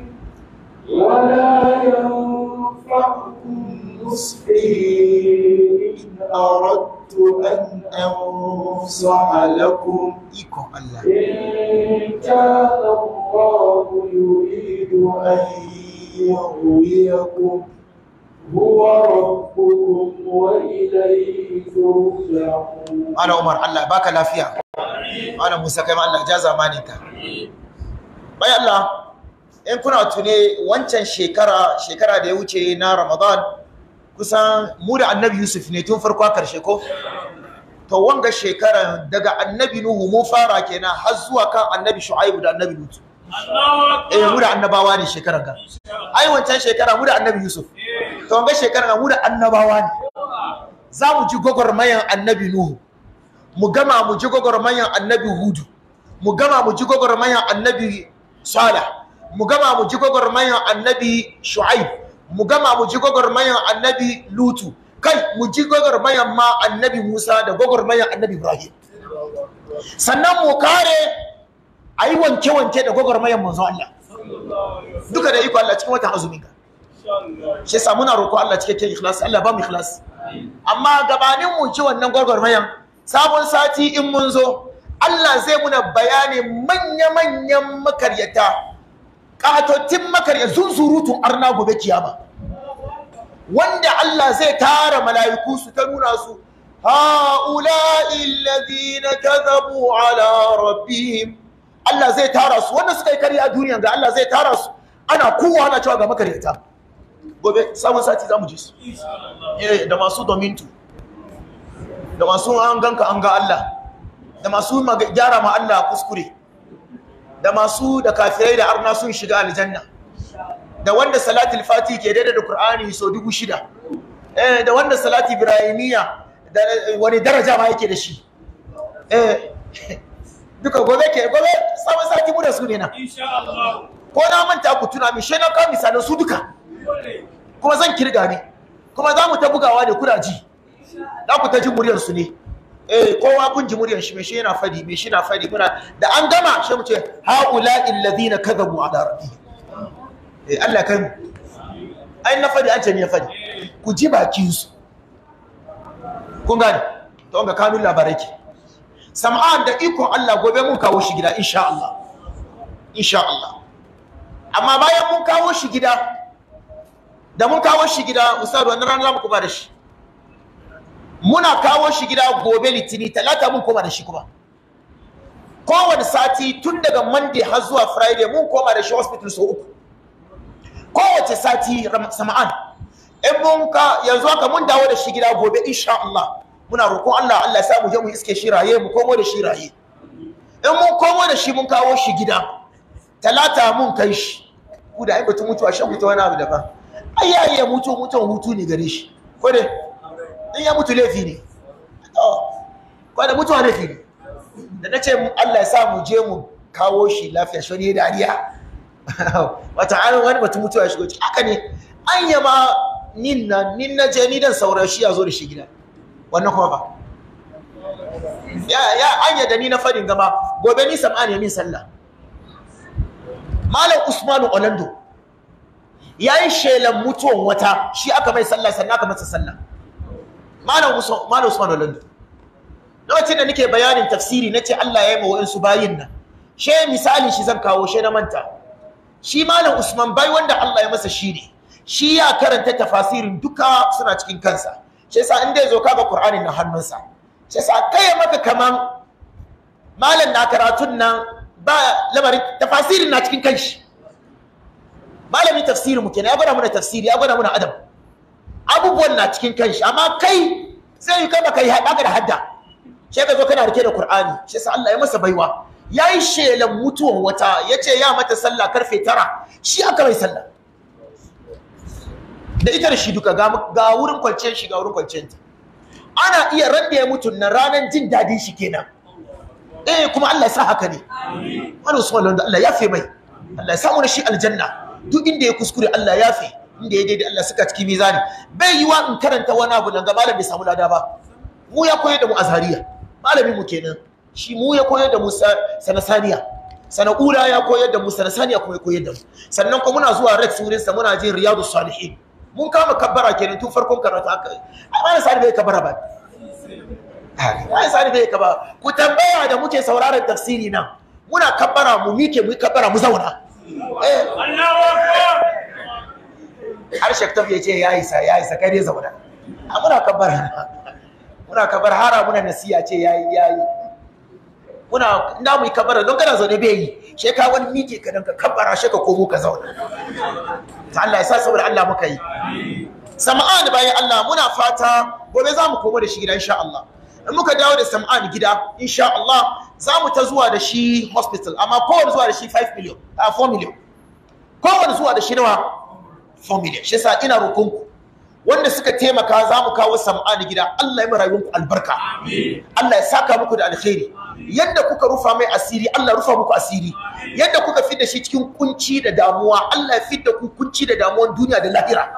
ولا ينفعكم نصحي إن أردت أن أنصح لكم إن كان الله يريد أن يغويكم هو ربكم وإليه ترجعون أنا عمر الله باك لا فيها أنا موسى كما الله جازا مانيكا باي الله in kuna tune wancan shekara shekara da ya wuce na ramadan kusan mu da annabi yusuf ne tun farko karshe ko to wanga shekaran daga annabi nuhu mun fara kenan har zuwa kan annabi shu'aibu da annabi lutu eh mu da annabawa ne shekaran ka ai wancan shekara mu da annabi yusuf to ga shekaran mu da annabawa ne za mu ji gwagwarmayan annabi nuhu mu gama mu ji gwagwarmayan annabi hudu mu gama mu ji gwagwarmayan annabi salih mu gama mu ji gwagwarmayan annabi shu'aib mu gama mu ji gwagwarmayan annabi lutu kai mu ji gwagwarmayan ma annabi musa da gwagwarmayan annabi ibrahim sannan mu kare Ayi wanke-wanke da gwagwarmayar manzo Allah duka da iko Allah cikin watan azuminka. ka shi yasa muna roƙo Allah cikakken ikhlas Allah ba mu ikhlas amma gabanin mu ci wannan gwagwarmayar sabon sati in mun zo Allah zai muna bayani manya-manyan makaryata ƙatotin makarya zunzurutun arna gobe kiyama wanda Allah zai tara mala'iku su ta nuna su هؤلاء alladhina kadhabu ala rabbihim Allah zai tara su wanda suka yi kariya a duniya ga Allah zai tara su ana kowa ana cewa ga makaryata gobe sabon sati za mu ji su eh, da masu domintu da masu an ganka an ga Allah da masu gyara ma Allah kuskure da masu da kafirai da arna sun shiga aljanna da wanda salatul fati ke daidai da qur'ani so dubu shida eh da wanda salati ibrahimiya da eh, wani daraja ma yake da shi eh duka gobe ke gobe sabon sati mu su ne na ko na manta ku tuna mi shi na kawo misalin su duka kuma zan kirga ne kuma za mu ta bugawa ne kuraji ji za ku ta ji muryar su ne eh kowa kun ji muryar shi me shi yana fadi me shi na fadi kuna da an gama shi mu ce haula illazina kadabu ala rabbihim eh Allah kai ai na fadi an ce ne ya fadi ku ji bakin su kun gane to ga kanun labarai ke sam'an da ikon Allah gobe mun kawo shi gida insha Allah insha Allah amma bayan mun kawo shi gida da mun kawo shi gida ustad wannan ranar zamu kuma da shi muna kawo shi gida gobe litini talata mun koma da shi kuma kowane sati tun daga monday har zuwa friday mun koma da shi hospital so uku kowace sati sama'an in mun ka yanzu haka mun dawo da shi gida gobe insha Allah muna roƙon Allah Allah sa mu je mu iske shi raye mu komo da shi raye in mun komo da shi mun kawo shi gida talata mun kai shi ku da ai batun mutuwa shan mutu wani abu daban ai ya mutu mutuwan hutu ne gare shi ko dai in ya mutu laifi ne ko da mutuwa laifi ne da na ce Allah ya sa mu je mu kawo shi lafiya shi da ariya wata an wani batun mutuwa ya shigo ciki haka ne an yama ninna na je ni dan saurashi ya zo da shi gida wannan kuma ba ya ya an yadda ni na farin gama gobe ni sam'an ya min sallah malam usmanu orlando ya yi shelan mutuwan wata shi aka mai sallah sannan aka masa sallah malam usmanu orlando lokacin da nake bayanin tafsiri na ce allah ya yi su bayin nan she misali shi zan kawo she na manta shi malam usman bai wanda allah ya masa shi ne shi ya karanta tafasirin duka suna cikin kansa shi yasa in dai zo kaga Qur'ani na hannunsa shi yasa kai maka kaman malam na karatun nan ba lamari tafsirin na cikin kanshi malami tafsirin mu kenan ya gwada muna tafsiri ya gwada adam abubuwan na cikin kanshi amma kai sai kai baka yi haɗa da hadda sai ka zo kana rike da Qur'ani shi yasa Allah ya masa baiwa yayi shelan mutuwan wata yace ya mata sallah karfe tara, shi aka mai sallah da ita da shi duka ga wurin kwanciyar shi ga wurin kwanciyar ta ana iya rabe ya mutu na ranar jin dadin shi kenan eh kuma Allah ya sa haka ne wani Usman Londo Allah ya fe mai Allah ya samu da shi aljanna duk inda ya kuskure Allah ya fe inda ya daidai Allah suka ciki mizani bai yiwa in karanta wani abu nan ga malam bai samu lada ba mu ya koyar da mu azhariya malamin mu kenan shi mu ya koyar da mu sanasaniya Sana'ula ya koyar da mu sanasaniya kuma ya koyar da mu sannan kuma muna zuwa rex wurin sa muna jin riyadu salihin mun kama kabbara kenan tun farkon karatu aka yi amma sani bai kabbara ba ai sani bai kabbara ku tambaya da muke sauraron tafsiri nan muna kabbara mu mike mu kabbara mu zauna Allahu eh. akbar har shek ya ce ya isa ya isa kai dai zauna muna kabbara muna kabbara har muna nasiya ce yayi yayi muna na mu yi kabara don kana zaune bai yi she ka wani miji ka dan ka kabara she ka komo ka zauna ta Allah ya sa saboda Allah muka yi sam'an bayan Allah muna fata gobe za mu komo da shi gida insha Allah in muka dawo da sam'an gida insha Allah za mu ta zuwa da shi hospital amma kowane zuwa da shi 5 million a 4 million kowane zuwa da shi nawa 4 million shi yasa ina ku. wanda suka taimaka za mu kawo sam'ani gida Allah ya mu rayuwarku albarka Allah ya saka muku da alkhairi yadda kuka rufa mai asiri Allah rufa muku asiri yadda kuka fidda shi cikin kunci da damuwa Allah ya fidda ku kunci da damuwar duniya da lahira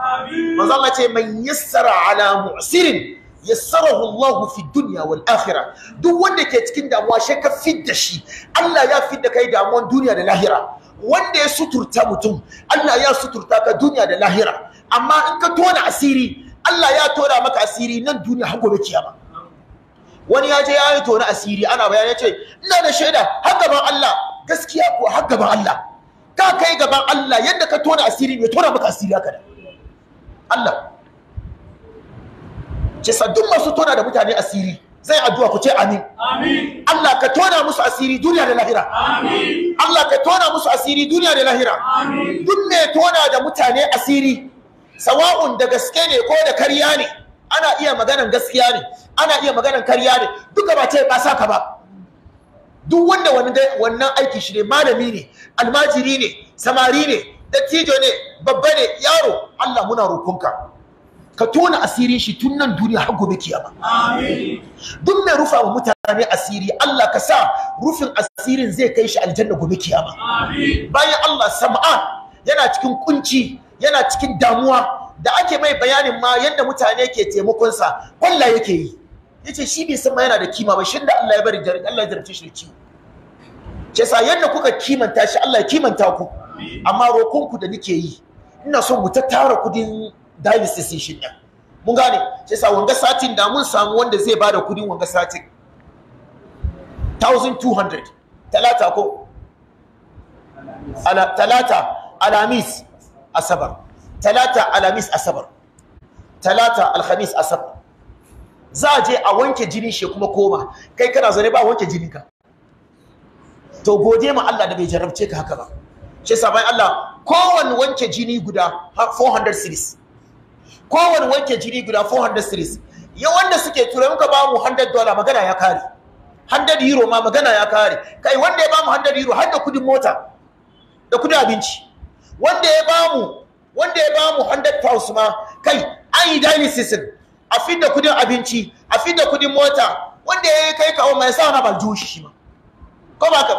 manzo Allah ce man yassara ala mu'sirin yassarahu Allah fi dunya wal akhirah duk wanda ke cikin damuwa shi ka fidda shi Allah ya fidda kai damuwar duniya da lahira wanda ya suturta mutum Allah ya suturta ka duniya da lahira amma in ka tona asiri Allah ya tona maka asiri nan duniya har gobe kiyama wani ya je ya yi tona asiri ana bayani ya ce ina da shaida har gaban Allah gaskiya ko har gaban Allah ka kai gaban Allah yadda ka tona asiri mai tona maka asiri haka da Allah ce saddun masu tona da mutane asiri zai addu'a ku ce amin amin Allah ka tona musu asiri duniya da lahira amin Allah ka tona musu asiri duniya da lahira amin duk mai tona da mutane asiri sawa'un da gaske ne ko da karya ne ana iya maganan gaskiya ne ana iya maganan karya ne duka ba ce ba ka ba duk wanda wani wannan aiki shi ne malami ne almajiri ne samari ne dattijo ne babba ne yaro Allah muna roƙonka ka tona asirin shi tun nan duniya har gobe kiyama duk mai rufa wa mutane asiri Allah ka sa rufin asirin zai kai shi aljanna gobe kiyama bayan Allah sama'a yana cikin kunci yana cikin damuwa da ake mai bayanin ma yadda mutane ke taimakonsa kwalla yake yi ya ce shi bai san yana da kima ba shi da Allah ya bari Allah ya zarce shi da ciwo ce sa yadda kuka kimanta shi Allah ya kimanta ku amma rokonku da nake yi ina so mu ta tara kudin dialysis shi ɗin mun gane ce sa wanga satin da mun samu wanda zai bada kudin wanga satin 1200 talata ko talata alamis asabar talata alamis asabar talata alhamis asabar za a je a wanke jini shi kuma koma kai kana zane ba wanke jini ka to gode ma Allah da bai jarabce ka haka ba shi yasa bayan Allah kowanne wanke jini guda 400 series kowanne wanke jini guda 400 series ya wanda suke tura muka ba mu 100 dollar magana ya kare 100 euro ma magana ya kare kai wanda ya ba mu 100 euro har da kudin mota da kudin abinci wanda ya ba mu wanda ya ba mu 100 ma kai an yi dialysis a fidda kudin abinci a fidda kudin mota wanda ya yi kai kawo mai sa na baljo shi ma ko ba ka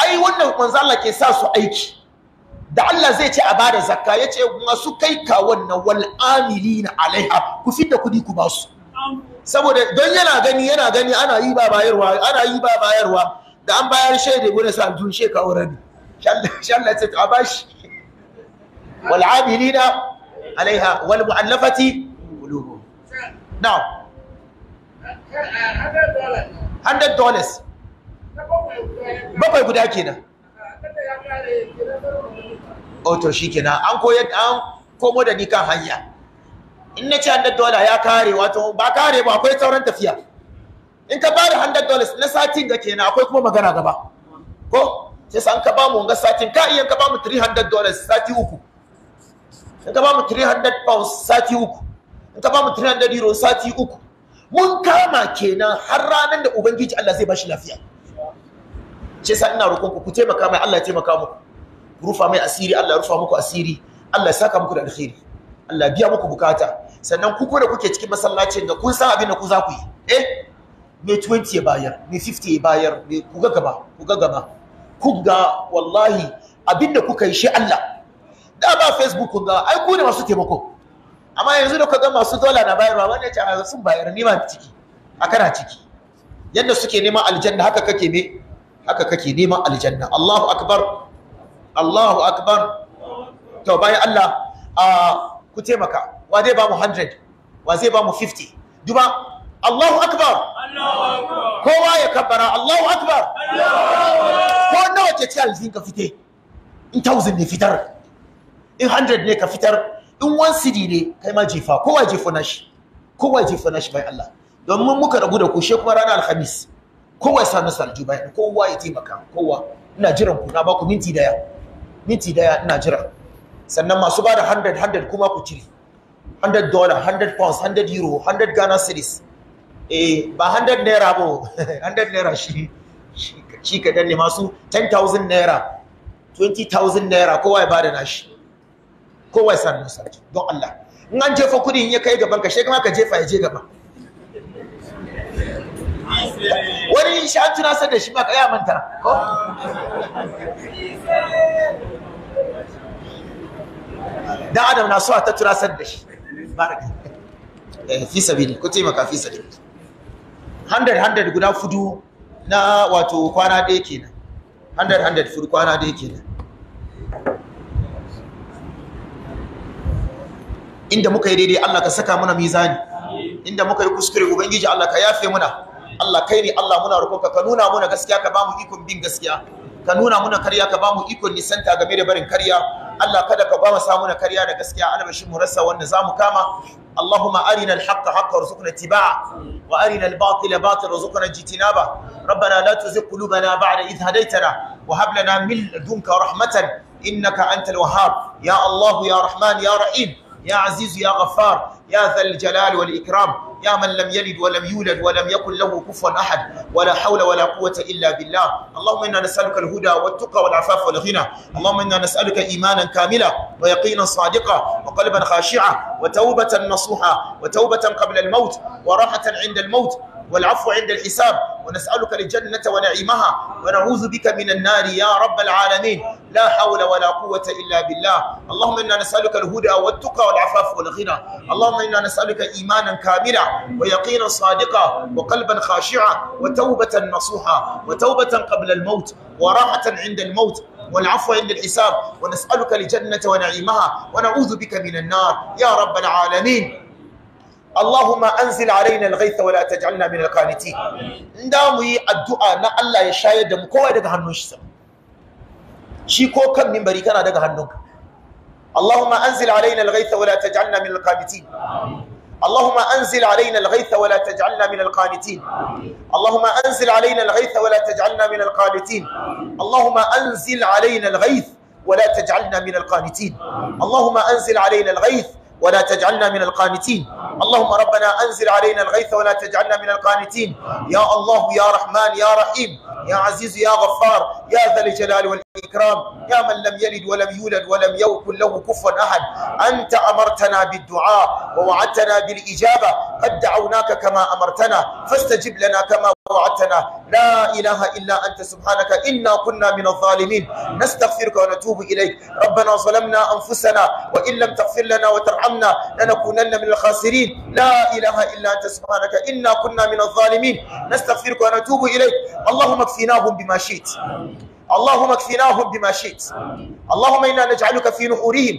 ai wannan manzo Allah ke sa su aiki da Allah zai ce a bada zakka ya ce masu kai ka wannan wal amilina alaiha ku fidda kudi ku ba su saboda don yana gani yana gani ana yi ba bayarwa ana yi ba bayarwa da an bayar shaida gure sa aljun shekawar rabi shallah shallah a bashi والعاملين عليها والمؤلفة قلوبهم mu'allafati qulubuhum 100 bakwai guda kenan oto oh, shi kenan an koyar an komo da ni kan hanya in na ce 100 ya kare wato ba kare ba akwai sauran tafiya in ka bada 100 dollars na satin da kenan akwai kuma magana gaba ko sai san ka ba mu ga satin ka iya ka ba mu 300 dollars sati uku in ka ba mu 300 pounds sati uku in ka ba mu 300 euro sati uku mun kama kenan har ranar da ubangiji Allah zai bashi lafiya shi yasa ina roƙon ku ku taimaka mai Allah ya taimaka muku ku rufa mai asiri Allah ya rufa muku asiri Allah ya saka muku da alkhairi Allah biya muku bukata sannan ku ko da kuke cikin masallacin da kun san abin da ku za ku yi eh me 20 ya bayar me 50 ya bayar me ku ga gaba ku ga gaba ku ga wallahi abin da kuka yi shi Allah da ba facebook kun ga ai ku ne masu taimako amma yanzu da kaga masu dola na bayarwa wanda ce a sun bayar ni ma ciki a kana ciki yadda suke neman aljanna haka kake me haka kake neman aljanna Allahu akbar Allahu akbar to bayan Allah a ku taimaka wa zai ba mu 100 wa zai ba mu 50 duba Allahu akbar kowa ya kabbara Allahu akbar ko nawa ke ci aljin ka fite in 1000 ne fitar in 100 ne ka fitar in 1 cd ne kai ma jefa kowa jefa nashi kowa jefa shi bai Allah domin muka ragu da ku she kuma ranar alhamis kowa ya sanu salju bai kowa ya taimaka kowa ina jiran ku na ba ku minti daya minti daya ina jira sannan masu ba da 100 100 kuma ku cire 100 dollar 100 pounds 100 euro 100 Ghana cedis eh ba 100 naira ba 100 naira shi shi kadan ne masu 10000 naira 20000 naira kowa ya da nashi kowa ya sami sarki don Allah in an jefa kudi in ya kai gaban ka shekama ka jefa ya je gaba wani shi an tunasar da shi ma ka ya manta dan adam na so a ta tunasar da shi baraka eh, fi sabili ko taimaka fi sabili 100-100 guda fudu na wato kwana ɗaya kenan 100-100 fudu kwana ɗaya kenan inda muka yi daidai Allah ka saka muna mizani inda muka yi kuskure ubangiji Allah ka yafe muna Allah kai ne Allah muna rukunka ka nuna muna gaskiya ka bamu ikon bin gaskiya ka nuna muna karya ka bamu ikon nisanta game da barin karya Allah kada ka ba mu samu na karya da gaskiya ana bashin mu rasa za mu kama Allahumma arina al-haqqa haqqan warzuqna ittiba'a wa arina al-batila batilan warzuqna ijtinaba rabbana la tuzigh qulubana ba'da idh hadaitana. wa hab lana min ladunka rahmatan innaka antal wahhab ya Allahu, ya Rahman ya Rahim يا عزيز يا غفار يا ذا الجلال والإكرام يا من لم يلد ولم يولد ولم يكن له كفوا أحد ولا حول ولا قوة إلا بالله اللهم إنا نسألك الهدى والتقى والعفاف والغنى اللهم إنا نسألك إيمانا كاملا ويقينا صادقا وقلبا خاشعا وتوبة نصوحا وتوبة قبل الموت وراحة عند الموت والعفو عند الحساب ونسألك الجنة ونعيمها ونعوذ بك من النار يا رب العالمين لا حول ولا قوة إلا بالله اللهم إنا نسألك الهدى والتقى والعفاف والغنى اللهم إنا نسألك إيمانا كاملا ويقينا صادقا وقلبا خاشعا وتوبة نصوحا وتوبة قبل الموت وراحة عند الموت والعفو عند الحساب ونسألك الجنة ونعيمها ونعوذ بك من النار يا رب العالمين Allahumma anzil alaina al-ghaytha wa la taj'alna min al-qanitin mu yi addu'a na Allah ya shayar da mu kowa daga hannun shi shi ko kan mimbari kana daga hannunka Allahumma anzil alaina al-ghaytha wa la taj'alna min al-qanitin اللهم أنزل علينا الغيث ولا تجعلنا من القانتين اللهم أنزل علينا الغيث ولا تجعلنا من القانتين اللهم أنزل علينا الغيث ولا تجعلنا من القانتين اللهم أنزل علينا الغيث ولا تجعلنا من القانتين اللهم ربنا أنزل علينا الغيث ولا تجعلنا من القانتين يا الله يا رحمن يا رحيم يا عزيز يا غفار يا ذا الجلال والإكرام يا من لم يلد ولم يولد ولم يكن له كفوا أحد أنت أمرتنا بالدعاء ووعدتنا بالإجابة قد دعوناك كما أمرتنا فاستجب لنا كما وعدتنا لا إله إلا أنت سبحانك إنا كنا من الظالمين نستغفرك ونتوب إليك ربنا ظلمنا أنفسنا وإن لم تغفر لنا وترحمنا وارحمنا لنكونن من الخاسرين لا إله إلا أنت سبحانك إنا كنا من الظالمين نستغفرك ونتوب إليك اللهم اكفناهم بما شئت اللهم اكفناهم بما شئت اللهم إنا نجعلك في نحورهم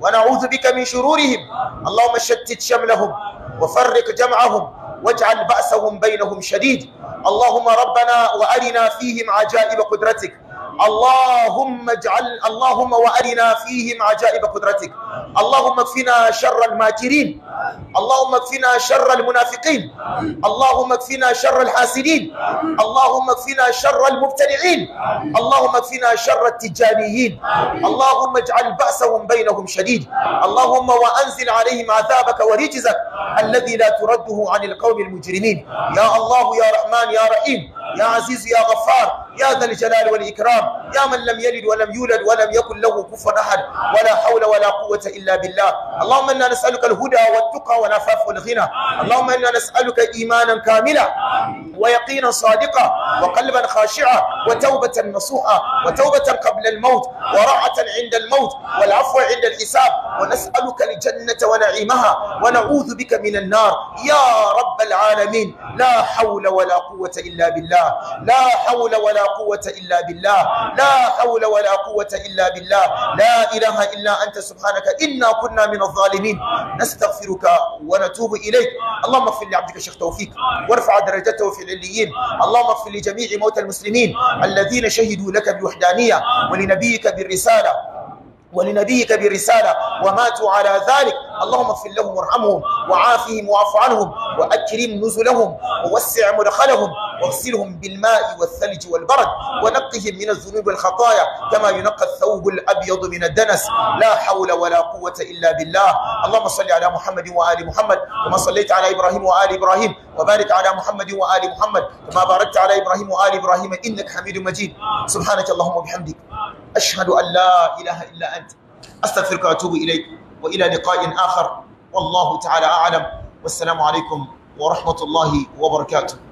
ونعوذ بك من شرورهم اللهم شتت شملهم وفرق جمعهم واجعل بأسهم بينهم شديد اللهم ربنا وأرنا فيهم عجائب قدرتك اللهم اجعل اللهم وارنا فيهم عجائب قدرتك اللهم اكفنا شر الماكرين اللهم اكفنا شر المنافقين اللهم اكفنا شر الحاسدين اللهم اكفنا شر المبتدعين اللهم اكفنا شر التجاريين اللهم اجعل بأسهم بينهم شديد اللهم وأنزل عليهم عذابك ورجزك الذي لا ترده عن القوم المجرمين يا الله يا رحمن يا رحيم يا عزيز يا غفار يا ذا الجلال والإكرام يا من لم يلد ولم يولد ولم يكن له كفوا أحد ولا حول ولا قوة إلا بالله اللهم إنا نسألك الهدى والتقى والعفاف والغنى اللهم إنا نسألك إيمانا كاملا ويقينا صادقا وقلبا خاشعا وتوبة نصوحا وتوبة قبل الموت وراعة عند الموت والعفو عند الحساب ونسألك الجنة ونعيمها ونعوذ بك من النار يا رب العالمين لا حول ولا قوة إلا بالله لا حول ولا quwwata illa billah la hawla wala quwwata illa billah la ilaha illa anta subhanaka inna kunna min adh-dhalimin nastaghfiruka wa natubu ilayk اللهم اغفر لعبدك الشيخ توفيق وارفع درجته في العليين اللهم اغفر لجميع موتى المسلمين الذين شهدوا لك بالوحدانيه ولنبيك بالرساله ولنبيك برسالة وماتوا على ذلك اللهم اغفر لهم وارحمهم وعافهم واعف عنهم وأكرم نزلهم ووسع مدخلهم واغسلهم بالماء والثلج والبرد ونقهم من الذنوب والخطايا كما ينقى الثوب الأبيض من الدنس لا حول ولا قوة إلا بالله اللهم صل على محمد وآل محمد كما صليت على إبراهيم وآل إبراهيم وبارك على محمد وآل محمد كما باركت على إبراهيم وآل إبراهيم إنك حميد مجيد سبحانك اللهم وبحمدك أشهد أن لا إله إلا أنت أستغفرك وأتوب إليك وإلى لقاء آخر والله تعالى أعلم والسلام عليكم ورحمة الله وبركاته